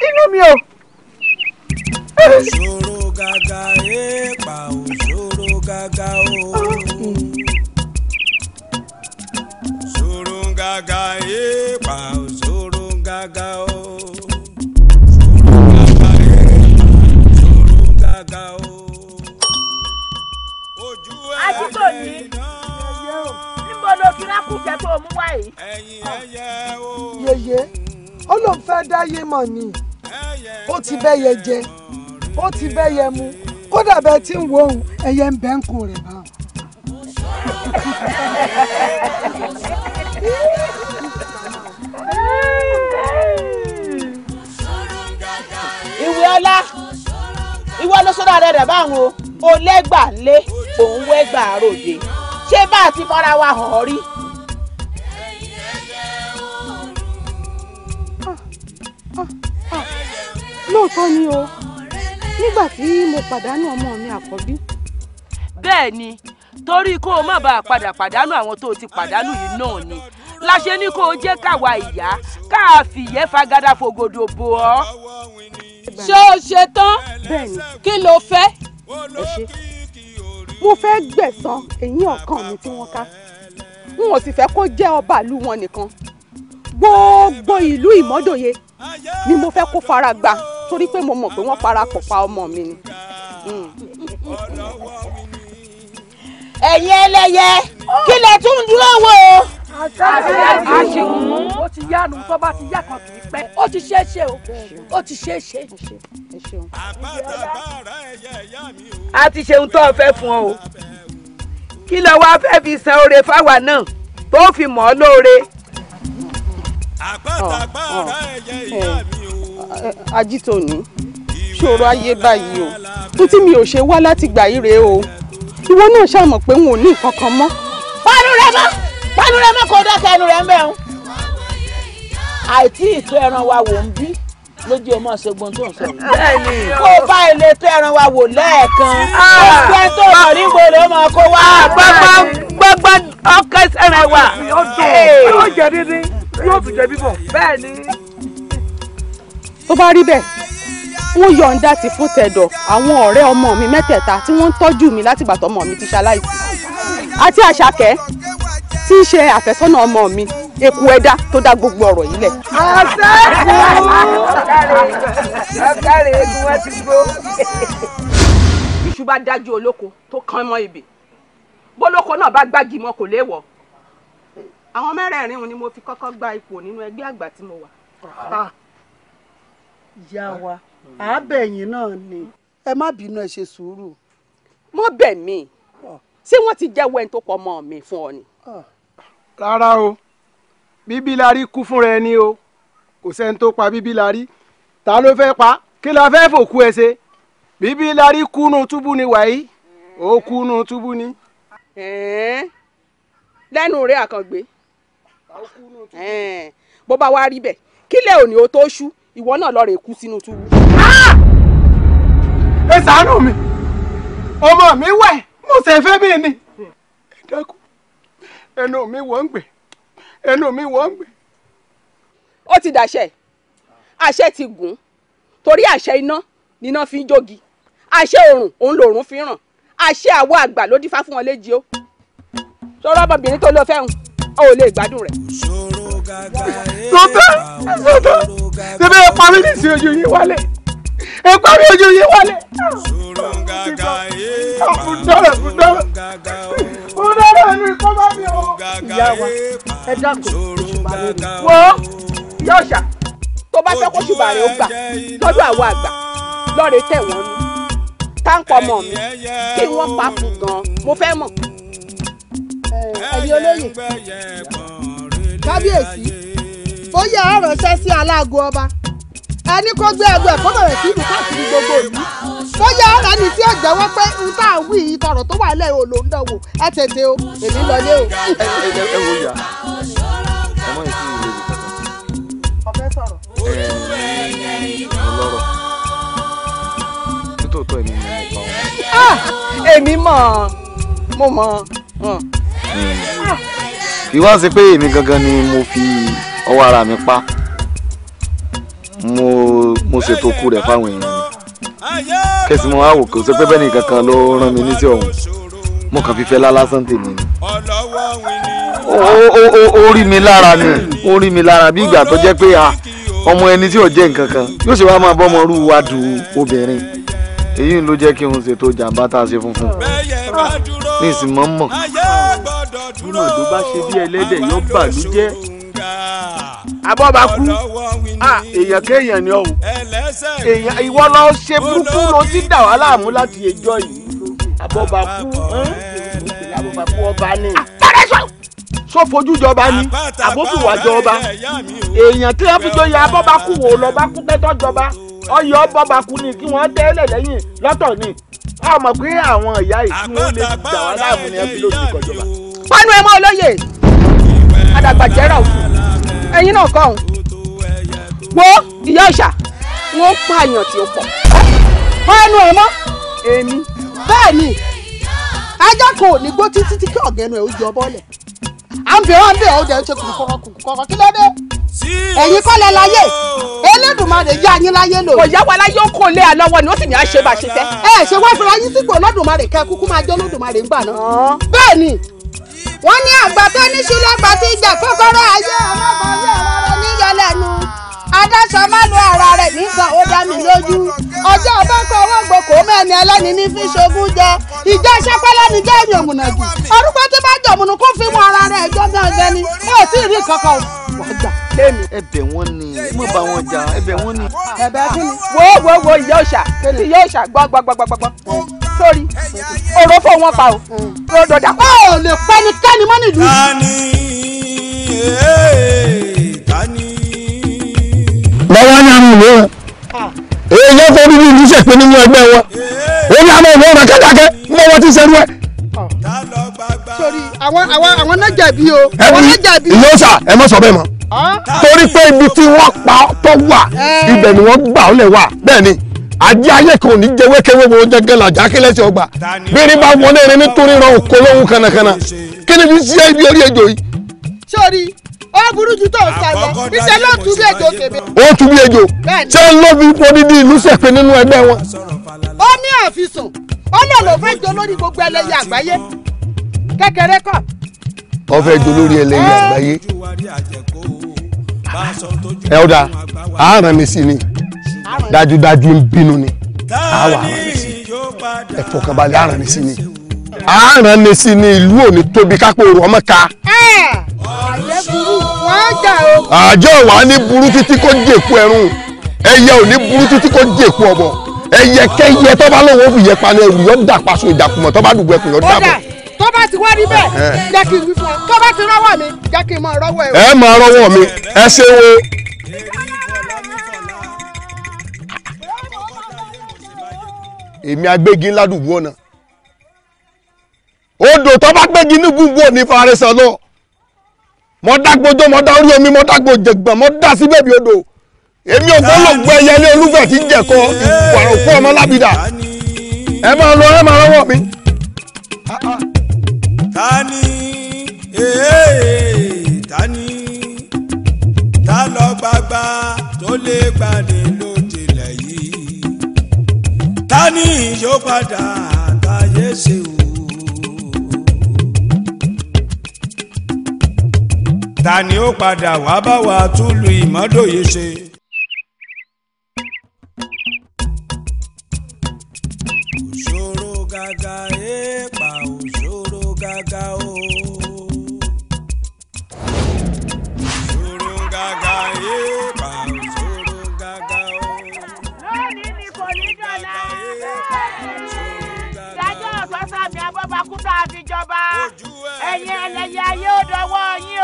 inú mi ò. òṣòro gàgà èèpà òṣòro gàgà o. òṣòro gàgà èèpà òṣòro gàgà o. àdúgbò ní agolo kíráàkù kẹ́kọ̀ọ́ mú wá yìí. yèyé ó lóun fẹ́ dá yé mọ̀ ni ó ti bẹ́yẹ jẹ ó ti bẹ́yẹ mu kódà bẹ́ẹ̀ tí ń wo òun ẹyẹ ń bẹ́ ń kó rẹ̀ bá. ìwé ọlá ìwé ọlọ́sọ́dọ̀ rẹ̀ báwọn o lẹ́gbàá lé òun wẹ́gbàá ròde ṣé bá a ti fara wa hàn rí. lóòótọ́ ni o nígbà tí mo pàdánù ọmọ mi àkọ́bí. bẹ́ẹ̀ ni torí kó o má bàa padà pàdánù àwọn tó o ti pàdánù yìí náà ni la ṣe ní kó o jẹ́ káwa ìyá káà fìyẹ́ fagada fògòdò bò ọ́. ṣé o ṣe tán kí ló fẹ́ mo fẹ́ gbẹ̀san èyí ọkàn mi tí wọ́n ká n ò sì fẹ́ kó jẹ́ ọba ìlú wọn nìkan gbogbo ìlú ìmọ́dòye ni mo fẹ́ kó fara gbà torí pé mo mọ̀ pé wọ́n parapọ̀ pa ọmọ mi ni. ẹ̀yin ẹlẹ́yẹ kí lẹ tún dúró wò ó àṣìṣe ó ti yá nu tó bá ti yá kan kì í pẹ́ ó ti ṣeé ṣe o ó ti ṣeé ṣe. a ti ṣe tó o fẹ́ fún ọ o kí ló wá fẹ́ fi san oore fáwa náà tó fi mọ̀ ọ́ lóore. o. ajitoni ṣòro ayé báyìí o títí mi ò ṣe wá láti gbà yí rèé o ìwọ náà ṣàmọ̀ pé n ò ní nǹkan kan mọ́. pàrọ̀ rẹ mọ́ pẹ̀lú rẹ mẹ́kọ̀ọ́ dákẹ́ ẹnu rẹ ń bẹ̀ ń. àìtí ìtò ẹran wa wò ń bí lójú ọmọ ṣègbọn tó ń sọ yìí. bẹ́ẹ̀ni. kó o bá ilé tó ẹran wa wò lẹ́ẹ̀kan. Ah. gbogbo ẹni tó rọ ní gbòòrò ọmọ kó wá. Ah, gbogbo gbogbo ọkẹ sẹrẹ wa. yóò dùn yóò jẹ dídín yóò tún jẹ bíbọ̀. bẹ́ẹ̀ni. tó bá rí bẹ́ẹ̀ wọ́n yọ̀ǹda ti fún tẹ̀dọ̀ àwọn ọ̀rẹ́ ọmọ mi mẹ́tẹ̀ẹ̀ta tí wọ́n ń tọ́jú mi látìgbà tọmọ mi ti ṣaláìsí àti àṣàkẹ́ tí í ṣe àfẹ́sọ́nà ọmọ mi eku ẹ̀dá tó dá gbogbo ọ̀rọ̀ yìí lẹ̀. ọ̀sẹ̀kùn egun wọn ti gbó. bíṣu bá dájú olóko tó kán mọ́ ibè bólóko náà bá gbági mọ́ kò léèwọ̀ àwọn mẹ́rẹ̀ẹ̀rin ni mo fi kọ́kọ́ gba ipò nínú ẹgbẹ́ àgbà tí mo wà. Ah, ìyá wa àbẹ̀yìn náà ni ẹ má bínú ẹ ṣe sùúrù. mo bẹ̀ mí ah. ṣé wọ́n ti jẹ́wọ́ ẹni tó pọ̀ mọ́ mi fún ọ ni. Oh rárá o bíbílárí kú fúnra ẹni o kò sẹ́ni tó pa bíbílárí ta ló fẹ́ pa kí la fẹ́ fòkú ẹ ṣe bíbílárí kúnú túbú ni wàyí ó kúnú túbú ni. lẹ́nu rẹ̀ àkàngbé bó bá wá rí bẹ́ẹ̀ kílẹ̀ òní o tó ṣú ìwọ náà lọ rè kú sínú túbú. ẹ ṣàánú mi ọmọ mi wẹ̀ mo ṣe mi ni ẹ dákun ẹnu mi wọ́n ń gbè ẹnu mi wọ́n ń gbè. ó ti dàṣẹ àṣẹ ti gùn torí àṣẹ iná níná fi ń jogi àṣẹ òrùn òun lòrùn fi ràn àṣẹ àwọ àgbà ló dífá fún wọn léjì ó sọ̀rọ̀ ọmọbìnrin tó lọ fẹ́ hun ó lè gbádùn rẹ̀. sọ̀tẹ́ sọ̀tẹ́ ṣe bẹ́ẹ̀ pa mí nísìnyí ojú yín wálé ẹ̀pá mi ojú yìí wọlé. fúdọ́rọ̀ fúdọ́rọ̀ fúdọ́rọ̀ mi kọ́ bá mi o. ìyá wa eh, ẹ dákun òṣùpá eh, lórí wọ́ oh. yọ̀ọ̀ṣà tó bá fẹ́ kó rẹ̀ ó gbà lọ́dọ̀ àwọn àgbà lọ́ọ̀rẹ́ tẹ̀ wọ́n táǹkọ̀ ọmọ mi kí wọ́n pa fún gan mo fẹ́ mọ̀. ẹ̀yin olóyè kábíyèsí ó ọ̀rọ̀ ṣẹ́ sí aláàgọ́ ọba ẹni kó gbé ẹgbẹ́ kó bẹ̀rẹ̀ sí ìlú káàkiri gbogbo ìlú bóyá ara ni tí ó jẹ́wọ́ pé n tá à ń wí ìtọ̀rọ̀ tó wà lẹ́yìn olóńdọ̀ wò ẹ tètè o èmi lọ lé o. ẹ wo ìyá ẹ mọ ìsú ìlú ìlú kankan. ọbẹ̀ sọ̀rọ̀. ọlọ́rọ̀ nítòótọ́ èmi ni wọn. èmi mọ̀ mo mọ̀. kì í wá pé èmi gangan ni mo fi ọwọ́ ara mi pa mo mo ṣètò kú rẹ̀ fáwọn èèyàn mi kẹsì mo wá wò kó ṣe pé bẹ́ẹ̀ nìkan kan ló rán mi ní tí mo kàn fi fẹ́ lálásán tèmi ni ó rí mi lára ni ó rí mi lára bí ìgbà tó jẹ́ pé ọmọ ẹni tí ò jẹ́ nǹkan kan yóò ṣe wá máa bọ́ rú wa dùn obìnrin èyí ló jẹ́ kí n ṣètò jàǹbá tá a ṣe funfun ní ìsìn mọ́ mọ́. nígbà bá ṣe bí ẹlẹ́dẹ̀ yóò bàlújẹ́ abọ́ba kú ah, èèyàn kéèyàn ni ọ o èèyàn ìwọ lọ ṣe burúkú ló ti dà wá láàmú láti ẹjọ́ yìí abọ́ba kú abọ́ba kú ọba ni ah, sọ fojú jọba ni àbófìwà èèyàn tí wọn fi jọ ya abọ́ba kú wò lọ́ba kú tẹ́tọ́ jọba ọyọ bọ́ba kú ni kí wọ́n tẹ́lẹ̀ lẹ́yìn lọ́tọ̀ ni a mọ̀ pé àwọn ìyá yìí tí wọ́n lè dà wá láàmú ni ẹ fi lóṣù kọjọba. pánú ẹ mọ olóye adàgbàjẹ́rà òfin ẹ̀yin náà kọ́ òun wo ìyá ọ̀ṣà wọ́n pààyàn tí ó pọ̀ wọ́n ẹnu ẹ̀ mọ́ èmi bẹ́ẹ̀ ni ajá kan ò ní gbó títí tí kí ọ̀gẹ́nu ẹ̀ ó yọ bọ́ọ̀lẹ̀ à ń bẹ̀rẹ̀ ń bẹ̀rẹ̀ ó dẹ̀ ń ṣe kùkùkọ̀rọ̀ kùkùkọ̀rọ̀ kí ló dé ẹ̀yin kọ́ lẹ láyé Elédùmarè yá yín láyé lò. ọ̀yá wa láyé ó kó lé àlọ́wọ́ ni ó sì ní àṣebàṣetẹ́. ẹ ṣe wá fúnra yín sípò Olódùmarè kẹ́ kúkú máa jẹ́ Olódùmarè ń gbà náà. bẹ́ẹ̀ ni wọ́n ní àgbà tó ní ṣúlọ́gbà ti jà kọ́kọ́rọ́ ayé ọlọ́gbọ̀n ọ̀rọ̀ níyọlẹ́nu adáṣọ má lo ara rẹ̀ nìkan ó mi lójú ọjọ́ ọba kọ owó gbòkó mẹ́ni ẹlẹ́ni ní fi ṣogún jọ ìjọ ṣẹpẹ́lẹ́ ni jẹ́ èmi òmùnàjù orúkọ tó bá jọ̀mùnú kó fi mọ ara rẹ̀ ẹjọ́ bí ọ̀gẹ́ ni ó sì rí kankan wọ́jà lẹ́nu. ẹ̀bẹ̀ wọn ni mo bá wọn jà ẹ̀bẹ̀ wọn ni. ẹ̀bẹ̀ kí ni. wo wo wo ìyá òòṣà ìyá òòṣà gbọ́ gbọ́ gbọ́ gbọ́ gbọ́ sórí ọ̀rọ̀ fún wọn pa o kò dọ̀dà pa. ó lè pẹ́ ní kẹ́ni mọ́ nílùú. tani eh, tani. lọ́wọ́ ní àwọn ìlú wọn èyí yẹn fọ́ bíbí ìlú ṣèpé nínú ẹgbẹ́ wọn omi àmọ́ òun ọ̀nà kẹ́kẹ́ mọ́ wọn ti sẹ́nu ẹ̀. sori àwọn àwọn àwọn náà jẹ̀bi o àwọn náà jẹ̀bi. ìyóò sà ẹ mọ̀ sọ bẹ́ẹ̀ mọ́ ah. torí pé ibi tí wọ́n pa ọ́ tó wà eh. ibẹ̀ ni wọ́n gbà ọ́ lẹ̀ wà bẹ́ẹ̀ ni ajé ayé kan ò ní jẹ wékewéwo jẹgẹ làjà kílẹsẹ ọgbà bírí bá wọlé rẹ nítorí ràn òkò lóhùn kànàkànà kí ni fi ṣe ibi orí ejò yìí. sórí ó burú ju tó ń sá lọ iṣẹ́ ló tún bí ejò tèmi. ó tún bí ejò ṣé ń lóbi odidi ìlú ṣèpè nínú ẹgbẹ́ wọn. ó ní àfisùn ó lọ lọ fẹ́ jọ lórí gbogbo ẹlẹ́yẹ àgbáyé kékeré kọ́. ó fẹ́ jọ lórí ẹlẹ́yẹ àgbáyé ẹ ó dáa àárẹ̀ mi sí ni dájúdájú ń bínú ni àwa àrànnisí ẹ fọkànbalẹ̀ àrànnisí ni àrànnisí ni ìlú òní tóbi kápẹ́ òru ọmọ ká. àjọ wa ní burú títí kó jèkú ẹrún ẹyẹ ò ní burú títí kó jèkú ọ̀bọ ẹyẹ kẹyẹ tó bá lọ́wọ́ òfìyẹ pani ẹrù yọ dà paṣọ ìdàkùmọ̀ tó bá dùgbò ẹkùn yọ dà bọ̀ tó bá ti wá rí bẹ́ẹ̀ jẹ́ kí n wí fún ọ tó bá ti rọ́wọ́ mi jẹ́ kí n máa rọ́wọ́ ẹ. ẹ máa rọ́wọ́ mi ẹ ṣe wo. èmi agbégi ládùúgbò ọ̀nà odò tó bá gbégi ní gbogbo òní fàrẹsàn lọ mo dágbójó mo dá orí omi mo dágbó jẹgbọn mo dá sí bèbí odò èmi ò fọlọ gbọ ẹyẹ ilé olúfẹ tí ń jẹkọ ìwàrà òkú ọmọ lábìdà ẹ máa lọ ẹ máa rọwọ mi. tani tani ta eh, ló gbàgbà tó lè gbani lò tani yóò padà àtàyè ṣe o. tani ó padà wá bá wa túlù ìmọ́dòye ṣe. òṣòro gàgà èèkó. Eh, ìjọba ẹ̀yin ẹlẹ́yà yóò dọwọ́ yín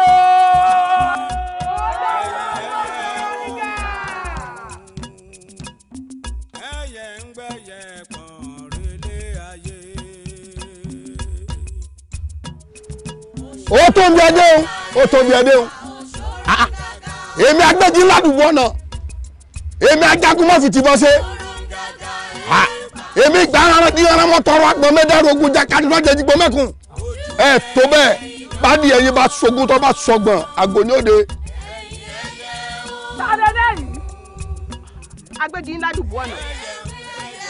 o. ó tó ń bí ẹdẹ o ó tó ń bí ẹdẹ o èmi agbẹ́jì ládùúgbò náà èmi ajagun mọ́sì ti bọ́ ṣe. Ah èmi gbà ara di ara mọ́ tọrọ àgbọ̀n mẹ́dàrú ogun jákàdé lọ́jọ́ ìdìbò mẹ́kùn ẹ tó bẹ́ẹ̀ bádìí ẹ̀yin bá sogun tó bá sọgbọ̀n àgbò ní òde. sàdédé yìí agbégi ńlá dùbò ọ̀nà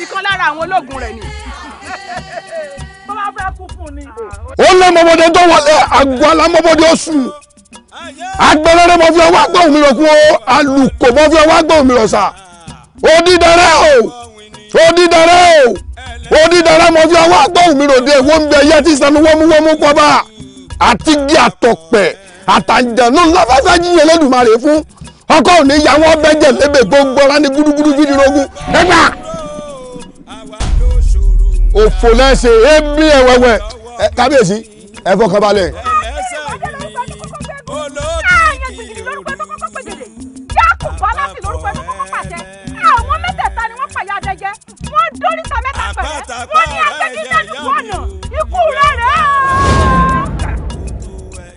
ìkan lára àwọn ológun rẹ̀ ni ó máa fẹ́ kú fún ni. ó lé mọ́mọ́dé tó wọlé àgọ́ alámọ́mọ́dé ó sùn agbẹrẹrẹ mọ fi ọwọ́ agbọ òmìnira kú alùkò mọ fi ọwọ́ òmìnira sà ó dídẹrẹ o ó di dára o ó di dára mo fi ọwọ́ àgbọ̀hùn mi ròde èwo ń bẹ ẹyẹ tí sami wọ́múwọ́mú kọ́ bá àti gé àtọ̀pẹ̀ àtàjànú láfáfá jíye lẹ́dùnmarè fún ọkọ òní ya wọn bẹ́jẹ̀ lébè gbogbo ọ̀la ní gúdúgúdú fídírógún ẹgbà òfò lẹ́sẹ̀ ebi ẹ̀wẹ̀wẹ̀ kábíyèsí ẹ fọkàn jẹ wọ́n dóríta mẹ́ta pẹ̀lẹ́ wọ́n ní agbẹ́gídá lùwọ̀nà ikú rẹ̀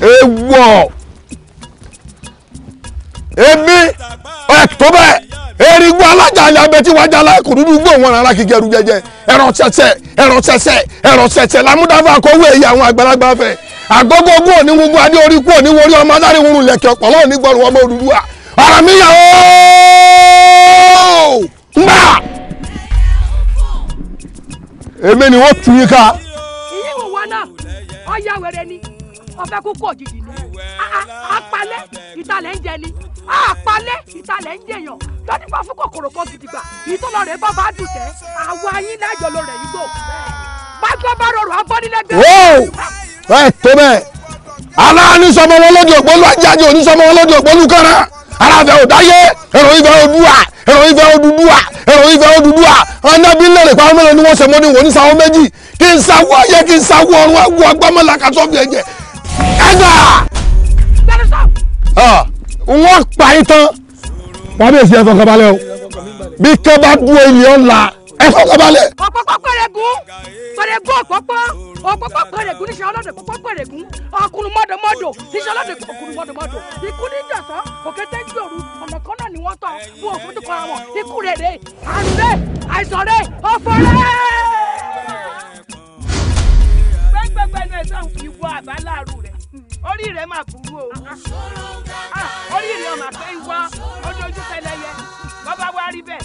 rẹ̀ o. ewọ èmi ọ̀ẹ́kìtọ́ bẹ́ẹ̀ erigun alájà wájà aláìkú dúdú gbó wọn rárá kí gẹrú jẹjẹ ẹrọ tẹsẹ ẹrọ tẹsẹ ẹrọ àwọn àgbàlagbà fẹ òní gbogbo adé orí kú mba ebe ni wọ́n tunyika. yín ká. ìyí ọ ya were ni ọ̀fẹ́ kúkú òjijì ni a ìtàlẹ̀ itale jẹ ni a ìtàlẹ̀ ń jẹyàn lọ́dífà fún kòkòrò kan gidigba ìtọ́lọ̀ rẹ̀ bá bá dùn tẹ́ àwọn ayín lájọ ló rẹ̀ yígbó bájọ́ bá ẹ̀rọ ìfẹ́ Odùduwà ẹ̀rọ ìfẹ́ Odùduwà anábí lèrè pa ọmọ ní wọ́n sẹ̀mọ́ni wò ní sàwọ́ méjì kí n sàwọ́ ayé kí n sàwọ́ ọ̀run agbó agbámọ́lá kàtọ́ fi ẹ̀jẹ̀ ẹ̀dà. Ah, wọ́n pa itan kábíyèsí ẹ̀fọ́ kábàlẹ̀ o bí kẹ́ bá dúró ilé ọ̀la ẹ sọ̀rọ̀ balẹ̀. ọ̀pọ̀pọ̀ pẹ̀rẹ̀gùn pẹ̀rẹ̀gùn ọ̀pọ̀pọ̀ ọ̀pọ̀pọ̀ pẹ̀rẹ̀gùn níṣẹ́ ọlọ́dọ̀ pọ̀pọ̀ pẹ̀rẹ̀gùn ọkùnrin mọ́dọ̀mọ́dọ̀ níṣẹ́ ọlọ́dọ̀ ọkùnrin mọ́dọ̀mọ́dọ̀ ikú ní ìjọsán òkété gbòòrò ọ̀nà kan náà ni wọ́n tọ̀ bu òfútu kan wọn ikú rẹ̀ rẹ̀ àrùn rẹ̀ orí rẹ̀ máa burú o ah, orí rẹ̀ máa fẹ́ wá ojú ojú yẹ bọ́ bá rí bẹ́ẹ̀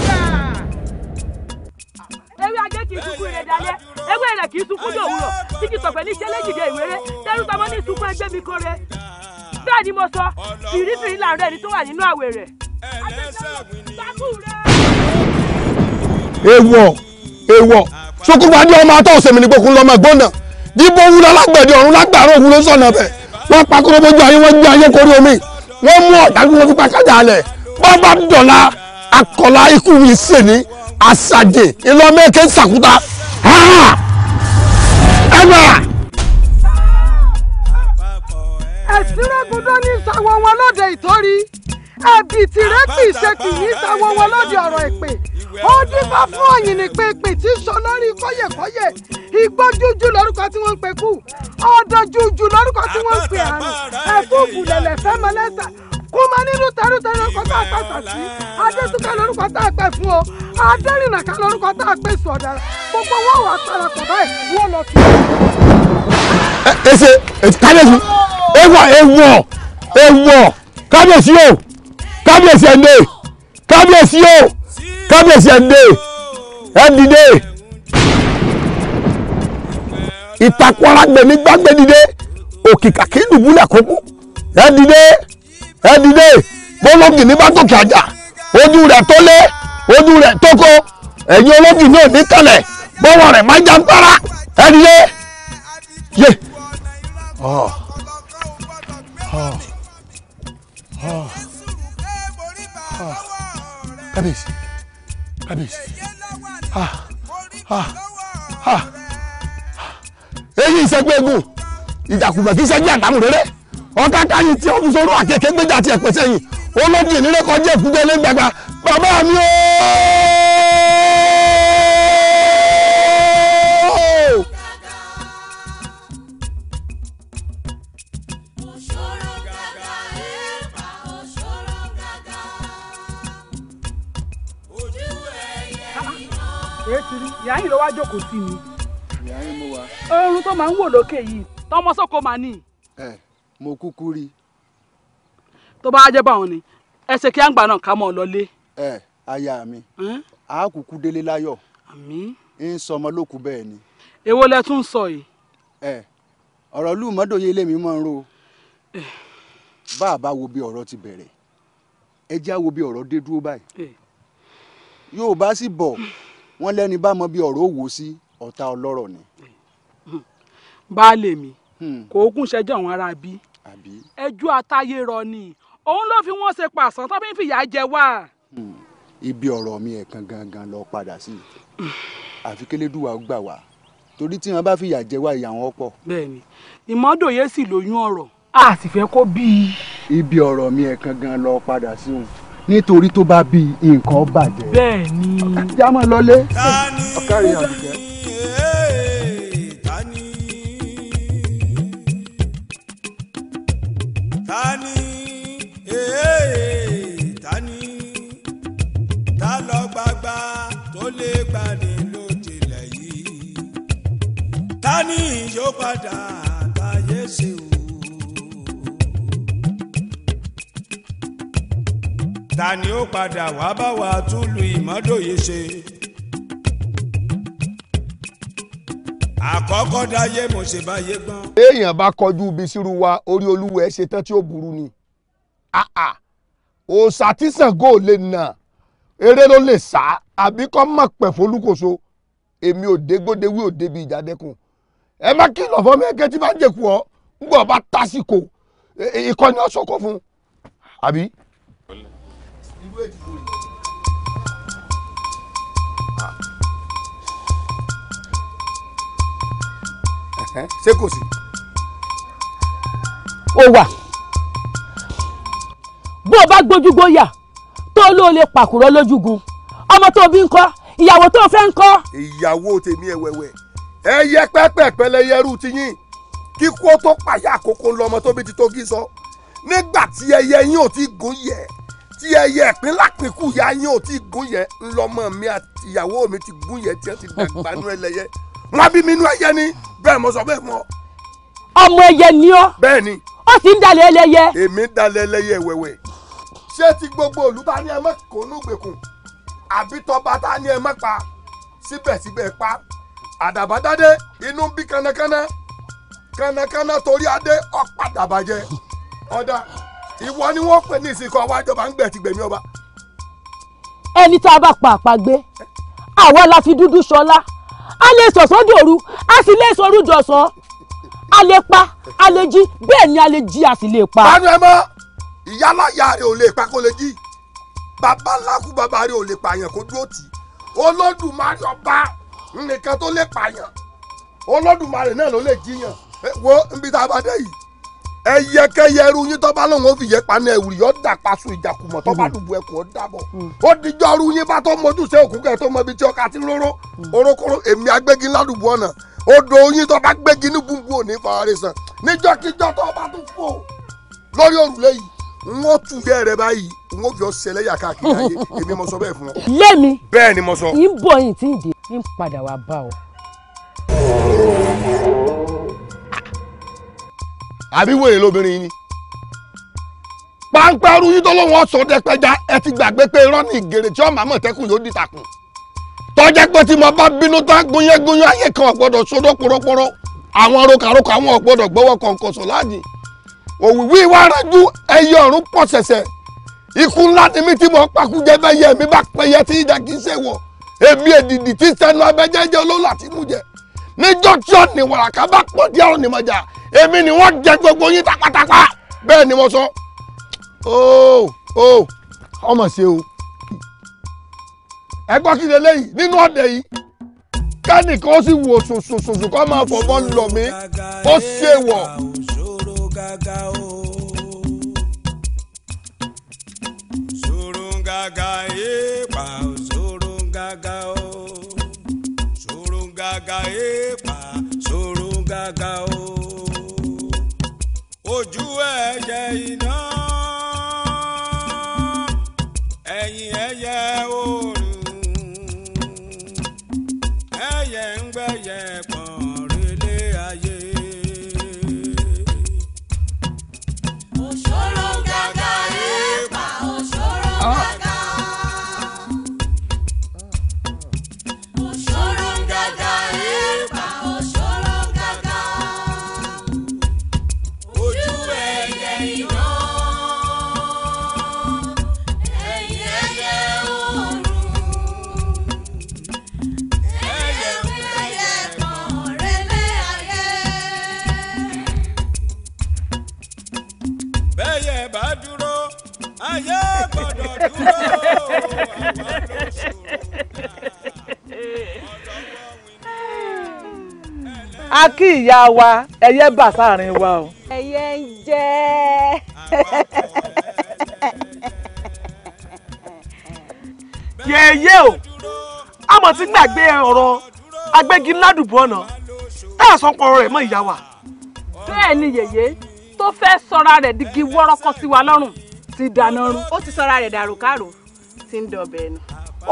ewé ajé kì í sunkún ìrẹ̀ dalẹ̀ ewé rẹ̀ kì í sunkún dòwúrọ̀ títí pẹ̀pẹ̀ ní sẹ́lẹ̀jìdẹ̀ ìwéré tẹ́rù tọmọ ní sunkún ẹgbẹ́ mi kóre bẹ́ẹ̀ ni mo sọ fìrífìrí làárọ̀ ẹni tó wà nínú àwẹ̀ rẹ̀. ewọ ewọ sokunfadé ọmọ atọ òsèmí ní gbókun lọmọ gbóná díbò wúlọ lágbẹ̀dẹ ọ̀run lágbàrún òwúlọ sọ̀nà bẹ̀ wọ́n pa kúrò ayé wọ́n gbé ayé korí omi wọ́n mú ọ̀dà kí wọ́n kájà lẹ̀ bọ́n bá dọ̀la akọla ikú mi sè ní asàjè ìlọmẹkẹ sàkúta ẹgbà. ẹ̀sìnrẹ́gùndọ́ ní sáwọn wọn lóde ìtòrí ẹ̀bì tìrẹ́pì ìṣèkì ní sáwọn wọn lóde ọ̀rọ̀ ìpè ó dífá fún ọ̀yìn ní pèpè tí sọ lórí kọ́yẹ̀kọ́yẹ̀ igbó jújú lórúkọ tí wọ́n ń pè kú ọ̀dọ̀ jújú lórúkọ tí wọ́n ń pè àrùn ẹ̀kú bùlẹ̀lẹ̀ fẹ́mọ́lẹ́sà kó o máa ní rútarúta lórúkọ tá a pè sàtì adétúkà lórúkọ tá a pè fún ọ adérìnàká lórúkọ tá a pè sùn ọ̀daràn gbogbo wọn wà parapọ̀ báyìí wọ́n lọ sí. ẹsẹ kábíyèsí ewọ ewọ ewọ kábíyèsí o kábíyèsí ẹ̀ kábíyèsí o kábíyèsí ẹ̀ ń ìtàkùn ara gbẹ̀mí dìde òkìkà kí dùbúlẹ̀ kókó ẹ̀ ẹ dìde bọ́lọ́gì ní bátòkì àjà ojú rẹ̀ tó lé ojú rẹ̀ tó kó ẹ̀yin ológì náà ní tẹ̀lẹ̀ bọ́wọ́ rẹ̀ má já gbára ẹ dìde yé. Oh. Oh. Oh. Oh. Kábíyèsí kábíyèsí ah ah ah èyí ìṣẹ́gbẹ́gun ìjàkùmọ̀ kì í ṣẹ́gbẹ́ àdámù rere ọ̀káká yìí tí ọ̀hún sọ̀rọ̀ àkèké gbéjà tiẹ̀ pẹ̀sẹ̀ yìí olódì ìnírẹ́kọjẹ́ ìkúgbẹ́lé gbàgbà bàbá mi ooo. ìyá ló wá jókòó sí mi. ìyá mo wá. oorun tó máa ń wò lókè yìí tọmọ sóko máa ní. ẹ mo kúkú rí. tó bá jẹ́ báwọn ni ẹsẹ̀ kí àgbà náà ká mọ́ ọ lọlé. ẹ aya mi a kúkú délé láyọ̀ ń sọ ọmọ lókù bẹ́ẹ̀ ni. èwo lẹ tún ń sọ yìí. ẹ ọ̀rọ̀ lù mọ́dòye lèmi mọ́ ń ro bá a bá wo bí ọ̀rọ̀ ti bẹ̀rẹ̀ ẹ já wo bí ọ̀rọ̀ dé dúró báyìí yóò bá sì bọ̀ wọ́n lẹ́ni bá mọ bí ọ̀rọ̀ òwò sí ọ̀tá ọlọ́rọ̀ ni. baálé mi hmm. kò ókun ṣẹjọ́ àwọn ará bíi ẹjú àtayé rọ ni òun ló fi wọ́n ṣe pàṣán tó fi ń fìyà jẹ wá. Hmm. ibi ọ̀rọ̀ mi ẹ̀kan gangan lọ padà sí àfi kélédùwà gbà wá torí tí wọn bá fìyà jẹ wá ìyà wọn pọ̀. bẹ́ẹ̀ni ìmọdòye sì lóyún ọ̀rọ̀ a sì fẹ́ kó bí i. ibi ọ̀rọ̀ mi ẹ̀kan gan lọ padà sí òun nítorí tó bá bí nǹkan bàjẹ́. bẹ́ẹ̀ni. já mọ́ lọlé ọ̀kárí àbùkẹ́. tani ee tani ta lọ gbagba tó lè gbani lójijì yìí tani yóò padà àtàyè sí o. tani ó padà wá bá wa túlù ìmọ́dòye ṣe. àkọ́kọ́ dáyé mo ṣe báyé gbọ́n. èèyàn bá kọjú ibi sírú wa orí olúwẹ̀ ṣe tán tí ó burú ni òòṣà tí Ṣàngó lè nà eré ló lè sá àbí kọ́ mọ̀ pẹ̀ fólúkòso èmi ò dégbòdéwì ò débi ìjàdẹ́kùn ẹ má kìlọ̀ fún mi ẹgẹ́ tí bá ń jẹ̀kù ọ́ ngbọ̀ bá tásìkò ìkọ́ni ọ̀ṣọ́kọ̀ fún un àbí. ṣé kò sí. ó wà bó o bá gbójúgbó yà tó ló lè pàkúrọ̀ lójúgun ọmọ tó bí ń kọ́ ìyàwó tó fẹ́ ń kọ́. ìyàwó tèmi ẹ̀wẹ̀wẹ̀ ẹ yẹ pẹ́pẹ́pẹ́ lẹ́yẹrú ti yín kíkú tó pàyà àkókò lọmọ tó bí ti tó gí sọ nígbà tí ẹyẹ yín ò ti gún yẹ tí ẹyẹ ìpín lápínkù ya yín ò ti gún yẹ ńlọmọ mi àti mi ti gún yẹ tí wọn ti dàgbà nú ẹlẹ́yẹ wọn bí mi nú ẹyẹ ni bẹ́ẹ̀ mo sọ bẹ́ẹ̀ mọ́. ọmọ ẹyẹ ni ọ. bẹ́ẹ̀ ni. ó sì ń dalẹ̀ ẹlẹ́yẹ. èmi ń dalẹ̀ ẹlẹ́yẹ wẹ̀wẹ̀. ṣé ti gbogbo ìlú bá ní ẹ mọ́ kónú gbèkùn àbí tọba tá ní ẹ mọ́ pa síbẹ̀síbẹ̀ pa àdàbàdàdé inú bí kánnakánná kánnakánná torí adé ọ̀pá dàbàjẹ́ ọ̀dà ìwọ ni wọ́n pè ní ìsìnkú ọwọ́ àjọba ń gbẹ̀tìgbẹ̀mí ọba. ẹni tá a bá pa àpagbé àwa la fi dúdú sọlá a lè sọ̀sán dòru a sì lè sọ̀rú dọ̀sán a lè pa a lè jí bẹ́ẹ̀ ni a lè jí a sì lè pa. bá a mọ ìyálàyà rẹ ò lè pa kó lè jí bàbá lákú bàbá rẹ ò lè pààyàn kó dúró tì Olódùmarè ọba nìkan tó lè pààyàn Olódùmarè náà ló lè jíyàn wo nbí tá a bá dé yìí ẹyẹkẹyẹ irú yín tọ́ba lòun ò fi yẹ paná ẹ̀wùrì yọ dà paṣu ìjàkùmọ̀ tọ́ba mm-hmm. dùbò ẹkùn ó dàbọ̀ mm. ó dijọ́ irú yín bá tó mọ́jú sí òkú kẹ́ tó mọ ibi tí ọkà ti róró mm. orókóró èmi agbégi ládùúgbò ọ̀nà odò yín tọ́ba gbégi ní gbùngbùn òní fàárẹ̀ sàn níjọ́kíjọ́ tọ́ba tó fò lórí òrùlé yìí n ó tù bẹ́ẹ̀ rẹ báyìí n ó fi ọ sẹlẹ̀ yà káàkiri ayé èmi mo sọ bẹ́ẹ̀ fún ọ. lẹ́mi bẹ́ẹ̀ ni mo sọ. ń bọ̀ yìí tí ì dé ń padà wá bá ọ àbí wèrè lóbìnrin ni pàǹpẹ́rù yín tó lóun ọ̀sán dẹ́pẹ́já ẹ ti gbàgbé pé irọ́ ni ìgèrè tí ọ̀mà mọ̀tẹ́kùn yóò dìtàkùn tọ́jà pé tí mo bá bínú tán gúnyẹ́gúnyẹ́ ayé kan ọ̀gbọ́dọ̀ sódó poroporo àwọn rokaroka àwọn ọ̀gbọ́dọ̀ gbọ́wọ́ kọ̀ǹkọ̀sọ̀ láàyè òwìwí wa rẹ́jú ẹyẹ ọ̀run pọ̀ ṣẹ̀ṣẹ̀ ikú ńlá ni mí tí mo pàkú jẹ bẹ́yẹ mi bá pẹyẹ tí ìjà kì í ṣe wọ̀ èmi èdìdì tí sẹnu abẹ́jẹ́jẹ́ olólà ti mú jẹ níjọ́ tí ọ̀nì wàràkà bá pọ̀ díẹ̀ ọ̀nì mọ̀jà èmi ni wọ́n jẹ gbogbo yín tapatapa bẹ́ẹ̀ ni mo sọ ooo oh, ooo oh, ọmọ ṣe o ẹ gbọ́ kí leléyìí nínú ọ̀dẹ̀ yìí kẹ́nìkan ó sì wò sòsòsòsò kọ́ máa fọwọ́ lọ mí ó ṣe wọ̀. Sorongaga epa o, sorongaga o, sorongaga epa, sorongaga o ojú ẹyẹ iná ẹ̀yìn ẹyẹ o. a kí ìyá wa ẹyẹ bà sáàrin wa o. ẹyẹ ń jẹ yẹyẹ o a mọ̀ ti gbàgbé ọ̀rọ̀ agbẹ́gi ládùúgbò ọ̀nà tá a sọ pọ̀rọ̀ rẹ̀ mọ́ ìyá wa. bẹ́ẹ̀ ni yèyé tó fẹ́ sọra rẹ̀ digi wọ́rọ́kọ́ sí wa lọ́rùn ti dáná rú. ó ti sọra rẹ̀ dàrú káàró tí ń dọ̀bẹ̀ ẹnu.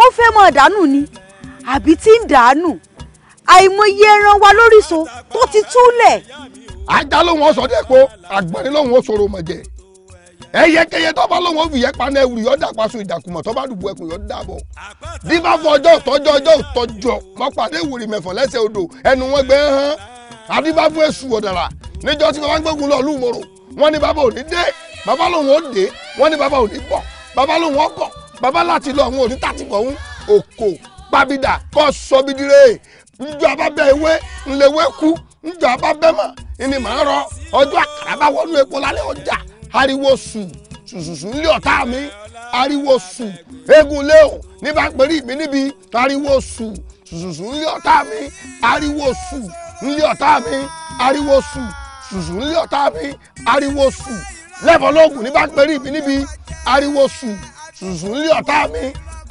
ó fẹ́ mọ̀ dànù ni àbí tí ń dànù àìmọye ẹran wa lóríṣo tó ti túlẹ̀. ajá lòun ọsọ dẹ́po àgbọ̀nrín lòun ó sọ̀rọ̀ mọ̀jẹ̀ ẹyẹkẹyẹ tó bá lòun ó fìyẹ́ paná ẹwùrì yọ̀ọ́ dàpasù ìdàkùmọ̀ tó bá dùbò ẹkùn yọ̀ọ́ dàbọ̀ dífá fún ọjọ́ ìtọ́jọ́ ọjọ́ ìtọ́jọ́ mọ́pàdé ìwùrì mẹ́fọ̀ lẹ́sẹ̀ odò ẹnu wọn gbé hàn adífá fún èṣù ọ̀dàrà níjọ́ tí bàbá ń gbógun lọ lùmọ̀rọ̀ wọn ni bàbá ò ní dé bàbá lòun ó dé wọn ni bàbá ò ní bọ̀ bàbá lòun ó bọ̀ bàbá láti lọ àwọn òní tàtìkọ̀ òun òkò pàbídà kọ́ sọ́bídìrẹ́ níjọ́ abábẹ́ ewé ńlẹ̀wé kú níjọ́ abábẹ́ mọ̀ ìní màá rọ ọjọ́ àkàrà bá wọnú epo lálẹ́ ọjà ariwo sù sùsùsù ńlẹ̀ ọ̀tá mi ariwo sù eégún léhùn ní bá ń perí mi níbi ariwo sù sùsùsù ńlẹ̀ ọ̀tá mi ariwo sù ńlẹ̀ ọ̀tá mi ariwo sù sùsù ńlẹ̀ ọ̀tá mi ariwo sù lẹ́bọ̀ lóògùn ní bá níbi ariwo sù sùsù ńlẹ̀ ọ̀tá mi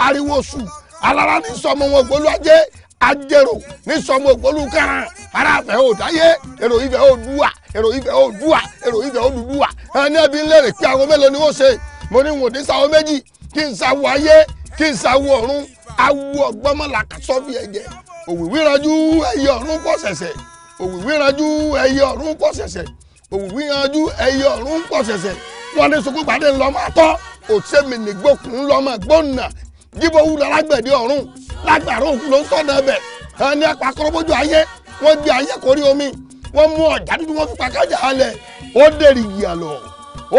ariwo sù alára ní sọmọ wọn gbólú ajé ajẹ́rò ní sọmọ ògbólúkẹ́rán ara fẹ́ ò dáyé èrò ìfẹ́ ò dúwà èrò ìfẹ́ ò dúwà èrò ìfẹ́ ò dúdúwà ẹni ẹbí ńlẹ̀rẹ̀ pé àwọn mélòó ni wọ́n ṣe mo ní wòdí sáwọ́ méjì kí n sáwọ́ ayé kí n sáwọ́ ọ̀run awo ọgbọ́mọlà sọ́fì ẹ̀jẹ̀ òwìwí ranjú ẹyẹ ọ̀run pọ̀ sẹ̀sẹ̀ òwìwí ranjú ẹyẹ ọ̀run pọ̀ sẹ̀sẹ̀ òwìwí ranjú ẹyẹ ọ̀run pọ̀ sẹ̀sẹ̀ wọ́n ní sunkún gbàdé ńlọmọ àtọ́ òtí mi nìgbókùn ńlọmọ gbóǹnà jíbọ̀ wúlọ alágbẹ̀dẹ ọ̀run lágbàrá òkú ló ń sọ̀nà ẹbẹ̀ ẹni apakọ́rọ́bójú ayé wọ́n di ayé kórí omi wọ́n mú ọ̀já dúdú wọ́n fi pàkájà halẹ̀ ó dèrìgì àlọ́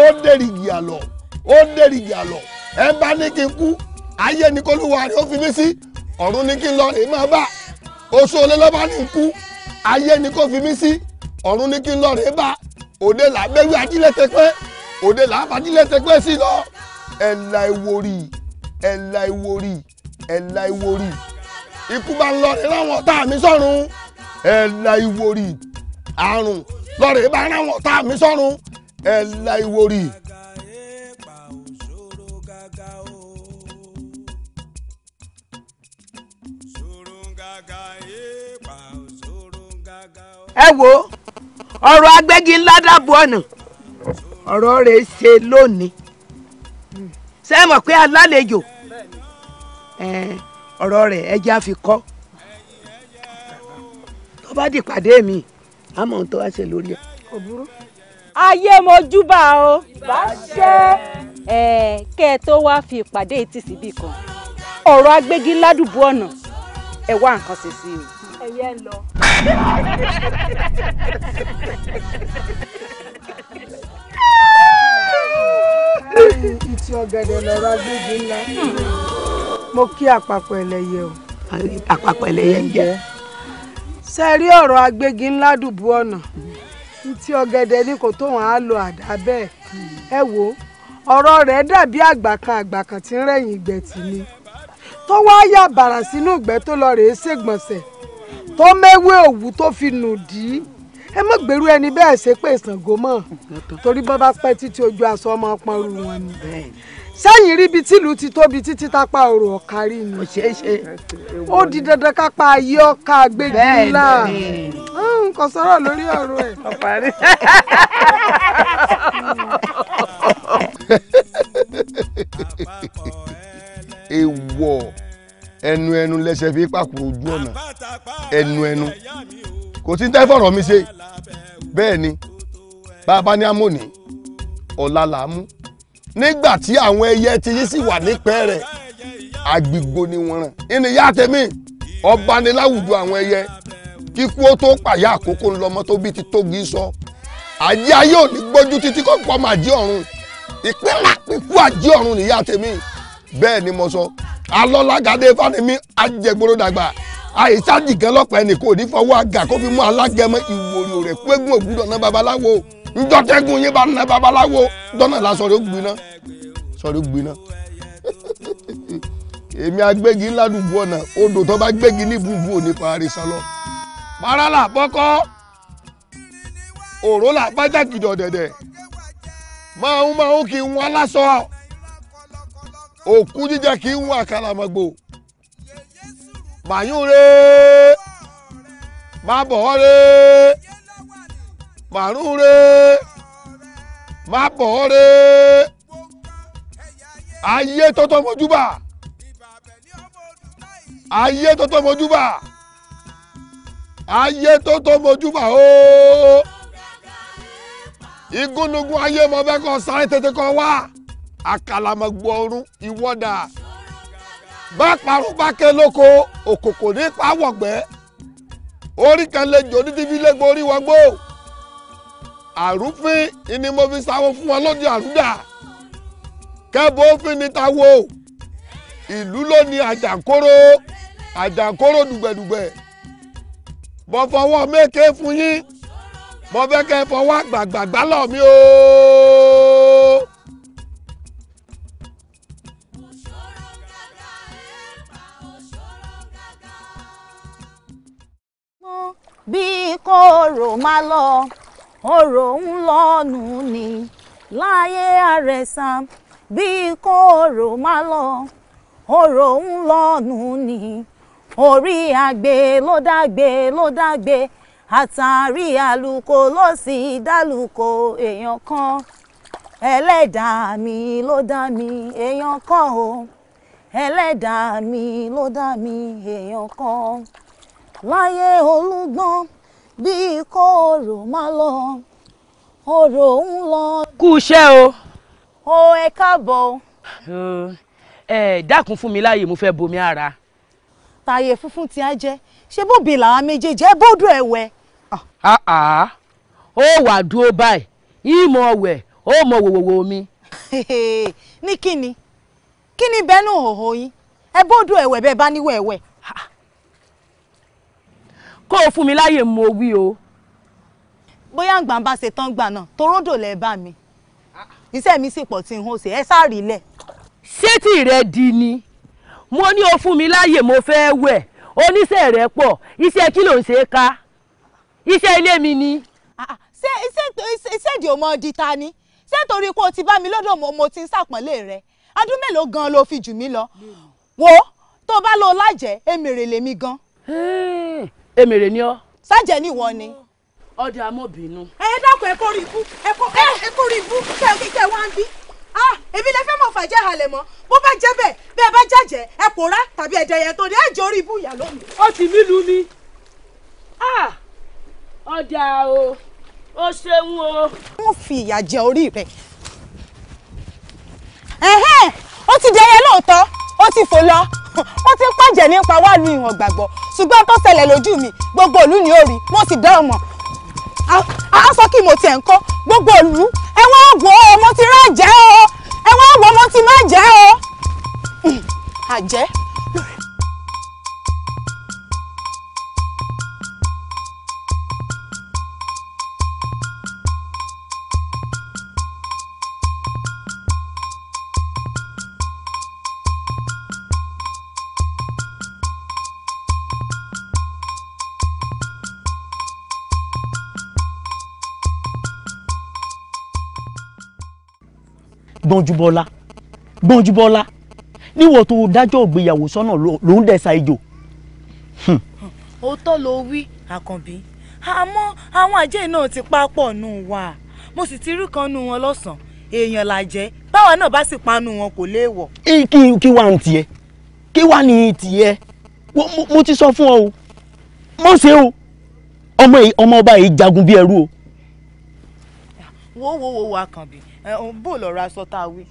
ó dèrìgì àlọ́ ó dèrìgì àlọ́ ẹ bá ní kí n kú ayé ni kó lùwà rẹ̀ ó fi mí sí ọ̀run ní kí n lọ rè máa bá oṣù olólọ́ba ní n kú ayé ni kó fi mí sí ọ̀run ní kí n lọ rè bá òde làbẹ́wí ajílẹ̀ tẹpẹ́ òde làbàjílẹ̀ tẹpẹ́ sí lọ ẹ̀la ìwòrì ẹ̀la ìwòrì ẹ̀la ìwòrì ikú bá ń lọrẹ̀ láwọn ọ̀tá mi sọ́run ẹ̀la ìwòrì àrùn lọrẹ̀ bá láwọn ọ̀tá mi sọ́run ẹ̀la ìwòrì. ẹ wo ọ̀rọ̀ agbẹ́gi ńlá dàbò ọ̀nà ọ̀rọ̀ rẹ̀ ṣe lónìí ṣé mọ̀ pé alálejò Eh, ọ̀rọ̀ rẹ̀ ẹjẹ́ á fi kọ́ tó bá dìpàdé mi àmọ́ ohun tó wá ṣe lórí ẹ̀. kò burú ayé mojúbà o bá ṣe ẹ kẹ ẹ tó wáá fi ìpàdé etí síbì kan ọ̀rọ̀ agbégi ládùúgbò ọ̀nà ẹ wá nǹkan ṣe sí i. ẹyẹ lọ. ìtì ọ̀gẹ̀dẹ̀ lọ́rọ̀ agbègbè ńlá mo kí àpapọ̀ ẹlẹ́yẹ o. àpapọ̀ ẹlẹ́yẹ ń jẹ́. ṣe rí ọ̀rọ̀ agbègbè ńlá dùbú ọ̀nà ìtì ọ̀gẹ̀dẹ̀ ni kò tó wọn á lo àdá bẹ́ẹ̀ ẹ wo ọ̀rọ̀ rẹ̀ dàbí àgbà kan àgbà kan tí ń rẹ̀yìn ìgbẹ̀tì ni tó wá yà bàrà sínú ìgbẹ́ tó lọ rèé ṣègbọ̀nsẹ̀ tó mẹ́wé òwú tó fi nù dí ẹ mọ̀ gbèrú ẹni bẹ́ẹ̀ ṣe pé Ṣàngó mọ̀ torí bọ́ bá pẹ́ títí ojú aṣọ ọmọ ọpọ́n rú wọn ni sẹ́yìn ríbi tìlú ti tóbi títí tápá ọ̀rọ̀ ọ̀kárí ni ó di dandan kápá ayé ọ̀ka àgbègbè ńlá nǹkan hmm, sọ̀rọ̀ lórí ọ̀rọ̀ ẹ̀. èèwọ̀ ẹnu ẹnu lẹsẹ̀ fi pàkúrò ojú ọ̀nà ẹnu ẹnu kò tí ń tẹ́ fọ̀rọ̀ mi ṣe bẹ́ẹ̀ ni bá a bá ní amóni ọ̀la là á mú nígbà tí àwọn ẹyẹ ti yí sì wà nípẹ́ agbègbò ni wọ́n ràn ìní yá tèmi ọba ni láwùjọ àwọn ẹyẹ kíkú ó tó pàyà àkókò ńlọmọ tó bí ti tógi sọ àjẹ ayé ò ní gbójú títí kó pọ́ máa jí ọ̀run ìpínlẹ̀ pípú àjí ọ̀run nìyá tèmi bẹ́ẹ̀ ni mo sọ alọ́lágadé fani mi ajẹgboro dàgbà àìsá dìgẹ́ lọ́pàá ẹnì kò ní fọwọ́ àgà kó fi mú alágẹmọ ìwòrò rẹ̀ pégún ògùdọ̀ ná babaláwo ńdọ́tẹ́gun yín bá ná babaláwo dọ́nà la sọ̀rọ̀ gbiná sọ̀rọ̀ gbiná èmi agbégi ládùúgbò ọ̀nà odò tó bá gbégi òní parí bọ́kọ́ òró là dẹ̀dẹ̀ máa ń màyúnre màbọ̀ọ́re màrúnre màbọ̀ọ́re Aye, tọ́tọ́ mojuba. Aye, tọ́tọ́ mojuba. Aye, tọ́tọ́ mojuba. ooo igúnnugún aye mọ̀ bẹ́ẹ̀ kọ́ sáré tètè kọ́ wá àkàlà mọ̀ bá parun bá ké lóko òkòkò nípa wọ̀gbẹ́ orí kan lè jò ní tíbi lẹ́gbẹ́ orí wọn gbó àrùfín ni mo fi sáwọ fún wọn lóde àrúdà kẹ́bọ̀ òfin ni ta wo ìlú ló ní àjàǹkóró àjàǹkóró dùgbẹ̀dùgbẹ̀ mo fọwọ́ mẹ́kẹ́ fún yín mo fẹ́ kẹ́ fọwọ́ àgbàgbàgbà lọ mi ooo. bí kóòrò má lọ òrò ń nù ni láyé àrẹ̀sà bí kóòrò má lọ òrò ń nù ni orí àgbè ló dágbé ló dágbé àtàrí àlùkò ló sì dálùkò èèyàn kan ẹlẹ́dàá mi ló dá mi èèyàn kan o mi ló dá mi èèyàn kan. láyé olúgbọ́n bí ikọ́ orò má lọ orò ń lọ. kú iṣẹ́ o. o ẹ káàbọ̀. ẹ dákun fún mi láàyè mo fẹ́ bomi ara. tààyè funfun tí a jẹ ṣé bóbi làwọn méjèèjì ẹ bódò ẹ wẹ. ó wà dúró báyìí ìmọ̀ ọ̀wẹ̀ ó mọ wòwòwò mi. ní kíni kíni bẹ́ẹ̀ nù hòhò yín ẹ bódò ẹ̀wẹ̀ bẹ́ẹ̀ bá níwẹ̀ ẹ̀wẹ̀. kó o fún mi láyè mo wí o. bóyá ǹgbà ń bá ṣe tán gbà náà toródò lẹ bá mi iṣẹ́ mi sì pọ̀ tí n ò ṣe ẹ sáàrí lẹ̀. ṣé tí rẹ di ni mo ní o fún mi láyè mo fẹ́ wẹ̀ oníṣẹ́ rẹ pọ̀ iṣẹ́ kí ló ń ṣe é ká iṣẹ́ ilé mi ni. Ah, ah, ṣé iṣẹ́ ìdí ọmọ di ta ni ṣé torí kó o ti bá mi lọ́dọ̀ mo mo ti ń ṣàpọ́nlé rẹ ọdún mélòó gan-an ló fi jù mí lọ wo tó bá lọ lájẹ èmèrè lèmi gan èmèrè ni ọ. sájẹ ni ìwọ ni. ọdẹ amóbìnú. ẹ dákun ẹ kórìí ibú ẹ kórìí ibú kẹ wá ń bí. èmi lè fẹ́ mọ̀ fàjẹ́ halẹ̀ mọ́ bó bá jẹ́ bẹ́ẹ̀ bẹ́ẹ̀ bá jàjẹ́ ẹ pòórá tàbí ẹ̀dẹ̀ yẹn tó ní ẹ jẹ́ orí ibú ìyá lónìí. ó ti nílùú ni ọ̀dà o ó ṣeun o. wọ́n fi ìyà jẹ orí rẹ̀. ó ti dẹyẹ lóòótọ́ ó ti fò lọ ó ti ń pàjẹ́ nípa wàlú ìwọ̀n gbàgbọ́ ṣùgbọ́n tó ṣẹlẹ̀ lójú mi gbogbo ìlú ni ó rí mo sì dán ọmọ aṣọ kí mo tiẹ̀ ń kọ́ gbogbo ìlú ẹ wá wò ó mo ti rà jẹ́ o ẹ wá wò ó mo ti má jẹ́ o hmm, àjẹ́ lórí gbọ́njúbọ́lá gbọ́njúbọ́lá níwọ̀ tó dájọ́ ìgbéyàwó sọ́nà ló ń dẹ̀sà ìjò. Hmm. òótọ́ ló wí àkànbí àmọ́ àwọn àjẹ́ náà ti pa pọ̀ nù wá mo sì ti rí kan nù wọn lọ́sàn-án èèyàn làjẹ́ báwa náà bá sì panu wọn kò léèwọ̀. kí kí wàá ní tiẹ̀ kí wàá ní tiẹ̀ mo ti sọ fún ọ o mo ṣe o ọmọ ọba yìí jagun bí ẹrú o. wo wo wo àkànbí bó lọ́rọ̀ aṣọ tá a wí.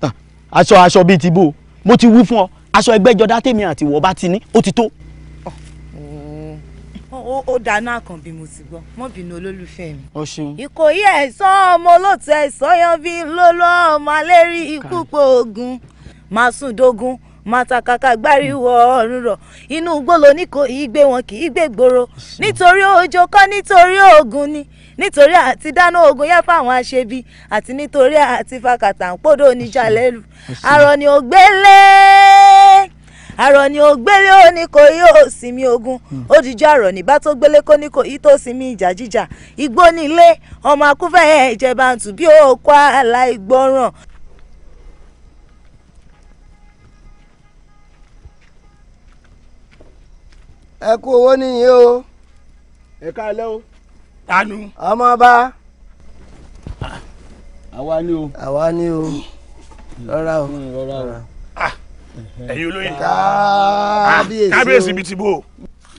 Ah, aṣọ aṣọ bíi ti bó mo ti wí fún ọ aṣọ ẹgbẹ́jọdá tèmi àti ìwọ bá ti ní ó ti tó. Oh, oh, oh, ó dáná kan bí mo ti gbọ́ mọ́ bínú olólùfẹ́ mi. o ṣeun. ìkòyí ẹ̀sán ọmọ olóòtú ẹ̀sán yan bí lọ́lọ́ ọmọ alẹ́rí ikú pòògùn màá sùn dógún màtàkàkà gbáríwọ ọ̀run rọ̀ inú gbóló ní kò yí gbé wọn kì í gbé gbòòrò nítorí òjò kọ́ nítorí ogun ni nítorí àti dáná ogun yẹn fáwọn aṣebi àti nítorí àti fakàtà ń pòdò oníjàlẹ́lù àrọ̀ ni ò gbélé àrọ̀ ni ò gbélé ó ní kò yí ó sinmi ogun ó hmm. dìjọ́ àrọ̀ níbà tó gbélé kó ní kò yí tó sinmi ìjà jíjà igbó nílé ọmọ akúfẹ́ ẹ̀jẹ̀ bá ń tù bí ó kọ́ àlà ìgbọràn ẹ kú owó nìyí o. ẹ káalẹ́ o. tanu. ọmọ bá. àwa ni o. àwa ni o. rọra o. Hmm, rọra o. Ah, ẹ̀yin olóye. kábíyèsí o. Ah, kábíyèsí bíi ti bò.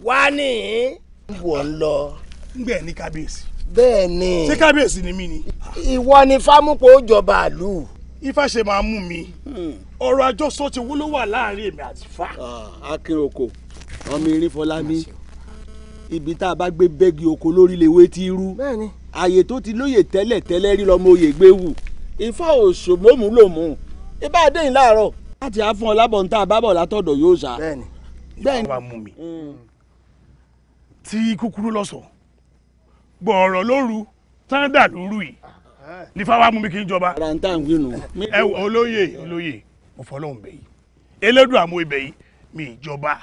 wá ní. wọ́n ń lọ. ń gbẹ̀ ní kábíyèsí. bẹ́ẹ̀ ni. ṣé kábíyèsí ni mí ni. ìwọ ni fámúpọ̀ jọba àlù. ifá ṣe máa mú mi. Hmm. ọ̀rọ̀ àjọsọ ti wúlò wà láàrin èmi àti fa. akin oko ọmọ erin fọlámi ibi tá a bá gbé bẹ́ẹ̀gì oko lórí lèwe ti rú ààyè tó ti lóye tẹ́lẹ̀ tẹ́lẹ̀ rí lọ́mọ oyè gbé wù ifá òṣò mọ́mú ló mú un ibà dẹ́yìn láàárọ̀ láti á fún ọ lábọ̀ ní tá a bá bọ̀ látọ̀dọ̀ yóò sá. bẹ́ẹ̀ni bẹ́ẹ̀ni ìwà mú mi mm. tí kúkúrú lọ́sọ̀ gbọ̀ọ̀rọ̀ lóru sáńdà lóru yìí ní fáwọn amúmi kì í jọba. ara ń tà wínú. ẹ olóyè olóyè mo fọlọ́hún bẹ̀ yìí elédùn àmú ibẹ̀ yìí mi ìjọba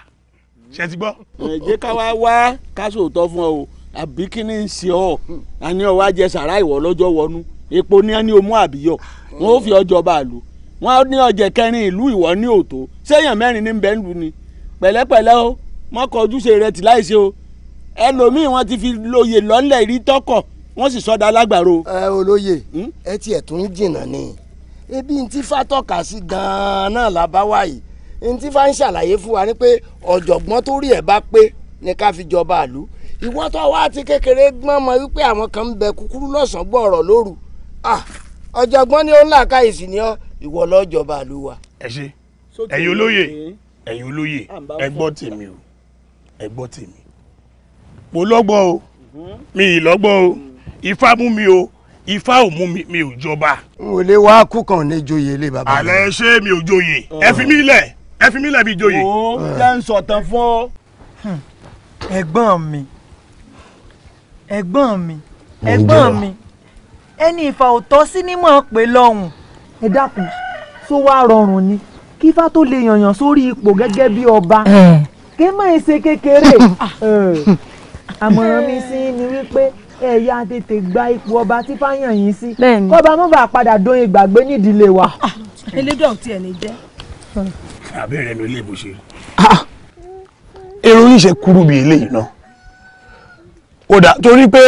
ṣe ti gbọ́. ẹ jẹ́ ká wá wá káṣó tọ́ fún ọ o àbí kí ni ń ṣe ọ àní ọwọ́ ajẹ sàrá ìwọ lọ́jọ́ wọnú epo ní ẹni omú àbíyọ wọn ò fi ọjọ́ bá a lò wọn ní ọjẹ kẹrin ìlú ìwọ ní òtó sẹ́yìn mẹ́rin ní bẹ́ẹ̀ ni pẹ̀lẹ́pẹ̀lẹ́ o mọ́kọ ojúṣe rẹ ti láìṣe o ẹlòmíì wọn ti fi lóye lọ́lẹ̀ rí tọkọ̀ wọ́n sì sọ́dà alágbàro. ẹ olóye hmm? ẹ tiẹ̀ tún jìnnà ni ebi ń ti fatọ́ka sí gan-an náà làbáwá yìí n tí fà ń ṣàlàyé fún wa ni pé ọ̀jọ̀gbọ́n tó rí ẹ̀ bá pé ni ká fi jọba àlú ìwọ́n tó wá ti kékeré gbọ́n mọ wípé àwọn kan ń bẹ kúkúrú lọ́sàn-án gbọ́ ọ̀rọ̀ lóru ah, ọ̀jọ̀gbọ́n ni ó ń làákàyèsí ni ìwọ lọ́jọba àlú wa. ẹ ṣe ẹ̀yin olóye ẹ̀yin olóye ẹ gbọ́ tèmi o ẹ gbọ́ tèmi mo lọ́gbọ́n o mhm. mi ì lọ́gbọ́n o ifá mú mi o ifá ò mú mi mi ò jọba. n ò lè wá kú kan ní joyè ilé bàbá mi. àlẹ́ ṣé mi ò joyè ẹ fi mí lẹ̀ ẹ fi mí lẹ̀ bí ìjòyè. o jẹ́ ń sọ̀tàn fún ọ. Hmm. ẹ̀gbọ́n mi ẹ̀gbọ́n mi ẹ̀gbọ́n mi ẹni ìfà òtọ́ sí ni mọ̀ pé lọ́hùn. ẹ dákun sọ wá rọrùn ni kí ifá tó lè yànyàn sórí ipò gẹ́gẹ́ bí ọba kí má ẹ ṣe kékeré ah. àmọ̀ràn mi sí ni wípé ẹ̀yà tètè gba ipò ọba tí fáyàn yín sí kọ́ba mọ́bà padà dóyin gbàgbé nídìílé wa. Ah. elédò tí ẹ̀ ní jẹ́. Hmm abẹ́rẹ́ mi ilé bó ṣe rí. èrò ah, yìí ṣe kúrú bí eléyìí náà ó dà torí pé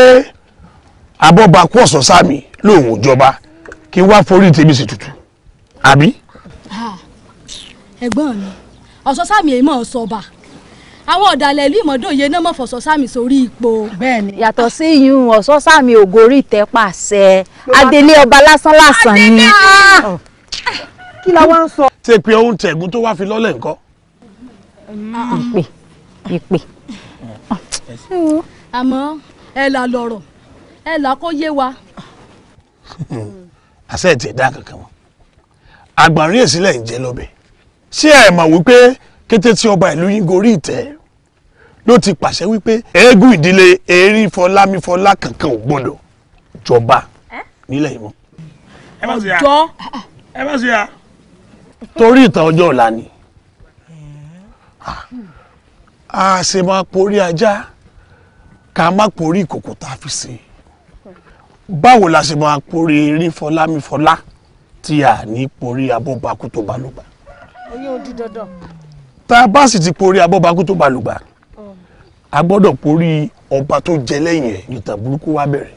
abọ́ba kú ọ̀sán sáàmì lòun ò jọba kí wá forí tèmi sì tutù àbí. Ah, ẹ̀gbọ́n mi ọ̀sán sáàmì èyí mọ̀ ọ́ sọba àwọn ọ̀dàlẹ̀ ìlú ìmọ̀dóye náà mọ̀ fọ̀sọ̀ sáàmì sórí ipò. bẹ́ẹ̀ni. yàtọ̀ sí iyún ọ̀sán sáàmì ògórí ìtẹ́ pàṣẹ adelé ọba lásán lásán ni. adelé ọba ah! oh kí la wá ń sọ. ṣe pé ohun tẹ̀gún tó wá fi lọ́lẹ̀ nǹkan. ìpè mm. ìpè. àmọ́ ẹ là lọ̀rọ̀ ẹ là kó yé wa. àṣẹ ẹ̀ tiẹ̀ dá kankan wọn àgbàrí èsílẹ̀ ń jẹ́ lọ́bẹ̀ ṣé ẹ mọ̀ wípé kété tí ọba ìlú yín gorí ìtẹ́ ló ti pàṣẹ wípé eégún ìdílé erí fọlámífọlá kankan ò gbọdọ̀ jọba nílẹ̀ yìí mọ́. ẹ má ṣe yà ẹ má ṣe yà torí ìtàn ọjọ́ ọ̀la ni a ṣe máa porí ajá ká má porí ìkòkò tá a fi ṣe báwo la ṣe máa porí erin fọlámifọlá tí a ní porí abọ́bakú tó balùgbà. tá a bá sì ti porí abọ́bakú tó balùgbà a gbọ́dọ̀ porí ọba tó jẹ lẹ́yìn ẹ̀ nìtàn burúkú wá bẹ̀rẹ̀.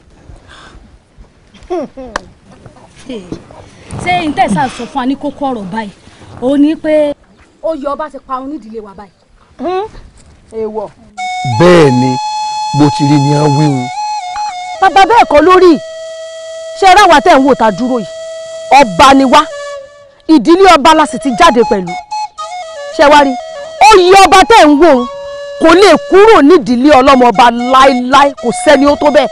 ṣé n tẹ̀sán sọ fún wa ní kókó ọ̀rọ̀ báyìí ó ní pé ó yọ ọba ti parun nídìílé wa báyìí. èèwọ̀. bẹ́ẹ̀ ni bó ti rí ni a wíwu. bàbá bẹ́ẹ̀ kọ́ lórí ṣé ẹ ráwa tẹ̀ ń wò tá a dúró yìí ọba ni wá ìdílé ọba la sì ti jáde pẹ̀lú ṣé wá rí oyè ọba tẹ̀ ń wò ó kò lè kúrò nídìílé ọlọ́mọ ọba láéláé kò sẹ́ni ó tó bẹ́ẹ̀.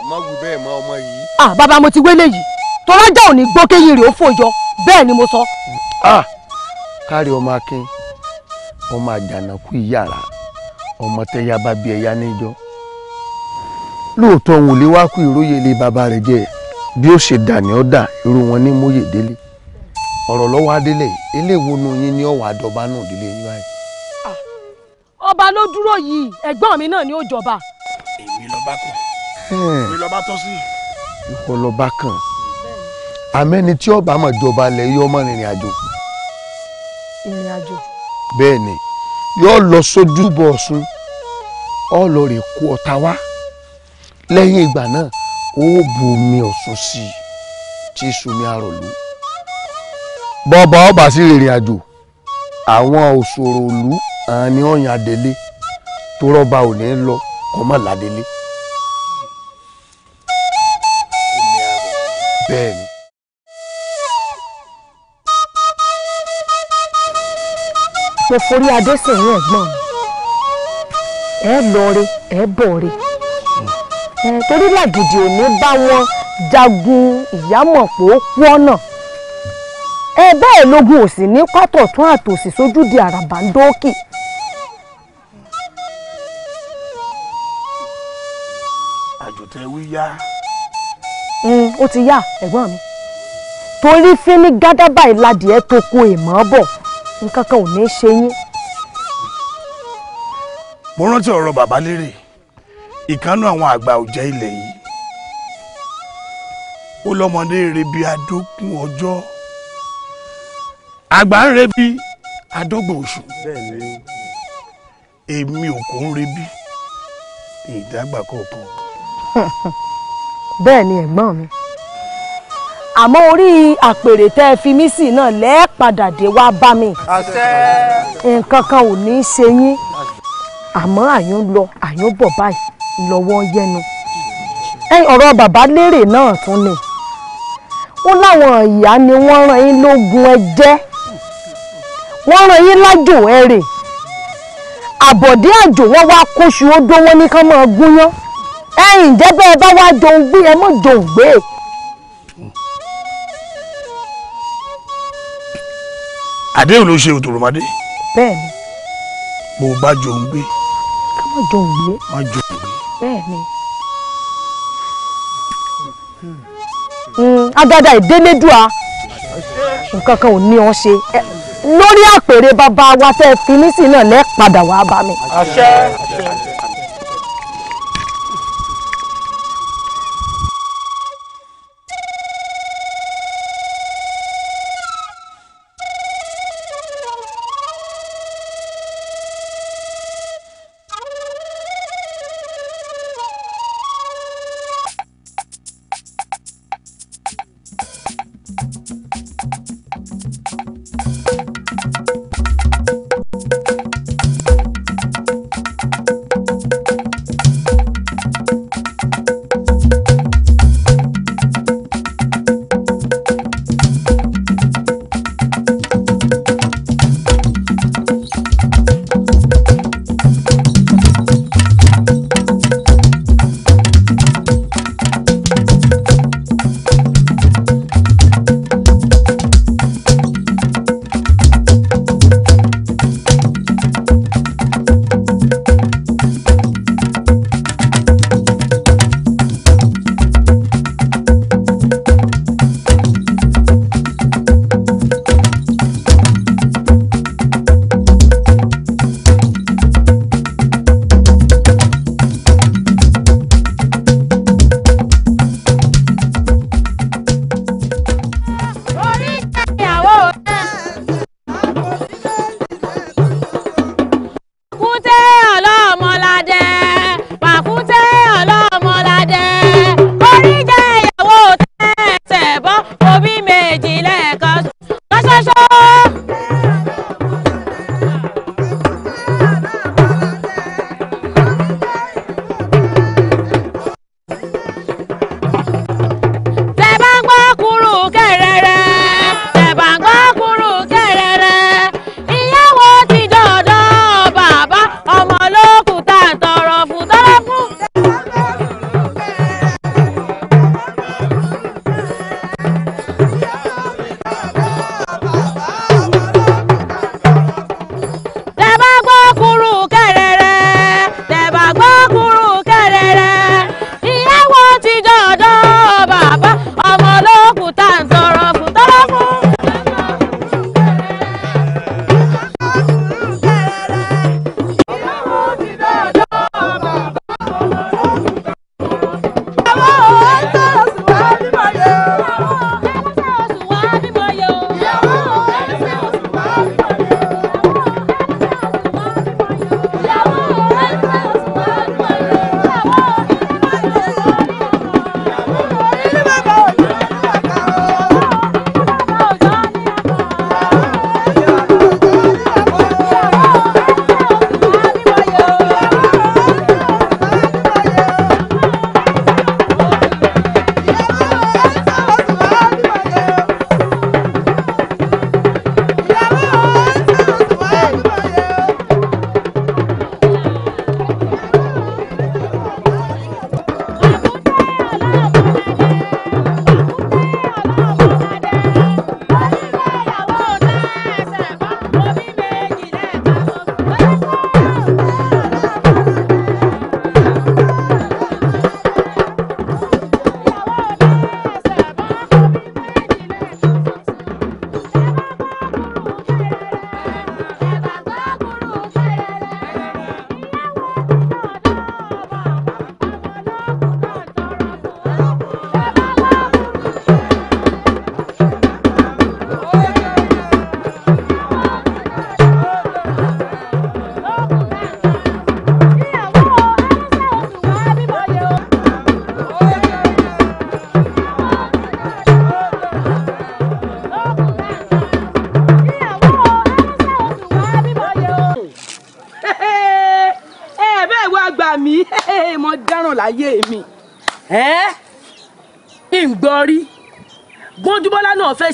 àmọ́ wù bẹ́ẹ̀ mọ ọmọ yìí. ah bàbá mo ti wélé yìí tọ́lájà ò ní gbọ́ kéyìn rè ó fò yọ bẹ́ẹ̀ ni mo sọ. Ah! kárí ọmọ akin ọmọ àjànàkú ìyára ọmọ tẹyà bá bí ẹyà níjọ lóòótọ́ òun ò lè wá kú ìróyè ilé bàbá rẹ̀ jẹ́ bí ó ṣe dà ní ọ́dà irú wọn ní mòye délé ọ̀rọ̀ lọ́wọ́ adélé eléwo nu yín ní ọ̀wà àdọ́bá náà délé yín báyìí. Ah! ọba ló dúró yìí ẹ̀gbọ́n mi náà ni ó jọba. èmi lọ́ba kàn èmi lọ́ba tọ́ sí. ìwọ lọ́ba kàn àmẹ́ni tí ọba mọ̀ jọba lẹ̀ yọ ọmọ rìnrìn àjò. ìrìn àjò. bẹ́ẹ̀ ni yóò lọ sójú bọ Ọ̀ṣun ọ lọ rè kó ọ̀tá wá lẹ́yìn ìgbà náà ó bu omi Ọ̀ṣun sí i tí sumi arọ̀lú. bọ́ọ̀bà ọba sì rìnrìn àjò àwọn òṣòro òlu àwọn ni ọ̀yàn adélé tó rọ́ba ò ní lọ kọ́mọ̀ládélé. ṣe forí adé sẹ́yìn ẹ̀gbọ́n ẹ lọre ẹ bọ̀re torí làgìdì ò ní bá wọn jagun ìyámọ̀ pò ó kú ọ̀nà ẹ bẹ́ẹ̀ lógun ò sì ní pátọ̀ tún àtòsí sójú di àràbà ń dókì. àjòtẹ́ wí yá. ó ti yá ẹ̀gbọ́n mi torí fíní ìladìẹ tó kó èèmọ̀ bọ̀ nǹkan kan ò ní ṣe yín. mo rántí ọ̀rọ̀ bàbá lérè ìkánú àwọn àgbà òjẹ́ ilẹ̀ yìí ó lọ́mọdé rebi adókun ọjọ́ àgbà ń rebi adọ́gbọ̀n oṣù èmi ò kò ń rebi ìdàgbà kọ̀ọ̀kan. bẹ́ẹ̀ ni ẹ̀gbọ́n mi àmọ́ orí àpèrè tẹ́ ẹ fi mí sí náà lẹ́ẹ̀padà dé wá bá mi. nǹkan kan ò ní í ṣe yín àmọ́ àyàn lọ àyàn bọ̀ báyìí lọ́wọ́ yẹnu. ọ̀rọ̀ bàbá lérè náà tún ni wọ́n láwọn ìyá ni wọ́n rán yín lógun ẹ̀jẹ̀ wọ́n rán yín lájò ẹ̀rẹ̀ àbọ̀dé àjò wọ́n wá kóṣù ó dówó ní kán máa gúnyán ẹ̀yìn jẹ́ bẹ́ẹ̀ bá wá jòun gbé ẹ mọ́ jòun gbé e. àdéhùn ló ṣe òtòròmọdé. bẹ́ẹ̀ni. bó o bá jọ ń gbé. ká má jọ ń gbé. má jọ ń gbé. bẹ́ẹ̀ni. Hmm, agada ìdélédùá nǹkan kan ò ní ọ ṣe lórí àpèrè bàbá wa tẹ́ fi mí sí náà lẹ́ẹ̀ padà wàá bá mi. àṣẹ. àṣẹ.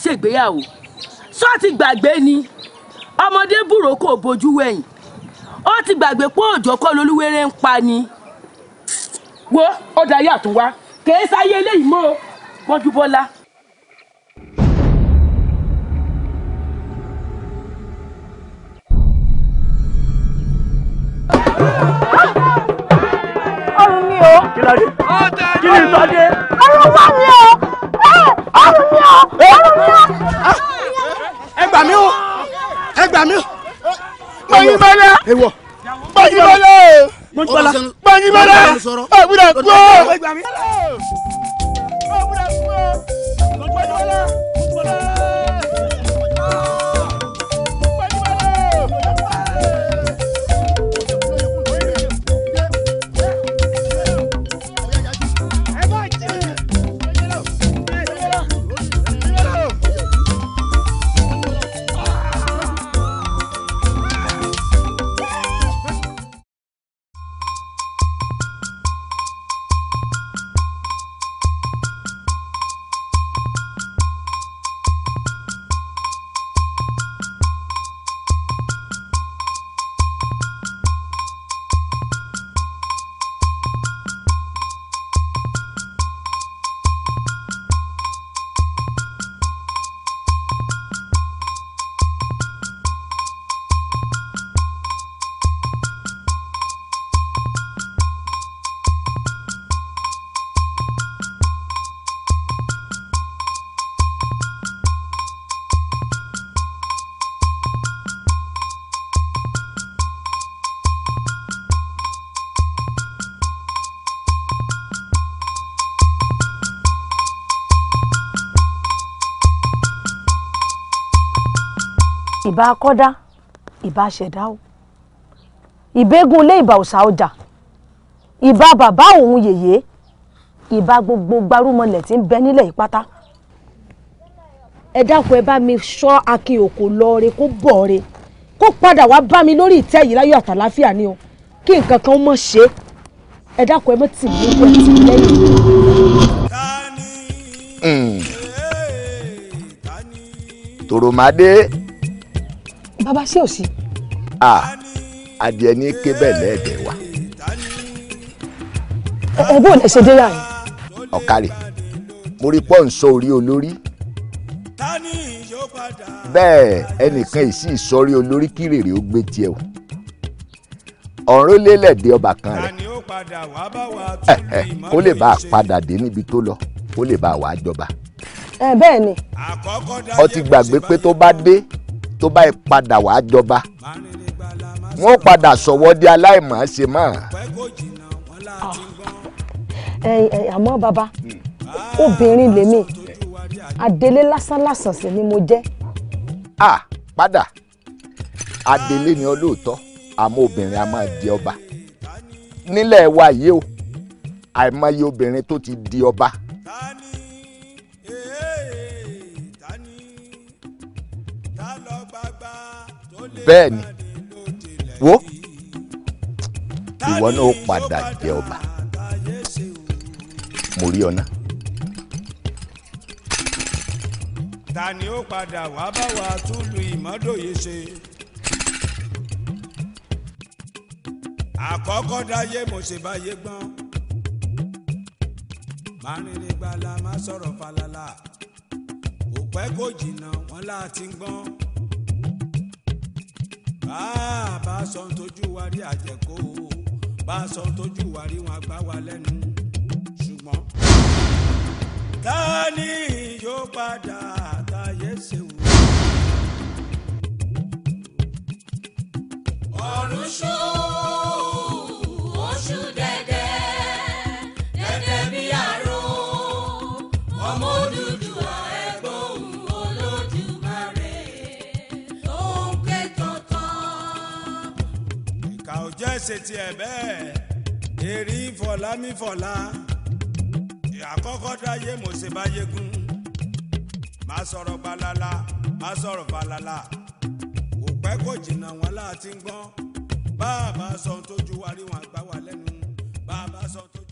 ṣègbéyàwó sọ ti gbàgbé ni ọmọdé bùrọ̀kọ̀ bojú wẹ̀yìn ó ti gbàgbé pé òjò kọ́ lolúwẹ̀rẹ̀ ń pa ni. wo ó darí àtúnwá kèé sáyé eléyìí mọ́ o mọ́jú bọ́lá ìbá akọ́dá ìbá ṣẹ̀dá o ìbégun ilé ìbá òòṣà ọjà ìbá bàbá òun yèyé ìbá gbogbo gbarúmọlẹ̀ tí ń bẹ nílẹ̀ ìpátá ẹ dákun ẹ bá mi ṣọ́ akin òkò lọ́ọ́re kó bọ̀ọ́re kó padà wá bá mi lórí ìtẹ́ yìí láyọ̀ àtàláfíà ni o kí nǹkan kan mọ̀ ṣe ẹ dákun ẹ mọ̀ tì mí wẹ̀ tì mí lẹ́yìn. Hmm. tòròmádé. Mm bàbá sí òsì. a adìẹ ní ké bẹ́ẹ̀ lẹ́ẹ̀dẹ̀ wa. ẹ bó lẹ ṣe dé yàrá. ọ̀kàrẹ̀ mo rí pọ́ǹsọ orí olórí bẹ́ẹ̀ ẹnìkan ìsí ìsọrí olórí kírèrè ó gbé tiẹ̀ o ọ̀run lélẹ̀dẹ̀ ọba kan rẹ̀ ẹ kó lè bá a padà dé níbi tó lọ kó lè bá a wàá jọba. ẹ bẹ́ẹ̀ ni. ó gbàgbé pé tó bá dé tó bá padà wàá jọba wọn padà sọ̀wọ́ di aláìmọ̀ọ́sẹ mọ́. Ah. àmọ́ bàbá obìnrin lèmi adélé lásánlásán sì ni mo jẹ́. a padà adélé ni olóòótọ́ àmọ́ obìnrin a máa di ọba nílẹ̀ wa yìí o àìmọye obìnrin tó ti di ọba bẹ́ẹ̀ ni wo ìwọ náà ó padà jẹ ọba mo rí ọ ta ni ó padà wá bá wa túlù ìmọ́dòye ṣe. àkọ́kọ́ dáyé mo ṣe báyé gbọ́n. márìnrìn gbala má sọ̀rọ̀ falala òpẹ́ kò jìnnà wọn láti gbọ́n bá a sọ tójú wa rí àjẹkó bá a sọ tójú wa rí wọn gbá wa lẹ́nu ṣùgbọ́n. tani yóò padà àtàyè ṣeun. ọ̀run ṣó. ṣe tiẹ̀ bẹ́ẹ̀ èrí fọlá mi fọlá àkọ́kọ́ dáyé mo ṣe bá yégún má sọ̀rọ̀ balala má sọ̀rọ̀ balala kò pẹ́ kò jìnnà wọn láti ń gbọ́n bá a bá sọ tójú wa wọn àgbà wà lẹ́nu bá a bá sọ tójú.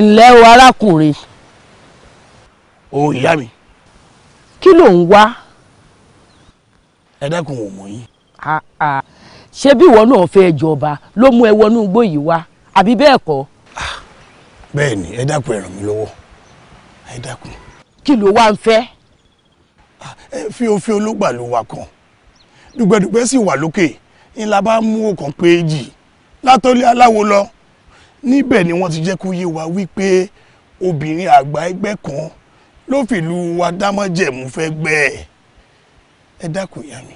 ǹlẹ́ o arákùnrin. o ìyá mi. kí ló ń wá. ẹ dákun ò mọ̀ yín. ṣé bí ìwọ náà fẹ́ jọba ló mú ẹ wọnú igbó yìí wá àbí bẹ́ẹ̀ kọ́. Ah, bẹ́ẹ̀ ni ẹ dákun ẹ ràn lọ́wọ́ ẹ dákun. kí ló wá ń fẹ́. Ah, ẹ fi òfin olóògbà ló wà kàn dùgbẹ̀dùgbẹ̀ sì wà lókè ńlá bá mú ọkàn péjì látọ́lé aláwo lọ níbẹ̀ ni wọ́n ti jẹ́ kó yé wa wípé obìnrin àgbà ẹgbẹ́ kan ló fìlú wa dámọ́jẹ̀mú fẹ́ gbẹ́ ẹ̀ ẹ dákun ìyá mi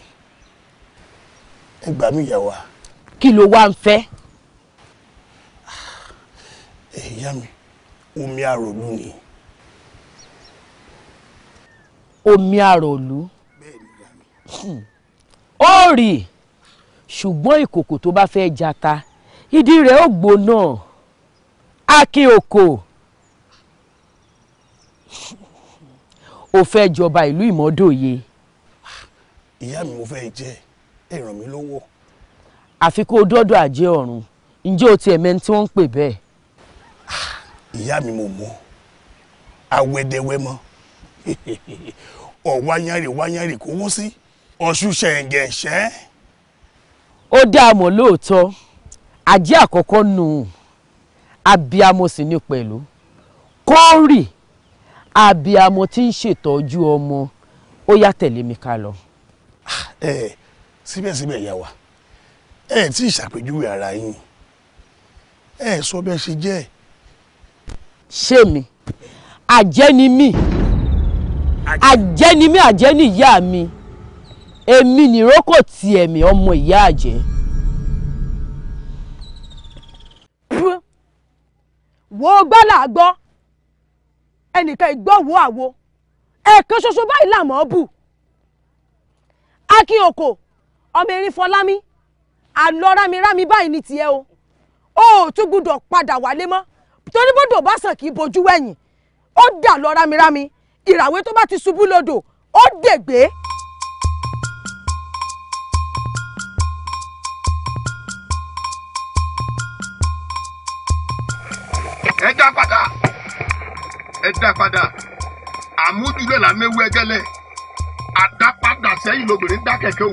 ẹ gbà mí ìyá wa. kí ló wá ń fẹ́. ẹ eh, ìyá mi omi àròlú ni. omi àròlú. Hmm. ó rì ṣùgbọ́n ìkòkò tó bá fẹ́ jata ìdí rẹ̀ ó gbóná. No akin oko ò fẹ́ jọba ìlú ìmọ̀dòye. ìyá mi mo fẹ́ jẹ ẹ ràn mí lọ́wọ́. àfi kó o dọ́dọ̀ àjẹ́ ọ̀run ǹjẹ́ o tiẹ̀ mẹ́ni tí wọ́n ń pè bẹ́ẹ̀. Ah, ìyá mi mo mọ awẹ́dẹ́wẹ́ mọ́ ọ̀wáyánrè wáyánrè kò wọ́n sí ọ̀ṣù ṣẹ̀ǹgẹ̀ṣẹ́. ó dáa mọ̀ lóòótọ́ àjẹ́ àkọ́kọ́ nù. No abiamọ sì ni pẹ̀lú kọ́ọ̀rì abiamọ tí ń ṣètọ́jú ọmọ ó yá tẹ̀lé mi ká lọ. ẹ ah, ẹ síbẹ̀síbẹ̀ yà wá ẹ ẹ tí ì ṣàpèjúwe ara yín ẹ sọ bẹ́ẹ̀ ṣe jẹ́. ṣé mi àjẹ́ ni mí àjẹ́ ni ìyá mi èmi nìrókò tiẹ̀ mi ọmọ ìyá àjẹ́. wo gbọ́là gbọ́ ẹnìkan ìgbọ́wọ́ àwo ẹ̀ẹ̀kan ṣoṣo báyìí làmọ́ bù akin oko ọmọ erin fọlámi àlọ rámirámi báyìí ní tiẹ̀ o ó tún gbúdọ̀ padà wálé mọ́ torí bọ́dọ̀ bá sàn kì í bojú wẹ̀yìn ó dà lọ rámirámi ìràwé tó bá ti ṣubú lodò ó dègbé. ẹ dá padà ẹ dá padà àmójúlẹ̀ là méwu ẹgẹ́lẹ̀ àdápadà sẹ́yìn lobìnrin dá kẹ̀kẹ́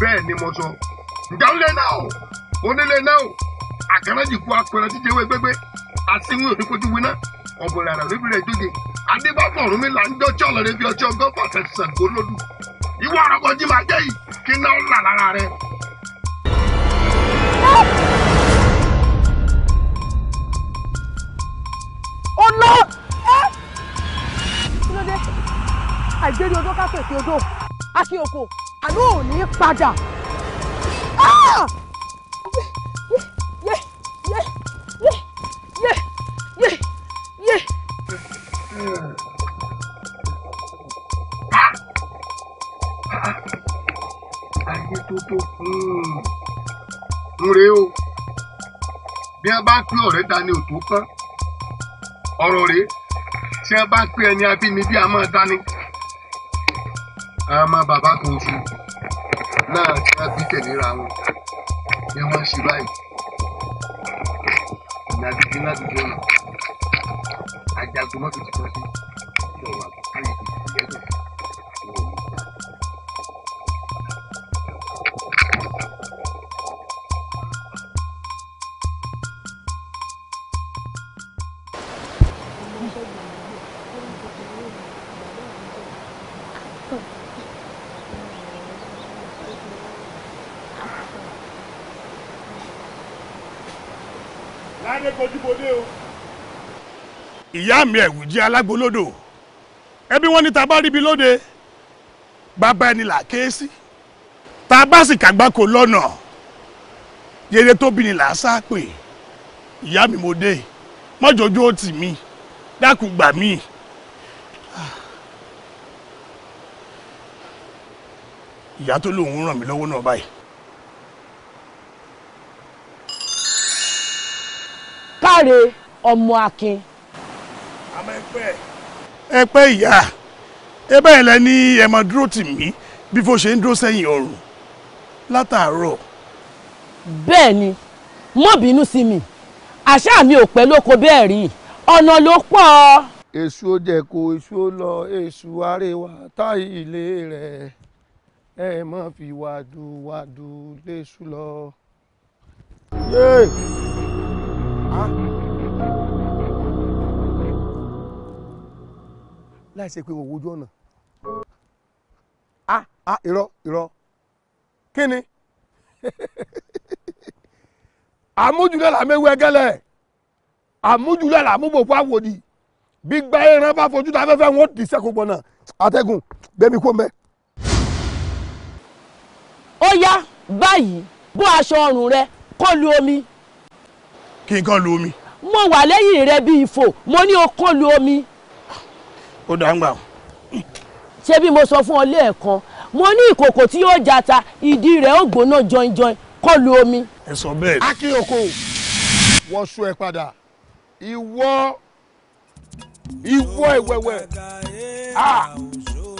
bẹ́ẹ̀ ni mo sọ ǹjẹ́ náà o onílé náà o àkàràjì kú apẹ̀rẹ̀ jíjẹ wé gbégbé àsìnwó òdìkojú winá ọ̀bọ̀lẹ̀ àrà lóbi mi là ń dọ́jọ́ bí ọjọ́ gọ́fà gbólódù ìwọ máa jẹ́ yìí kí náà là lára lọ. kí ló dé àìgbérí odó ká pèsè odó akínyòkò àlọ́ ò ní padà. ayé tó tó ń hmm. re o bí wọn bá pín ọ̀rẹ́ ta ni òtún pọ́n ọ̀rọ̀ rèé tí wọ́n bá ń pè ẹni abínibí a máa dání àmọ́ bàbá kan oṣù náà tí wọ́n bí tẹ̀léra wọn ni wọ́n ṣe báyìí ìyá gidi láti jẹun àjàgbọ́n mọ́tò ti pọ̀ sí ìjọba àgbà tó yẹ kó ti yẹ ìyá mi ẹ̀wù jẹ́ alágbolódò ẹbí wọn ni tabá ríbi lóde bàbá ẹni là ké sí tabá sì kàgbákò lọ́nà yẹyẹ tó bí ni là á sá pè ìyá mi mo dé mọ́jọ́jọ́ ó tì mí dákun mí. ìyá tó lóun ràn mí lọ́wọ́ náà báyìí. káre ọmọ akin ẹ pẹ́ ìyá ẹ bẹ́ẹ̀ lẹ ní ẹ máa dúró tì mí bí fo ṣe ń dúró sẹ́yìn ọ̀rùn látàárọ̀. bẹ́ẹ̀ ni mọ́ bínú sí mi àṣà mi ò pẹ́ lóko bẹ́ẹ̀ rí ọ̀nà ló pọ̀. èṣù ó èṣù lọ èṣù arẹwà táyì ilé rẹ̀ ẹ má fi wàdù wàdù léṣù lọ. Yeah. Huh? láìsí pé wọn wojú ọ̀nà ah a ah, irọ́ irọ́ kí ni àmójúlẹ̀ là mẹ́wú ẹgẹ́lẹ̀ àmójúlẹ̀ là múbòkú àwòdì bí gbá ẹran bá fojú ta afẹ́fẹ́ wọn dì sẹ́kù gbọ̀nà àtẹ̀gùn bẹ́mi kó mẹ́. ó yá báyìí bó aṣọ ọrùn rẹ kó lu omi. kí n kàn lu omi. mo wà lẹ́yìn rẹ bí ifò mo ní o kó lu omi ó dá ń gbà. ṣé bí mo sọ fún ọ lẹ́ẹ̀kan mo ní ìkòkò tí yóò jata ìdí rẹ̀ ó gbóná jọinjọin kó lu omi. ẹ sọ bẹ́ẹ̀. akínyòkò wọṣọ ẹ padà ìwọ ìwọ ìwẹwẹ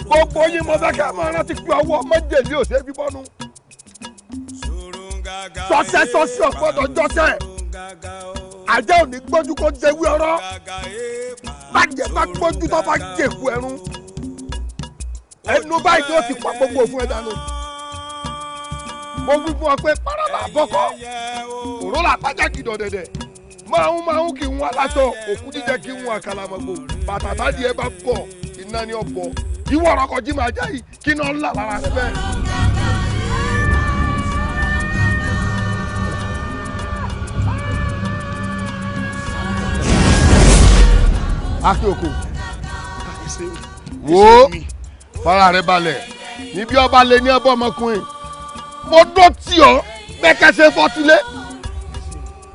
gbogbo yín mo fẹ́ kí a máa rántí pé ọwọ́ méjèèjì ò ṣe é fi bọ́nu sọsẹ sọsẹ ọ̀pọ̀lọpọ̀ jọsẹ ajá ò ní gbójú kó jẹwé ọ̀rọ̀ bàjẹ́ bá gbójú tó bá jẹ̀kú ẹ̀rún ẹnu báyìí tó ti pa gbogbo òfin ẹ̀dá nù mo wí fún ọ pé párọ̀lá àbọ̀kọ́ òró là tájà kìdọ̀ dẹ̀dẹ̀ máa ń máa ń kí n wá látọ̀ òkú jíjẹ kí n wá kàlàmọ̀gbò bàtà tádìẹ bá bọ̀ iná ní ọ̀bọ̀ ìwọ ọ̀rọ̀ kọjí máa jáì kí náà ń là lára rẹ bẹ́ẹ̀. akíoko wo fara rẹ balẹ̀ níbi ọba lè ní ọba ọmọkùnrin mo dọ́ tí ọ gbẹ́kẹ̀sẹ̀ fọ́tílé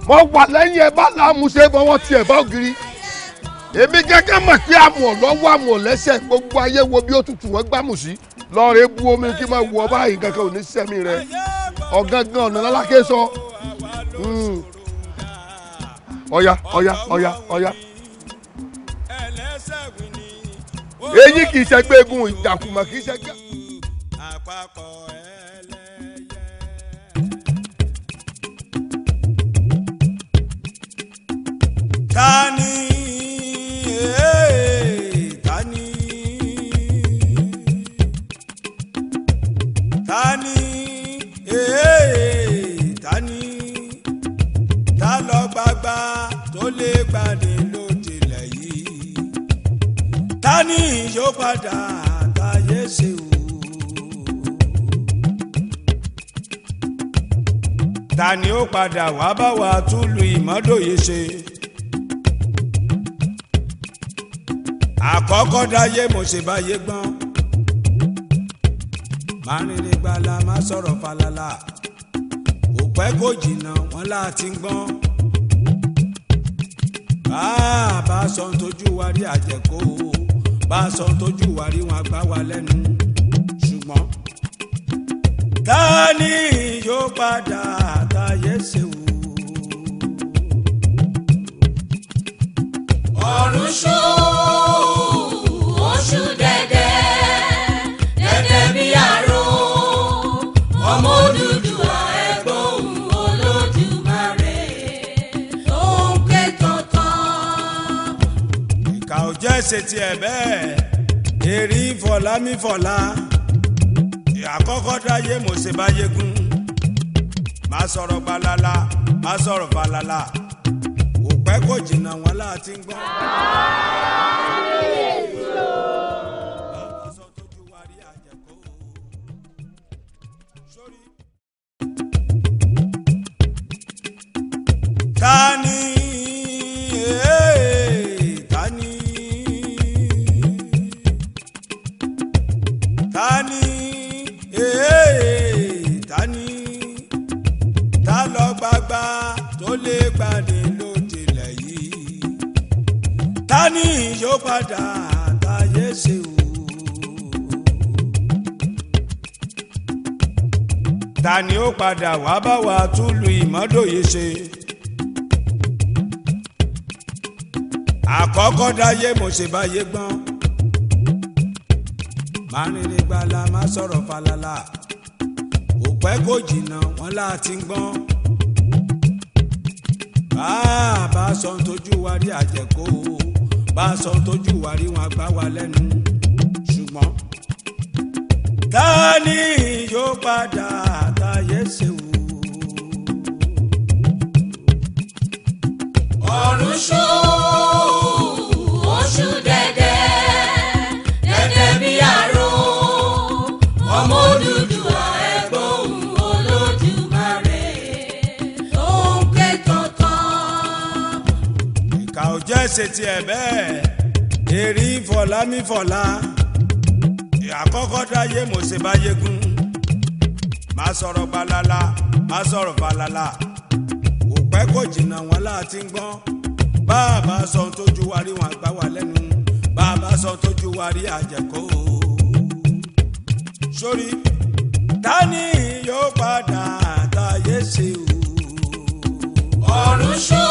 mo wà lẹ́yìn ẹ bá làmúṣe bọ́wọ́ tiẹ̀ bá ògiri èmi gẹ́gẹ́ mọ̀ pé àmọ̀ lọ́wọ́ àmọ̀ lẹ́sẹ̀ gbogbo ayé wo bí ó tutù wọ́n gbàmù sí lọ́ọ̀rẹ́ bu omi kí n máa wọ báyìí kankan ò ní sẹ́mi rẹ ọ̀gángan ọ̀nà lálákè sọ hmm. ọ̀ya ọ̀ya ọ̀ya ọ̀ya. èyí kì í ṣẹgbẹ́ egun ìjàkùmọ̀ kì í ṣẹgbẹ́. àpapọ̀ ẹlẹ́yẹ. tani tani tani tani ta eh, eh, ló gbàgbà tó lè gbani tani yóò padà àtàyè ṣe o. tani ó padà wá bá wa túlù ìmọ́dòye ṣe. àkọ́kọ́ dáyé mo ṣe báyé gbọ́n. máa rìn ní gbala máa sọ̀rọ̀ falala kò pẹ́ kò jìnnà wọn láti gbọ́n. bá a bá sọ tójú wa rí àjẹkó o bá a sọ tójú wa rí wọn gbá wa lẹ́nu ṣùgbọ́n ta ni yóò padà àtàyè ṣèwò. ọ̀run ṣó. ṣe tiẹ̀ bẹ́ẹ̀ èrí fọ̀lá mi fọ̀lá àkọ́kọ́ dáyé mo ṣe bá yégún má sọ̀rọ̀ balala má sọ̀rọ̀ balala òpẹ́ kò jìnnà wọn láti ń gbọ́. ní ìyópadà àtàyè ṣe o. ta ni ó padà wá bá wa túlù ìmọ́dòye ṣe. àkọ́kọ́ dáyé mo ṣe báyé gbọ́n. márìnrìn gbala má sọ̀rọ̀ falala kò pẹ́ kó jìnnà wọn láti gbọ́n. bá a bá sọ tójú wa rí àjẹkó o bá a sọ tójú wa rí wọn gbá wa lẹ́nu ṣùgbọ́n ta yóò padà àtàyè ṣèwò. ọ̀run ṣó. ṣe tiẹ̀ bẹ́ẹ̀ èrí fọlá mi fọlá àkọ́kọ́ dáyé mo ṣe bá yégún máa sọ̀rọ̀ balala máa sọ̀rọ̀ balala kò kò jìnnà wọn láti ń gbọ́n bá a bá sọ tójú wa wọn àgbá wa lẹ́nu bá a bá sọ tójú wa rí sórí tani yóò padà àtàyè ṣe o. ọ̀run ṣó.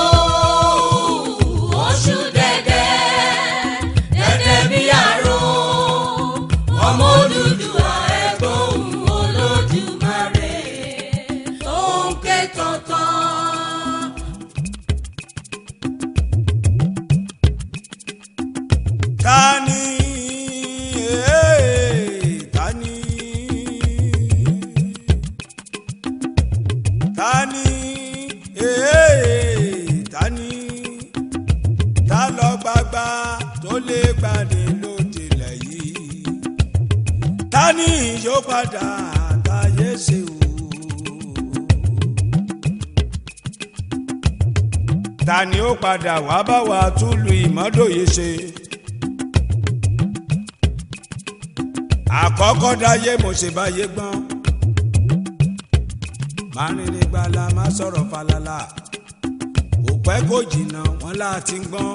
padà wá bá wa túlù ìmọ́dòye ṣe. àkọ́kọ́ dáyé mo ṣe báyé gbọ́n. máa gbala máa sọ̀rọ̀ falala kò pẹ́ kò jìnnà wọn láti gbọ́n.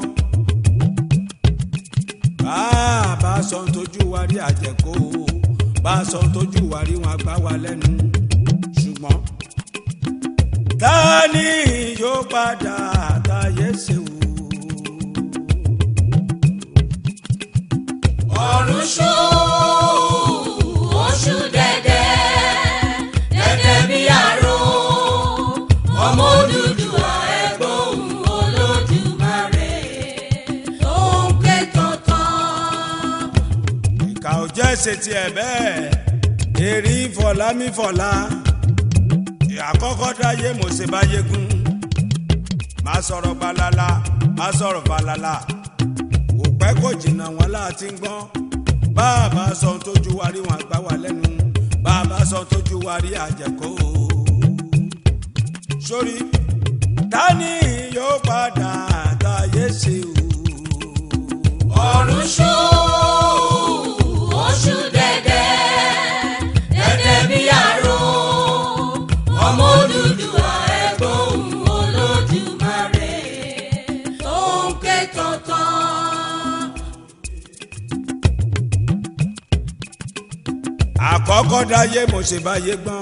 bá sọ tójú wa rí àjẹkó bá sọ tójú wa rí wọn gbá wa lẹ́nu ṣùgbọ́n. ta ni yóò padà ayé ṣe wò. ọ̀run ṣó oṣù dẹ́dẹ́ dẹ́dẹ́ bí aró ọmọ Odùduwà ẹ̀gbọ́n Olódùmarè tó ń ké tọ̀tàn. ìkà ò jẹ́ ṣe tiẹ̀ bẹ́ẹ̀ èrí fọ̀lámífọ̀lá àkọ́kọ́ dáyé mọ̀ṣẹ́báyégún asọ̀rọ̀ balala asọ̀rọ̀ balala kò pẹ́ kò jìnnà wọn láti ń gbọ́n bàbá sọ tójú wa rí wọn àgbà wà lẹ́nu bàbá sọ tójú wa rí àjẹkó sórí tani yóò padà àtàyè ṣe o. ọ̀run ṣó. kọ́dáyé mo ṣe báyé gbọ́n.